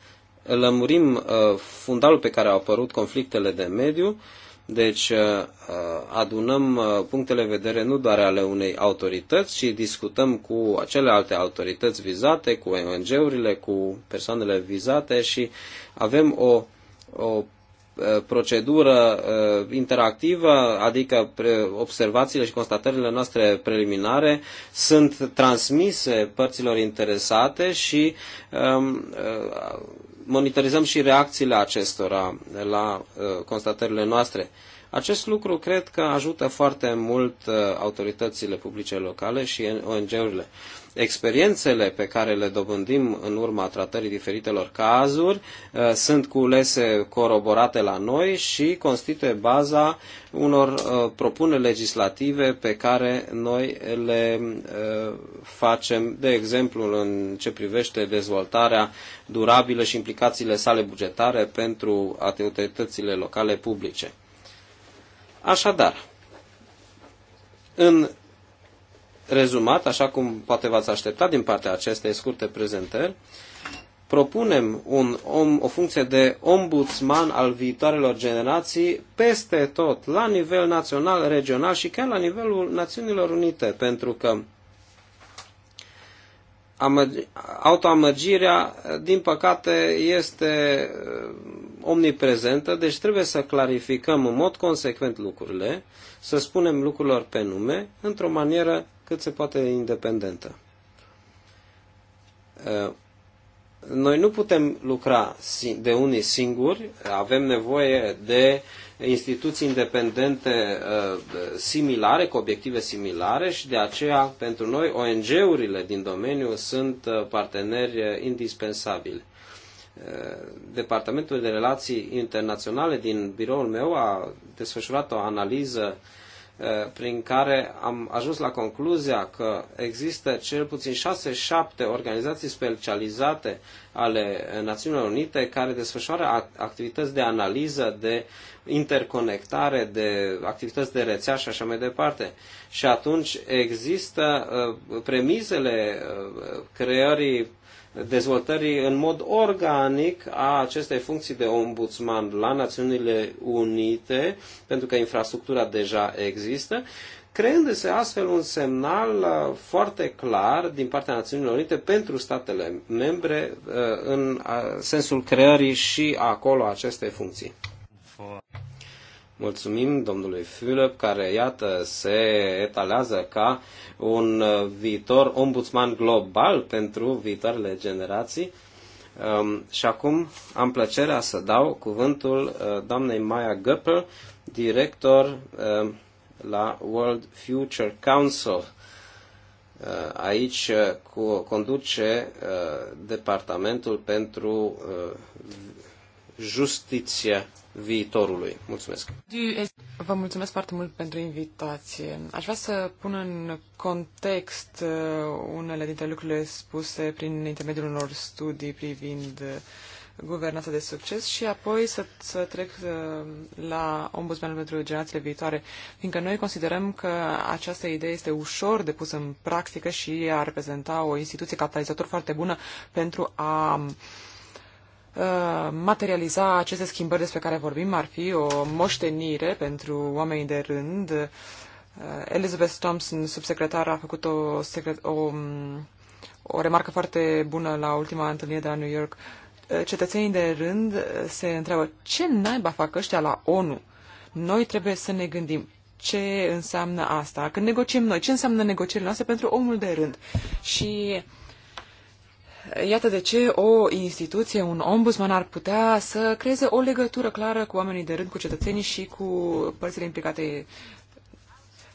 Speaker 1: lămurim uh, fundalul pe care au apărut conflictele de mediu, deci uh, uh, adunăm uh, punctele de vedere nu doar ale unei autorități, ci discutăm cu celelalte autorități vizate, cu ONG-urile, cu persoanele vizate și avem o, o procedură interactivă, adică observațiile și constatările noastre preliminare sunt transmise părților interesate și um, monitorizăm și reacțiile acestora la uh, constatările noastre. Acest lucru cred că ajută foarte mult uh, autoritățile publice locale și ONG-urile. Experiențele pe care le dobândim în urma tratării diferitelor cazuri uh, sunt culese coroborate la noi și constituie baza unor uh, propuneri legislative pe care noi le uh, facem, de exemplu, în ce privește dezvoltarea durabilă și implicațiile sale bugetare pentru autoritățile locale publice. Așadar, în rezumat, așa cum poate v-ați aștepta din partea acestei scurte prezentări, propunem un om, o funcție de ombudsman al viitoarelor generații peste tot, la nivel național, regional și chiar la nivelul Națiunilor Unite, pentru că autoamăgirea, din păcate, este uh, omniprezentă, deci trebuie să clarificăm în mod consecvent lucrurile, să spunem lucrurilor pe nume, într-o manieră cât se poate independentă. Noi nu putem lucra de unii singuri, avem nevoie de instituții independente similare, cu obiective similare și de aceea pentru noi ONG-urile din domeniu sunt parteneri indispensabili. Departamentul de Relații Internaționale din biroul meu a desfășurat o analiză Eh, prin care am ajuns la concluzia că există cel puțin 6-7 organizații specializate ale eh, Națiunilor Unite care desfășoară activități de analiză, de interconectare, de activități de rețea și așa mai departe. Și atunci există eh, premizele creării dezvoltării în mod organic a acestei funcții de ombudsman la Națiunile Unite, pentru că infrastructura deja există, creându-se astfel un semnal uh, foarte clar din partea Națiunilor Unite pentru statele membre uh, în uh, sensul creării și acolo acestei funcții. Mulțumim domnului Philip, care, iată, se etalează ca un uh, viitor ombudsman global pentru viitoarele generații. Um, și acum am plăcerea să dau cuvântul uh, doamnei Maya Göppel, director uh, la World Future Council. Aici conduce departamentul pentru justiția viitorului.
Speaker 3: Mulțumesc! Vă mulțumesc foarte mult pentru invitație. Aș vrea să pun în context uh, unele dintre lucrurile spuse prin intermediul unor studii privind uh, guvernanța de succes și apoi să, să trec uh, la ombudsmanul pentru generațiile viitoare, fiindcă noi considerăm că această idee este ușor de pus în practică și a reprezenta o instituție catalizator foarte bună pentru a uh, Uh, materializa aceste schimbări despre care vorbim ar fi o moștenire pentru oamenii de rând. Uh, Elizabeth Thompson, subsecretar, a făcut o, secret, o, um, o remarcă foarte bună la ultima întâlnire de la New York. Uh, cetățenii de rând se întreabă ce naiba fac ăștia la ONU. Noi trebuie să ne gândim ce înseamnă asta, când negociem noi, ce înseamnă negocierile noastre pentru omul de rând. Și uh, Iată de ce o instituție, un ombudsman ar putea să creeze o legătură clară cu oamenii de rând, cu cetățenii și cu părțile implicate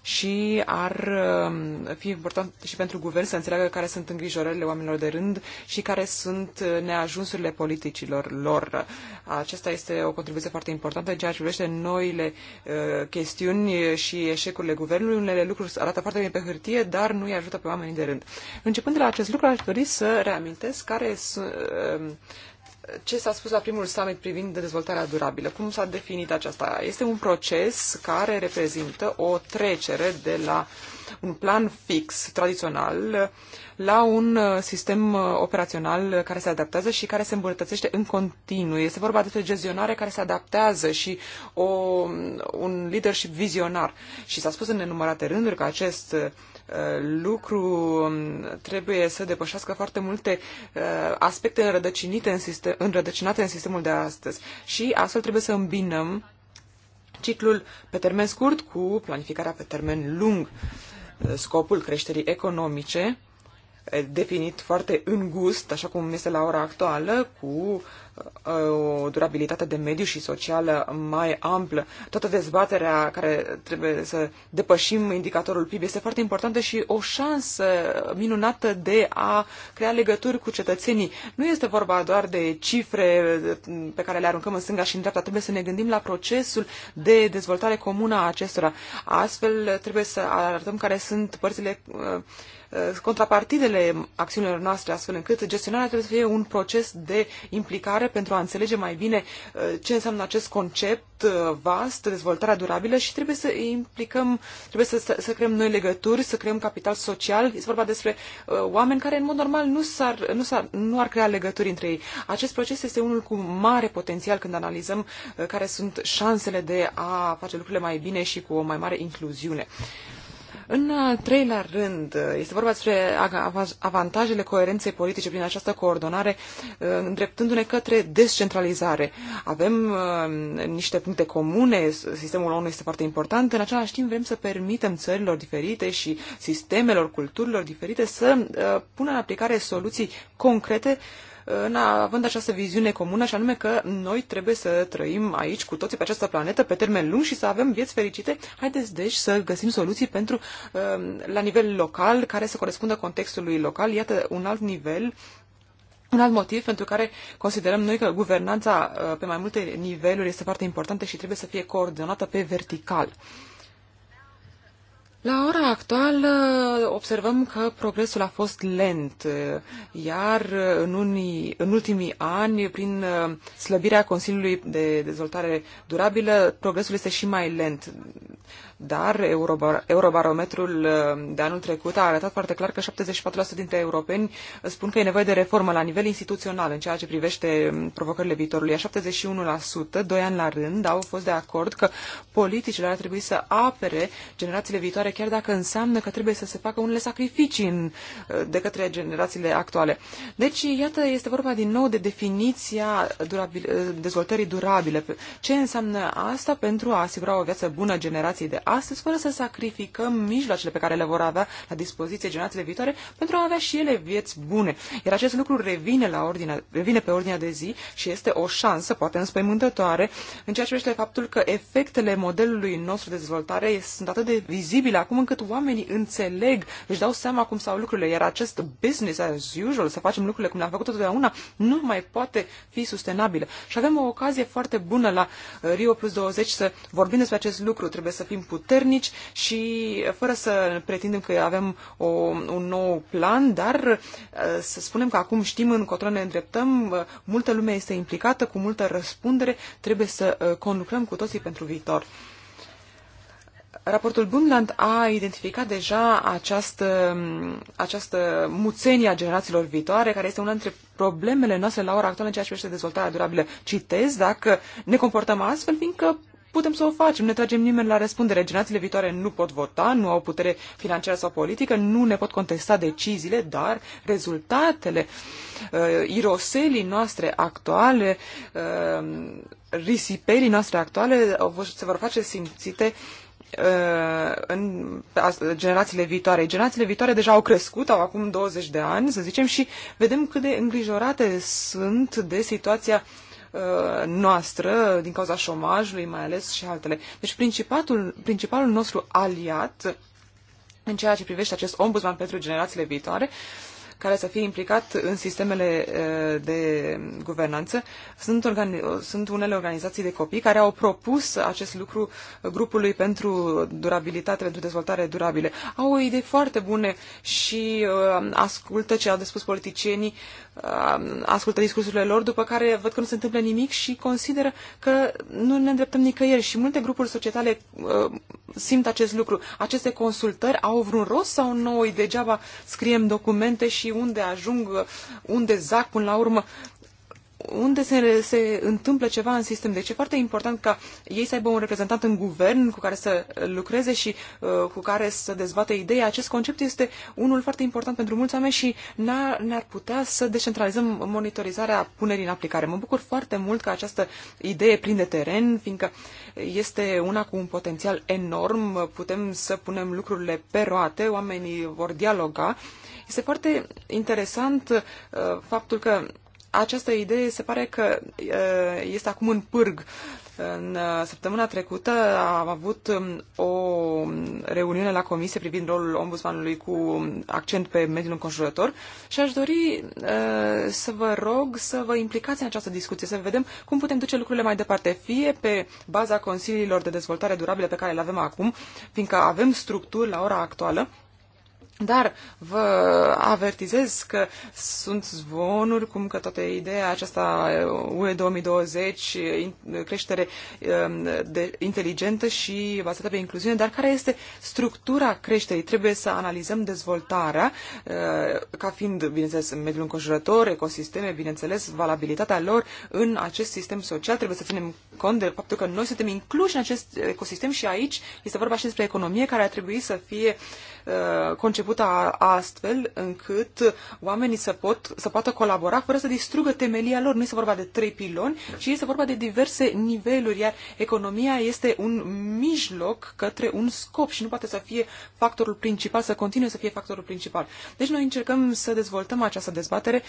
Speaker 3: și ar um, fi important și pentru guvern să înțeleagă care sunt îngrijorările oamenilor de rând și care sunt neajunsurile politicilor lor. Aceasta este o contribuție foarte importantă în ceea ce privește noile uh, chestiuni și eșecurile guvernului. Unele lucruri arată foarte bine pe hârtie, dar nu îi ajută pe oamenii de rând. Începând de la acest lucru, aș dori să reamintesc care sunt um, ce s-a spus la primul summit privind dezvoltarea durabilă. Cum s-a definit aceasta? Este un proces care reprezintă o trecere de la un plan fix, tradițional, la un uh, sistem uh, operațional care se adaptează și care se îmbunătățește în continuu. Este vorba o gestionare care se adaptează și o, un leadership vizionar. Și s-a spus în nenumărate rânduri că acest uh, lucru um, trebuie să depășească foarte multe uh, aspecte înrădăcinite în sistem, înrădăcinate în sistemul de astăzi. Și astfel trebuie să îmbinăm ciclul pe termen scurt cu planificarea pe termen lung. Uh, scopul creșterii economice uh, definit foarte îngust, așa cum este la ora actuală, cu Uh, o durabilitate de mediu și socială mai amplă. Toată dezbaterea care trebuie să depășim indicatorul PIB este foarte importantă și o șansă minunată de a crea legături cu cetățenii. Nu este vorba doar de cifre pe care le aruncăm în stânga și în dreapta, trebuie să ne gândim la procesul de dezvoltare comună a acestora. Astfel trebuie să arătăm care sunt părțile uh, uh, contrapartidele acțiunilor noastre, astfel încât gestionarea trebuie să fie un proces de implicare întrebare pentru a înțelege mai bine uh, ce înseamnă acest concept uh, vast, dezvoltarea durabilă și trebuie să implicăm, trebuie să, să, creăm noi legături, să creăm capital social. Este vorba despre uh, oameni care în mod normal nu, s-ar, nu, s-ar, nu ar crea legături între ei. Acest proces este unul cu mare potențial când analizăm uh, care sunt șansele de a face lucrurile mai bine și cu o mai mare incluziune. În uh, treilea rând, uh, este vorba despre avantajele coerenței politice prin această coordonare, uh, îndreptându-ne către descentralizare. Avem niște puncte comune, sistemul ONU este foarte important, în același timp vrem să permitem țărilor diferite și sistemelor, culturilor diferite să pună în aplicare soluții concrete în având această viziune comună, și anume că noi trebuie să trăim aici cu toții pe această planetă pe termen lung și să avem vieți fericite. Haideți deci să găsim soluții pentru um, la nivel local care să corespundă contextului local. Iată un alt nivel un alt motiv pentru care considerăm noi că guvernanța uh, pe mai multe niveluri este foarte importantă și trebuie să fie coordonată pe vertical. La ora actuală observăm că progresul a fost lent, iar în, unii, în ultimii ani, prin uh, slăbirea Consiliului de Dezvoltare Durabilă, progresul este și mai lent. Dar Eurobar Eurobarometrul uh, de anul trecut a arătat foarte clar că 74% dintre europeni spun că e nevoie de reformă la nivel instituțional în ceea ce privește um, provocările viitorului. 71%, doi ani la rând, au fost de acord că politicile ar trebui să apere generațiile viitoare, chiar dacă înseamnă că trebuie să se facă unele sacrificii în, uh, de către generațiile actuale. Deci, iată, este vorba din nou de definiția durabil, uh, dezvoltării durabile. Ce înseamnă asta pentru a asigura o viață bună generației generației de astăzi, fără să sacrificăm mijloacele pe care le vor avea la dispoziție generațiile viitoare pentru a avea și ele vieți bune. Iar acest lucru revine, la ordinea, revine pe ordinea de zi și este o șansă, poate înspăimântătoare, în ceea ce privește faptul că efectele modelului nostru de dezvoltare sunt atât de vizibile acum încât oamenii înțeleg, își dau seama cum stau lucrurile, iar acest business as usual, să facem lucrurile cum le-am făcut totdeauna, nu mai poate fi sustenabilă. Și avem o ocazie foarte bună la uh, Rio Plus 20 să vorbim despre acest lucru. Trebuie să să fim puternici și fără să pretindem că avem o, un nou plan, dar uh, să spunem că acum știm încotro ne îndreptăm, uh, multă lume este implicată, cu multă răspundere, trebuie să uh, conlucrăm cu toții pentru viitor. Raportul Bundland a identificat deja această, această muțenie a generațiilor viitoare, care este una dintre problemele noastre la ora actuală în ceea ce privește dezvoltarea durabilă. Citez, dacă ne comportăm astfel, fiindcă putem să o facem. Ne tragem nimeni la răspundere. Generațiile viitoare nu pot vota, nu au putere financiară sau politică, nu ne pot contesta deciziile, dar rezultatele uh, iroselii noastre actuale, uh, risiperii noastre actuale se vor face simțite uh, în generațiile viitoare. Generațiile viitoare deja au crescut, au acum 20 de ani, să zicem, și vedem cât de îngrijorate sunt de situația Uh, noastră din cauza șomajului mai ales și altele. Deci principalul, principalul nostru aliat în ceea ce privește acest ombudsman pentru generațiile viitoare care să fie implicat în sistemele uh, de guvernanță. Sunt, organi- sunt unele organizații de copii care au propus acest lucru grupului pentru durabilitate, pentru dezvoltare durabile. Au idei foarte bune și uh, ascultă ce au de spus politicienii ascultă discursurile lor, după care văd că nu se întâmplă nimic și consideră că nu ne îndreptăm nicăieri și multe grupuri societale uh, simt acest lucru. Aceste consultări au vreun rost sau noi degeaba scriem documente și unde ajung, unde zac până la urmă, unde se, se întâmplă ceva în sistem. Deci e foarte important ca ei să aibă un reprezentant în guvern cu care să lucreze și uh, cu care să dezbată ideea. Acest concept este unul foarte important pentru mulți oameni și ne-ar putea să descentralizăm monitorizarea punerii în aplicare. Mă bucur foarte mult că această idee prinde teren, fiindcă este una cu un potențial enorm. Putem să punem lucrurile pe roate, oamenii vor dialoga. Este foarte interesant uh, faptul că această idee se pare că este acum în pârg. În săptămâna trecută a avut um, o reuniune la comisie privind rolul ombudsmanului cu accent pe mediul înconjurător și aș dori să vă rog să vă implicați în această discuție, să vedem cum putem duce lucrurile mai departe, fie pe baza consiliilor de dezvoltare durabilă pe care le avem acum, fiindcă avem structuri la ora actuală, dar vă avertizez că sunt zvonuri cum că toată ideea aceasta UE 2020, creștere um, de, inteligentă și bazată pe incluziune, dar care este structura creșterii? Trebuie să analizăm dezvoltarea uh, ca fiind, bineînțeles, în mediul înconjurător, ecosisteme, bineînțeles, valabilitatea lor în acest sistem social. Trebuie să ținem cont de faptul că noi suntem incluși în acest ecosistem și aici este vorba și despre economie care ar trebui să fie uh, Uh, concepută astfel încât oamenii să, pot, să poată colabora fără să distrugă temelia lor. Nu este vorba de trei piloni, ci este vorba de diverse niveluri, iar economia este un mijloc către un scop și nu poate să fie factorul principal, să continue să fie factorul principal. Deci noi încercăm să dezvoltăm această dezbatere.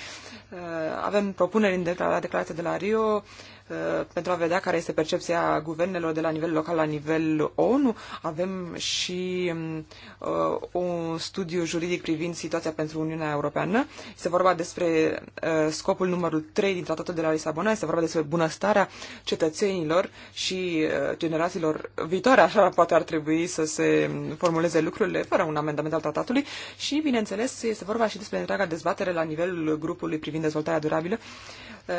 Speaker 3: Uh, avem propuneri în la declarația de la Rio, Uh, pentru a vedea care este percepția guvernelor de la nivel local la nivel ONU. Avem și um, uh, un studiu juridic privind situația pentru Uniunea Europeană. Este vorba despre uh, scopul numărul 3 din tratatul de la Lisabona, este vorba despre bunăstarea cetățenilor și generațiilor viitoare, așa poate ar trebui să se formuleze lucrurile fără un amendament al tratatului și, bineînțeles, este vorba și despre întreaga dezbatere la nivelul grupului privind dezvoltarea durabilă.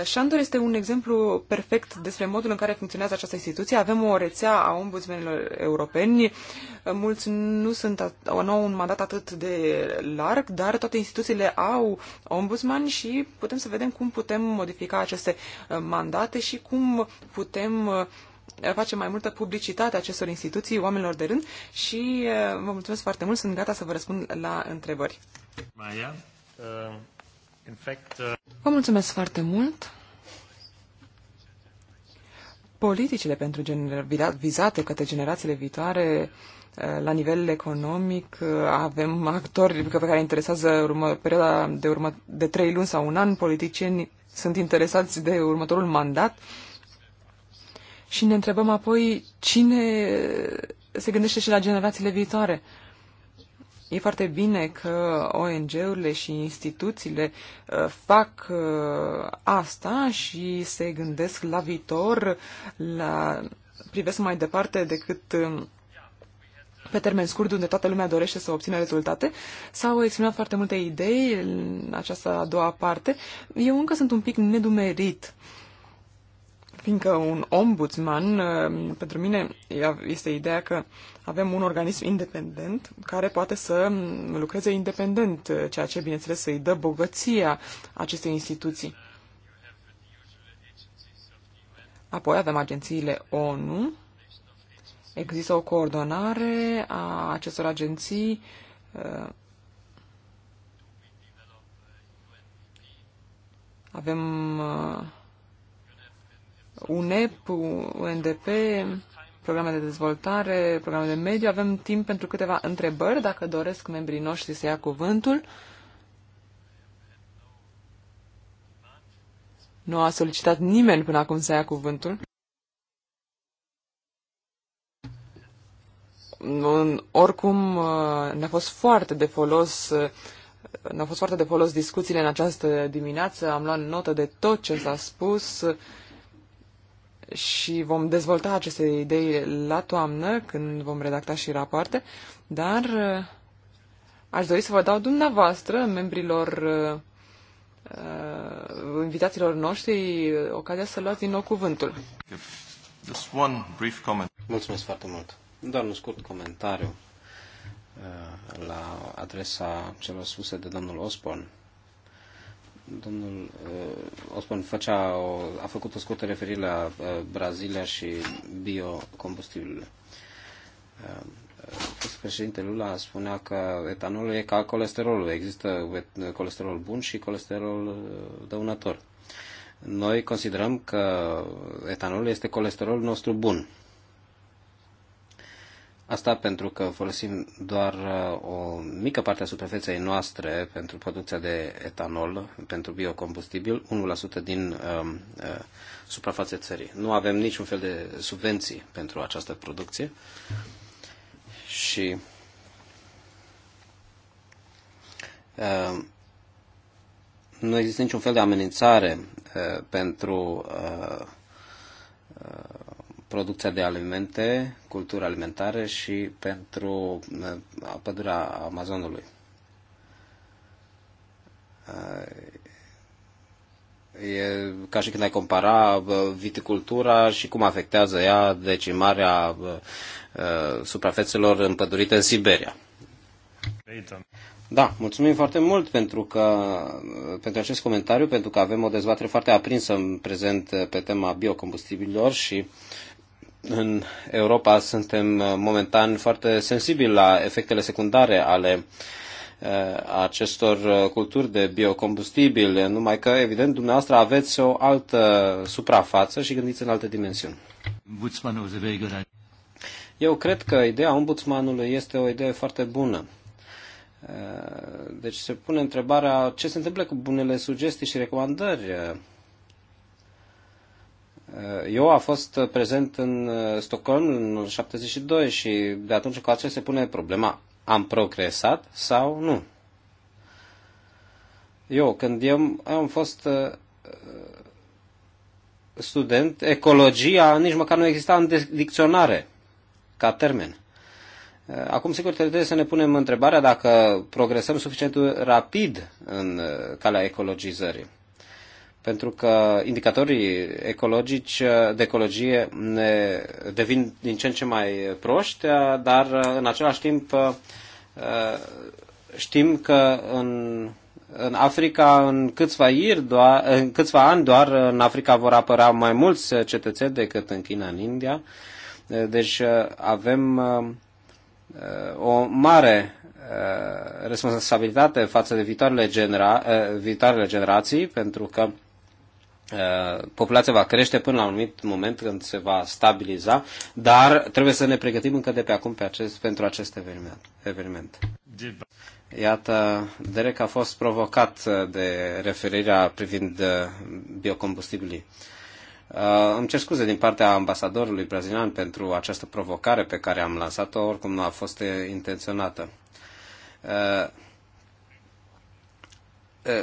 Speaker 3: Șandor este un exemplu perfect despre modul în care funcționează această instituție. Avem o rețea a ombudsmenilor europeni. Mulți nu, sunt, nu au un mandat atât de larg, dar toate instituțiile au ombudsman și putem să vedem cum putem modifica aceste uh, mandate și cum putem uh, face mai multă publicitate acestor instituții, oamenilor de rând și uh, vă mulțumesc foarte mult, sunt gata să vă răspund la întrebări. Maia, uh, in fact, uh... Vă mulțumesc foarte mult. Politicile pentru genera- vizate către generațiile viitoare uh, la nivel economic uh, avem actori pe care interesează urmă, perioada de, urmă, de trei luni sau un an, politicieni sunt interesați de următorul mandat și ne întrebăm apoi cine se gândește și la generațiile viitoare. Uh, E foarte bine că ONG-urile și instituțiile uh, fac uh, asta și se gândesc la viitor, la privesc mai departe decât um, pe termen scurt, unde toată lumea dorește să obțină rezultate. S-au exprimat foarte multe idei în această a doua parte. Eu încă sunt un pic nedumerit, fiindcă un ombudsman, uh, pentru mine, este ideea că avem un organism independent care poate să lucreze independent, ceea ce, bineînțeles, să-i dă bogăția acestei instituții. Apoi avem agențiile ONU. Există o coordonare a acestor agenții uh, avem uh, UNEP, UNDP, programe de dezvoltare, programe de mediu. Avem timp pentru câteva întrebări, dacă doresc membrii noștri să ia cuvântul. Nu a solicitat nimeni până acum să ia cuvântul. Oricum, uh, ne-a fost foarte de folos uh, ne-au fost foarte de folos discuțiile în această dimineață. Am luat notă de tot ce s-a spus și vom dezvolta aceste idei la toamnă, când vom redacta și rapoarte, dar uh, aș dori să vă dau dumneavoastră, membrilor uh, uh invitaților noștri, ocazia să luați din nou cuvântul.
Speaker 1: Just one brief comment. Mulțumesc foarte mult. Doar un scurt comentariu uh, la adresa celor spuse de domnul Osborne. Domnul uh, Osborn făcea o, a făcut o scurtă referire la uh, Brazilia și biocombustibilele. Uh, președinte Lula spunea că etanolul e ca colesterolul. Există colesterol bun și colesterol dăunător. Noi considerăm că etanolul este colesterolul nostru bun Asta pentru că folosim doar uh, o mică parte a suprafeței noastre pentru producția de etanol, pentru biocombustibil, 1% din um, uh, suprafața țării. Nu avem niciun fel de subvenții pentru această producție și uh, nu există niciun fel de amenințare uh, pentru uh, producția de alimente, cultură alimentare și pentru uh, pădurea Amazonului. Uh, e ca și când ai compara uh, viticultura și cum afectează ea decimarea suprafețelor împădurite în Siberia. Da, mulțumim foarte mult pentru, că, pentru acest comentariu, pentru că avem o dezbatere foarte aprinsă în prezent pe tema biocombustibililor și în Europa suntem uh, momentan foarte sensibili la efectele secundare ale uh, acestor uh, culturi de biocombustibile, numai că, evident, dumneavoastră aveți o altă suprafață și gândiți în alte dimensiuni. Eu cred că ideea ombudsmanului este o idee foarte bună. Deci se pune întrebarea ce se întâmplă cu bunele sugestii și recomandări eu a fost prezent în uh, Stockholm în 72 și de atunci încoace se pune problema am progresat sau nu. Eu, când eu am fost uh, student, ecologia nici măcar nu exista în dicționare ca termen. Uh, acum, sigur, trebuie să ne punem întrebarea dacă progresăm suficient rapid în calea ecologizării pentru că indicatorii ecologici uh, de ecologie ne devin din ce în ce mai proști, uh, dar uh, în același timp știm că în, în Africa, în câțiva, ieri, doar, în câțiva ani doar, în Africa vor apărea mai mulți cetățeni decât în China, în India. Deci avem o mare responsabilitate față de viitoarele, genera, viitoarele generații, pentru că Uh, populația va crește până la un anumit moment când se va stabiliza, dar trebuie să ne pregătim încă de pe acum pe acest, pentru acest eveniment. eveniment. Iată, Derek a fost provocat uh, de referirea privind uh, biocombustibilii. Îmi cer scuze din partea ambasadorului brazilian pentru această provocare pe care am lansat-o, oricum nu a fost intenționată.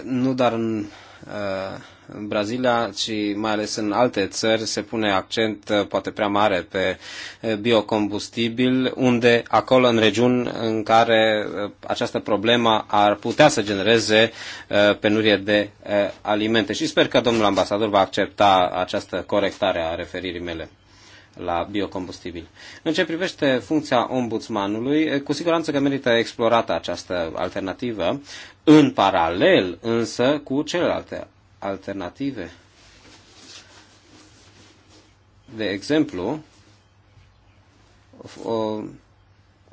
Speaker 1: Nu doar în Uh, Brazilia, ci mai ales în alte țări se pune accent uh, poate prea mare pe uh, biocombustibil, unde acolo în regiuni în care această problemă ar putea să genereze penurie de alimente. Și sper că domnul ambasador va accepta această corectare a referirii mele la biocombustibil. În ce privește funcția ombudsmanului, cu siguranță că merită explorată această alternativă în paralel însă cu celelalte alternative. De exemplu, o,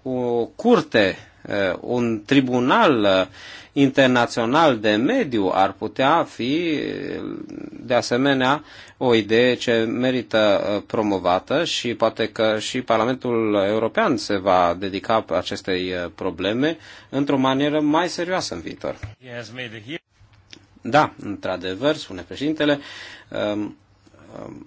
Speaker 1: o curte Uh, un tribunal uh, internațional de mediu ar putea fi, uh, de asemenea, o idee ce merită promovată și poate că și Parlamentul European se va dedica acestei probleme într-o manieră mai serioasă în viitor. Da, într-adevăr, spune președintele, um, um,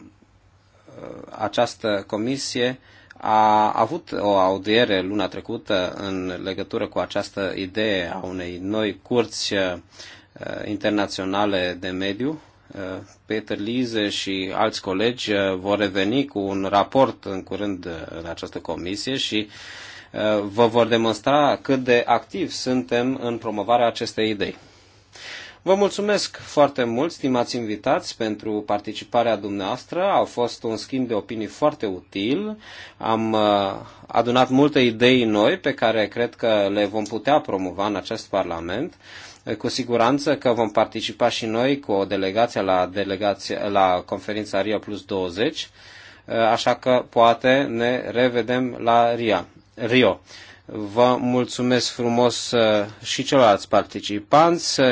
Speaker 1: această comisie a avut o audiere luna trecută în legătură cu această idee a unei noi curți uh, internaționale de mediu. Uh, Peter Lize și alți colegi uh, vor reveni cu un raport în curând în această comisie și vă vor demonstra cât de activ suntem în promovarea acestei idei. Vă mulțumesc foarte mult, stimați invitați, pentru participarea dumneavoastră. A fost un schimb de opinii foarte util. Am uh, adunat multe idei noi pe care cred că le vom putea promova în acest Parlament uh, cu siguranță că vom participa și noi cu o delegație la, delegație, la conferința RIA plus 20, uh, așa că poate ne revedem la RIA, Rio. Vă mulțumesc frumos și celorlalți participanți.